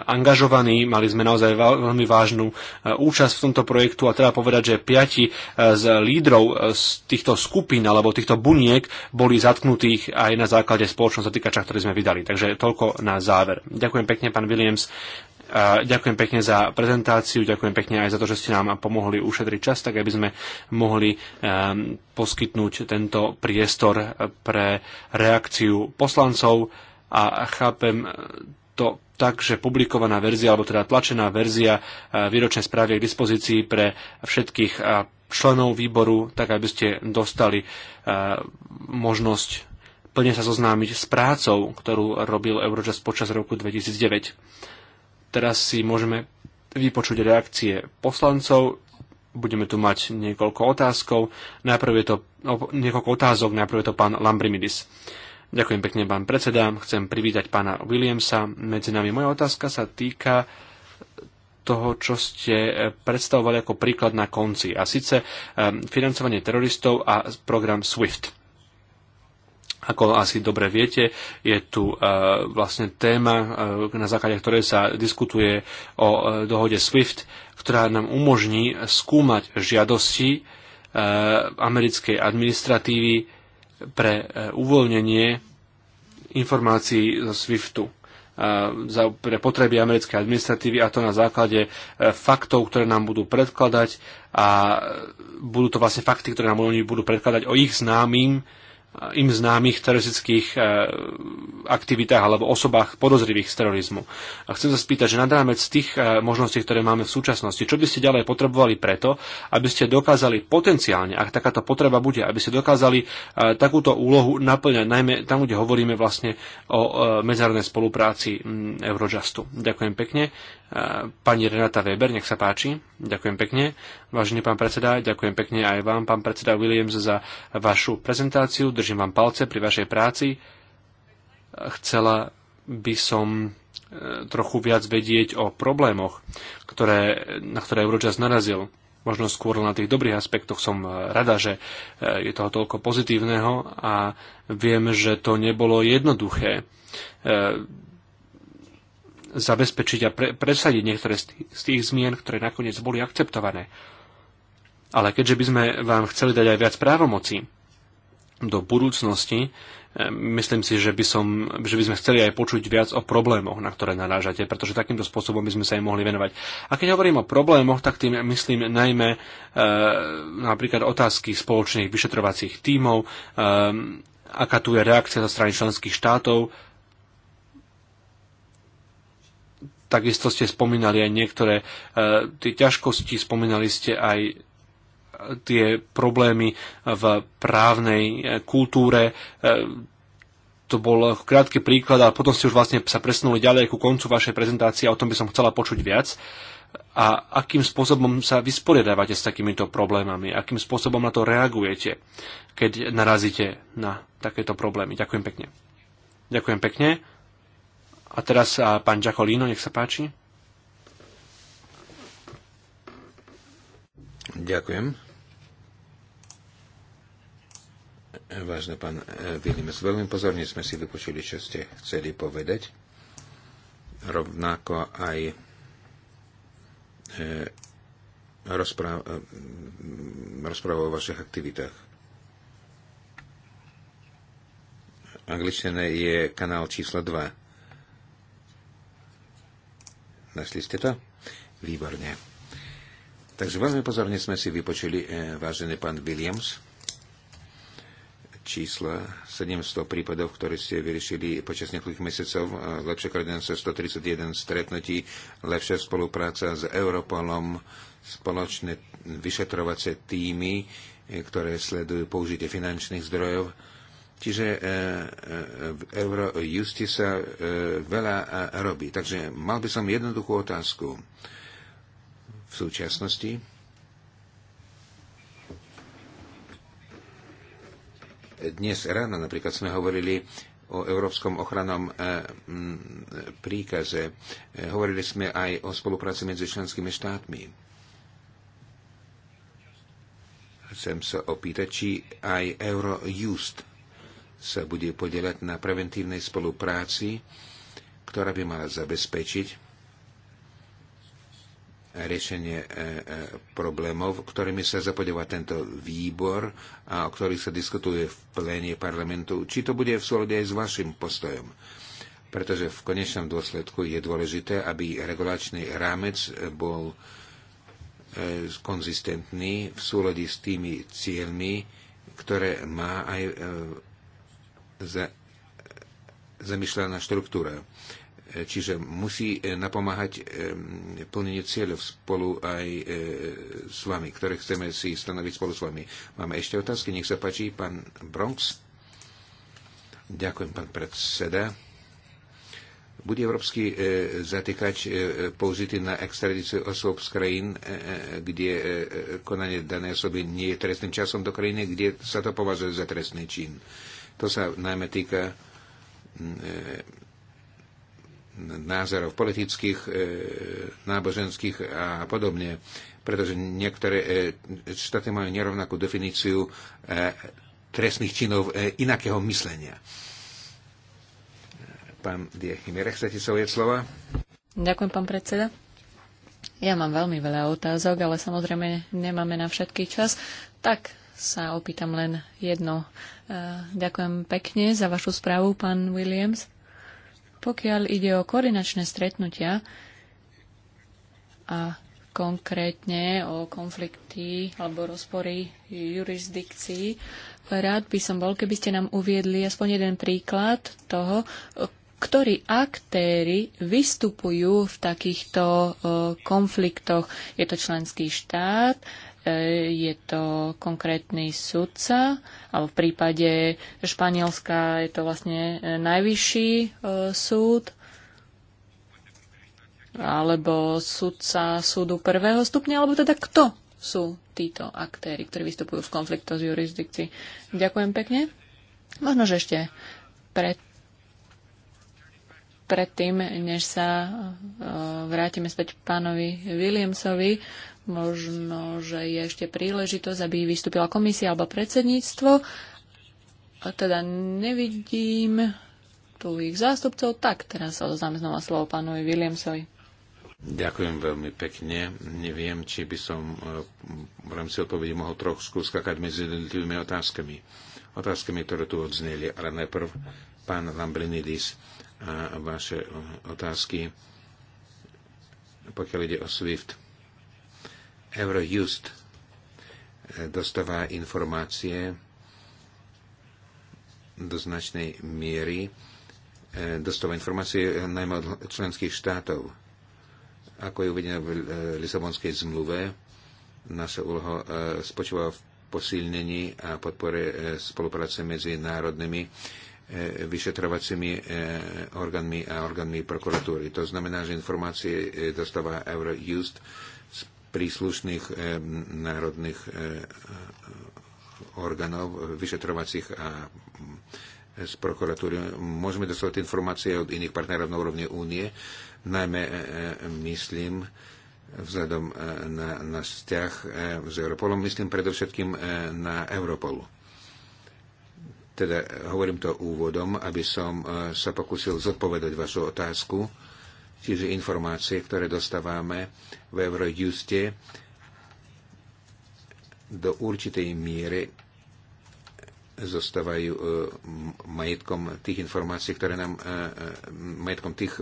angažovaný, mali sme naozaj veľmi vážnu účasť v tomto projektu a treba povedať, že piati z lídrov z týchto skupín alebo týchto buniek boli zatknutých aj na základe spoločnosti zatýkača, ktorý sme vydali. Takže toľko na záver. Ďakujem pekne, pán Williams. Ďakujem pekne za prezentáciu, ďakujem pekne aj za to, že ste nám pomohli ušetriť čas, tak aby sme mohli ehm, poskytnúť tento priestor eh, pre reakciu poslancov a chápem eh, to tak, že publikovaná verzia, alebo teda tlačená verzia eh, výročnej správy je k dispozícii pre všetkých členov výboru, tak aby ste dostali možnosť plne sa zoznámiť s prácou, ktorú robil Eurojust počas roku 2009. Teraz si môžeme vypočuť reakcie poslancov. Budeme tu mať niekoľko otázkov. Najprv je to, niekoľko otázok, najprv je to pán Lambrimidis. Ďakujem pekne, pán predseda. Chcem privítať pána Williamsa. Medzi nami moja otázka sa týka toho, čo ste predstavovali ako príklad na konci, a síce ehm, financovanie teroristov a program SWIFT. Ako asi dobre viete, je tu e, vlastne téma, e, na základe ktorej sa diskutuje o e, dohode SWIFT, ktorá nám umožní skúmať žiadosti americkej administratívy pre uvoľnenie informácií zo SWIFTu pre potreby americkej administratívy a to na základe faktov, ktoré nám budú predkladať a budú to vlastne fakty, ktoré nám oni budú predkladať o ich známym im známych teroristických e, aktivitách alebo osobách podozrivých z terorizmu. A chcem sa spýtať, že nad rámec tých e, možností, ktoré máme v súčasnosti, čo by ste ďalej potrebovali preto, aby ste dokázali potenciálne, ak takáto potreba bude, aby ste dokázali e, takúto úlohu naplňať, najmä tam, kde hovoríme vlastne o medzárodnej spolupráci Eurojustu. Ďakujem pekne. Pani Renata Weber, nech sa páči. Ďakujem pekne. Vážený pán predseda, ďakujem pekne aj vám, pán predseda Williams, za vašu prezentáciu. Držím vám palce pri vašej práci. Chcela by som e, trochu viac vedieť o problémoch, ktoré, na ktoré Eurojust narazil možno skôr na tých dobrých aspektoch som e, rada, že e, je toho toľko pozitívneho a viem, že to nebolo jednoduché zabezpečiť a pre, presadiť niektoré z tých, z tých zmien, ktoré nakoniec boli akceptované. Ale keďže by sme vám chceli dať aj viac právomocí do budúcnosti, eh, myslím si, že by, som, že by sme chceli aj počuť viac o problémoch, na ktoré narážate, pretože takýmto spôsobom by sme sa aj mohli venovať. A keď hovorím o problémoch, tak tým myslím najmä e, napríklad otázky spoločných vyšetrovacích tímov, e, aká tu je reakcia zo strany členských štátov, Takisto ste spomínali aj niektoré e, tie ťažkosti, spomínali ste aj tie problémy v právnej e, kultúre. E, to bol krátky príklad, ale potom ste už vlastne sa presunuli ďalej ku koncu vašej prezentácie a o tom by som chcela počuť viac. A akým spôsobom sa vysporiadávate s takýmito problémami? Akým spôsobom na to reagujete, keď narazíte na takéto problémy? Ďakujem pekne. Ďakujem pekne. A teraz a pán Giacolino, nech sa páči. Ďakujem. Vážne pán e, Vilimes, veľmi pozorne sme si vypočuli, čo ste chceli povedať. Rovnako aj e, rozpráv, e, rozpráva o vašich aktivitách. Angličtina je kanál číslo 2 Našli ste to? Výborne. Takže veľmi pozorne sme si vypočuli, e, vážený pán Williams, čísla 700 prípadov, ktoré ste vyriešili počas niekoľkých mesiacov, e, lepšia koordinácia 131 stretnutí, lepšia spolupráca s Europolom, spoločné vyšetrovacie týmy, e, ktoré sledujú použitie finančných zdrojov Čiže e, e, v Eurojusti sa e, veľa robí. Takže mal by som jednoduchú otázku. V súčasnosti dnes ráno napríklad sme hovorili o Európskom ochranom príkaze. Hovorili sme aj o spolupráci medzi členskými štátmi chcem sa opýtať, či aj Eurojust sa bude podielať na preventívnej spolupráci, ktorá by mala zabezpečiť riešenie e, e, problémov, ktorými sa zapodieva tento výbor a o ktorých sa diskutuje v pléne parlamentu, či to bude v súlade aj s vašim postojom. Pretože v konečnom dôsledku je dôležité, aby regulačný rámec bol e, konzistentný v súlade s tými cieľmi, ktoré má aj zamýšľaná štruktúra. E, čiže musí e, napomáhať e, plneniu cieľov spolu aj s vami, ktoré chceme si stanoviť spolu s vami. Máme ešte otázky, nech sa páči, pán Bronx. Ďakujem, pán predseda. Bude európsky e, zatýkač e, použitý na extradíciu osôb z krajín, e, kde e, konanie danej osoby nie je trestným časom do krajiny, kde sa to považuje za trestný čin. E, to sa najmä týka mm, e, názorov politických, e, náboženských a podobne, pretože niektoré e, štáty majú nerovnakú definíciu trestných činov inakého myslenia. Pán Diechimere, chcete sa ujeť slova? Ďakujem, pán predseda. Ja mám veľmi veľa otázok, ale samozrejme nemáme na všetký čas. Tak sa opýtam len jedno Eh, ďakujem pekne za vašu správu, pán Williams. Pokiaľ ide o koordinačné stretnutia a konkrétne o konflikty alebo rozpory jurisdikcií, rád by som bol, keby ste nám uviedli aspoň jeden príklad toho, ktorí aktéry vystupujú v takýchto eh, konfliktoch. Je to členský štát, E, je to konkrétny sudca, alebo v prípade Španielska je to vlastne e, najvyšší e, súd, alebo sudca súdu prvého stupňa, alebo teda kto sú títo aktéry, ktorí vystupujú v konfliktu z jurisdikcií. Ďakujem pekne. Možno, že ešte pred predtým, než sa vrátime späť pánovi Williamsovi, Možno, že je ešte príležitosť, aby vystúpila komisia alebo predsedníctvo. A teda nevidím tu ich zástupcov. Tak, teraz sa znova slovo pánovi Williamsovi. Ďakujem veľmi pekne. Neviem, či by som eh, v rámci odpovedi mohol trochu skakať medzi jednotlivými otázkami. Otázkami, ktoré tu odzneli, ale najprv pán Lambrinidis a vaše otázky, pokiaľ ide o SWIFT Eurojust e, dostáva informácie do značnej miery, e, dostáva informácie najmä od členských štátov. Ako je uvedené v Lisabonskej zmluve, naša úloha e, spočíva v posilnení a podpore spolupráce medzi národnými vyšetrovacími orgánmi a orgánmi prokuratúry. To znamená, že informácie dostáva Eurojust príslušných eh, národných eh, eh, orgánov vyšetrovacích a z prokuratúry. Môžeme dostať informácie od iných partnerov na úrovni únie, najmä myslím vzhľadom na na vzťah s Europolom, myslím predovšetkým na Europolu. Teda hovorím to úvodom, aby som sa pokusil zodpovedať vašu otázku Čiže informácie, ktoré dostávame v Eurojuste, do určitej miery zostávajú e, majetkom tých informácií, ktoré nám, e, e, majetkom tých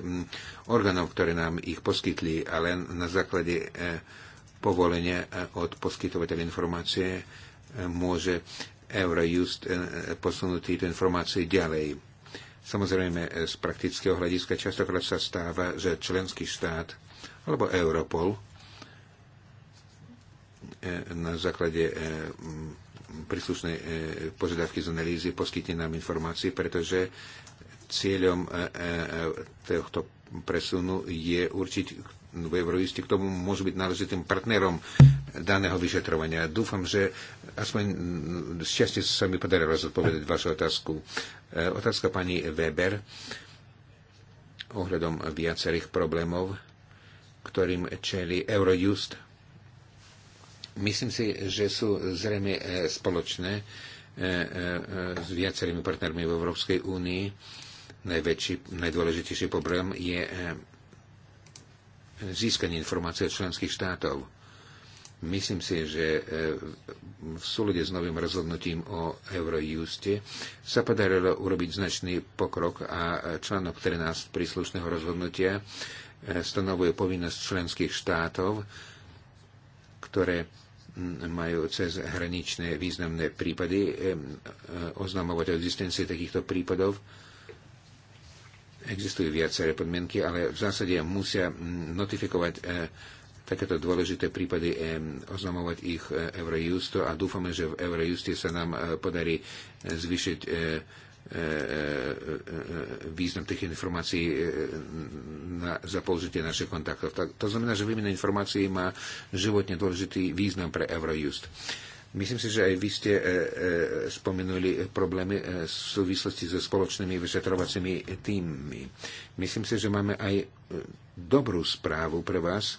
orgánov, ktoré nám ich poskytli, ale na základe povolenia od poskytovateľa informácie môže Eurojust posunúť tieto informácie ďalej. Samozrejme, e, z praktického hľadiska častokrát sa stáva, že členský štát alebo Europol e, na základe e, príslušnej požiadavky z analýzy poskytne nám informácie, pretože cieľom tohto presunu je určiť v euroisti, k tomu môžu byť náležitým partnerom daného vyšetrovania. Dúfam, že aspoň z mm, časti sa mi podarilo zodpovedať vašu otázku. E, otázka pani Weber ohľadom viacerých problémov, ktorým čeli Eurojust. Myslím si, že sú zrejme e, spoločné e, s viacerými partnermi v Európskej únii. Najväčší, najdôležitejší problém je získanie informácie od členských štátov Myslím si, že e, v súlede s novým rozhodnutím o Eurojuste sa podarilo urobiť značný pokrok a článok 13 príslušného rozhodnutia e, stanovuje povinnosť členských štátov, ktoré majú cez hraničné významné prípady e, oznamovať existencie takýchto prípadov. Existujú viaceré podmienky, ale v zásade musia notifikovať takéto dôležité prípady eh, oznamovať ich eh, Eurojusto a dúfame, že v Eurojuste sa nám eh, podarí zvýšiť význam tých informácií na, za použitie našich kontaktov. to znamená, že výmena informácií má životne dôležitý význam pre Eurojust. Myslím si, že aj vy ste spomenuli problémy v súvislosti so spoločnými vyšetrovacími týmmi. Myslím si, že máme aj dobrú správu pre vás. E,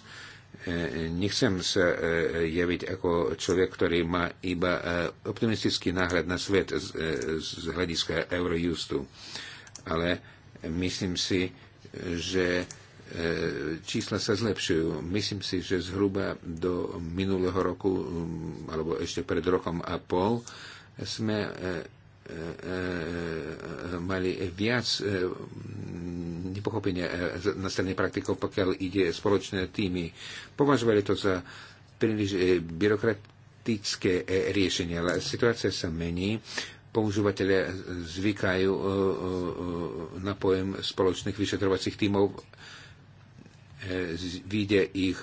nechcem sa e, javiť ako človek, ktorý má iba e, optimistický náhľad na svet e, z hľadiska Eurojustu. Ale myslím si, že čísla sa zlepšujú. Myslím si, že zhruba do minulého roku, alebo ešte pred rokom a pol, sme E, e, mali viac e, nepochopenia na strane praktikov, pokiaľ ide spoločné týmy. Považovali to za príliš byrokratické riešenie, ale situácia sa mení. Používateľe zvykajú na pojem spoločných vyšetrovacích týmov, vyjde ich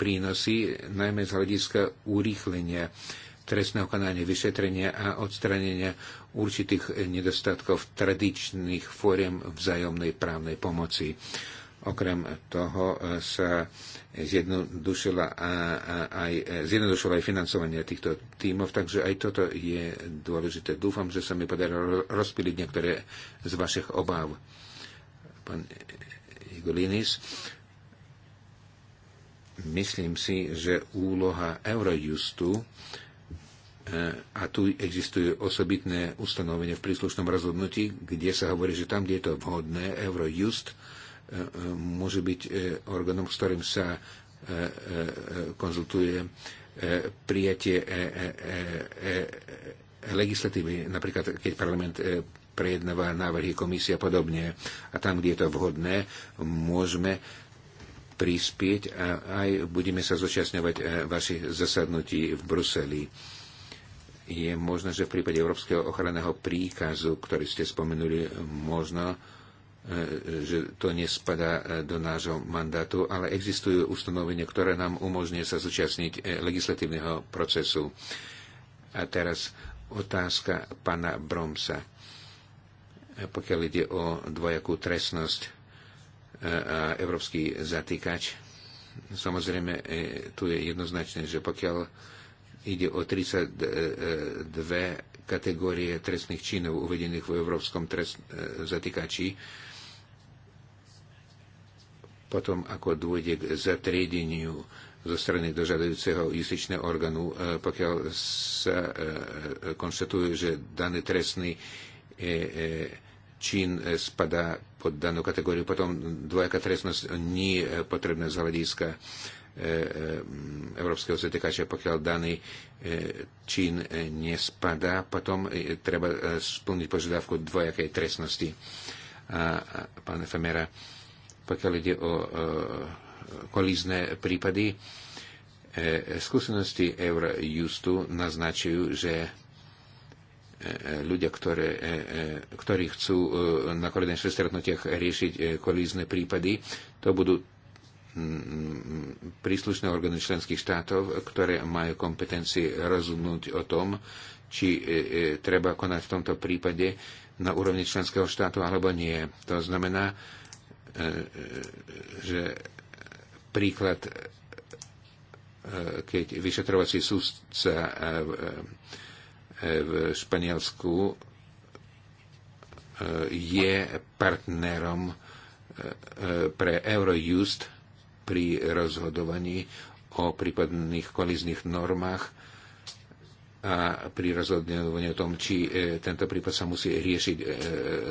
prínosy, najmä z hľadiska urýchlenia trestného konania, vyšetrenia a odstranenia určitých nedostatkov tradičných fóriem vzájomnej právnej pomoci. Okrem toho e, sa zjednodušila aj, e, zjednodušila aj financovanie týchto tímov, takže aj toto je dôležité. Dúfam, že sa mi podarilo rozpiliť niektoré z vašich obáv. Pán Igolinis, myslím si, že úloha Eurojustu a tu existujú osobitné ustanovenie v príslušnom rozhodnutí, kde sa hovorí, že tam, kde je to vhodné, Eurojust e, e, môže byť e, orgánom, s ktorým sa konzultuje prijatie legislatívy, napríklad keď parlament prejednáva návrhy komisie a podobne. A tam, kde je to vhodné, môžeme prispieť a aj budeme sa zúčastňovať vašich zasadnutí v Bruseli je možné, že v prípade Európskeho ochranného príkazu, ktorý ste spomenuli, možno, e, že to nespadá e, do nášho mandátu, ale existujú ustanovenia, ktoré nám umožňuje sa zúčastniť e, legislatívneho procesu. A teraz otázka pana Bromsa. Pokiaľ ide o dvojakú trestnosť a európsky zatýkač, samozrejme tu je jednoznačné, že pokiaľ Ide o 32 kategórie trestných činov uvedených v Európskom trest, e, zatýkači. Potom, ako dôjde k zatriedeniu zo strany dožadujúceho justičného orgánu, e, pokiaľ sa e, konštatuje, že daný trestný čin spadá pod danú kategóriu, potom dvojaká trestnosť nie je potrebná z hľadiska E, e, Európskeho zatekača, pokiaľ daný e, čin nespadá, potom treba splniť požiadavku dvojakej trestnosti. A, pán Efemera, pokiaľ ide o kolízne prípady, skúsenosti Eurojustu naznačujú, že ľudia, ktoré, ktorí chcú na koordinačných stretnutiach riešiť kolízne prípady, to budú príslušné orgány členských štátov, ktoré majú kompetencie rozhodnúť o tom, či e, e, treba konať v tomto prípade na úrovni členského štátu alebo nie. To znamená, e, že príklad, keď vyšetrovací súdca v Španielsku je partnerom pre Eurojust, pri rozhodovaní o prípadných kolizných normách a pri rozhodovaní o tom, či e, tento prípad sa musí riešiť e,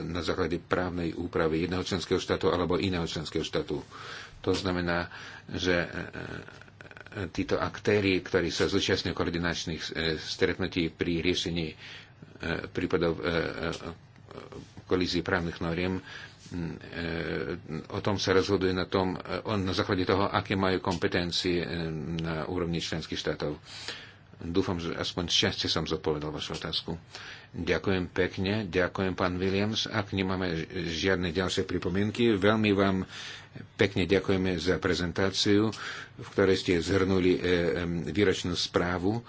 na základe právnej úpravy jedného členského štátu alebo iného členského štátu. To znamená, že e, títo aktéry, ktorí sa zúčastňujú koordinačných stretnutí pri riešení prípadov kolízii právnych noriem, E, e, o tom sa rozhoduje na, tom, e, na základe toho, aké majú kompetencie na úrovni členských štátov. Dúfam, že aspoň šťastie som zodpovedal vašu otázku. Ďakujem pekne, ďakujem pán Williams. Ak nemáme žiadne ďalšie pripomienky, veľmi vám pekne ďakujeme za prezentáciu, v ktorej ste zhrnuli výročnú správu.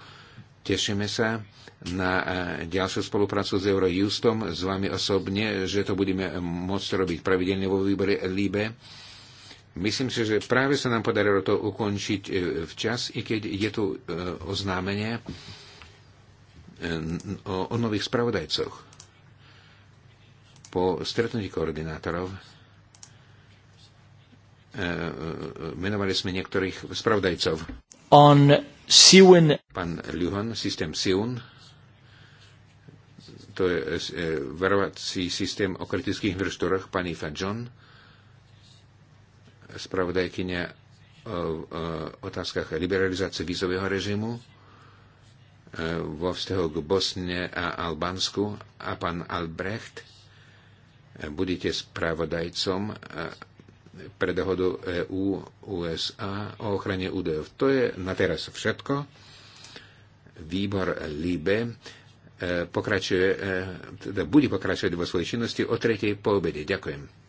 Tešíme sa na e, ďalšiu spoluprácu s Eurojustom, s vami osobne, že to budeme môcť robiť pravidelne vo výbore LIBE. Myslím si, že práve sa nám podarilo to ukončiť e, včas, i keď je tu e, oznámenie o, nových spravodajcoch. Po stretnutí koordinátorov menovali sme niektorých spravodajcov. On Siun. Pán Ljuhan, systém Siun to je e, e, verovací systém o kritických vrstorách pani Fadžon, spravodajkynia o e, otázkach liberalizácie vízového režimu vo vzťahu k Bosne a Albánsku a pán Albrecht, budete spravodajcom pre dohodu EU-USA o ochrane údajov. To je na teraz všetko. Výbor LIBE pokračuje, e, teda bude pokračovať vo svojej činnosti o tretej po obede. Ďakujem.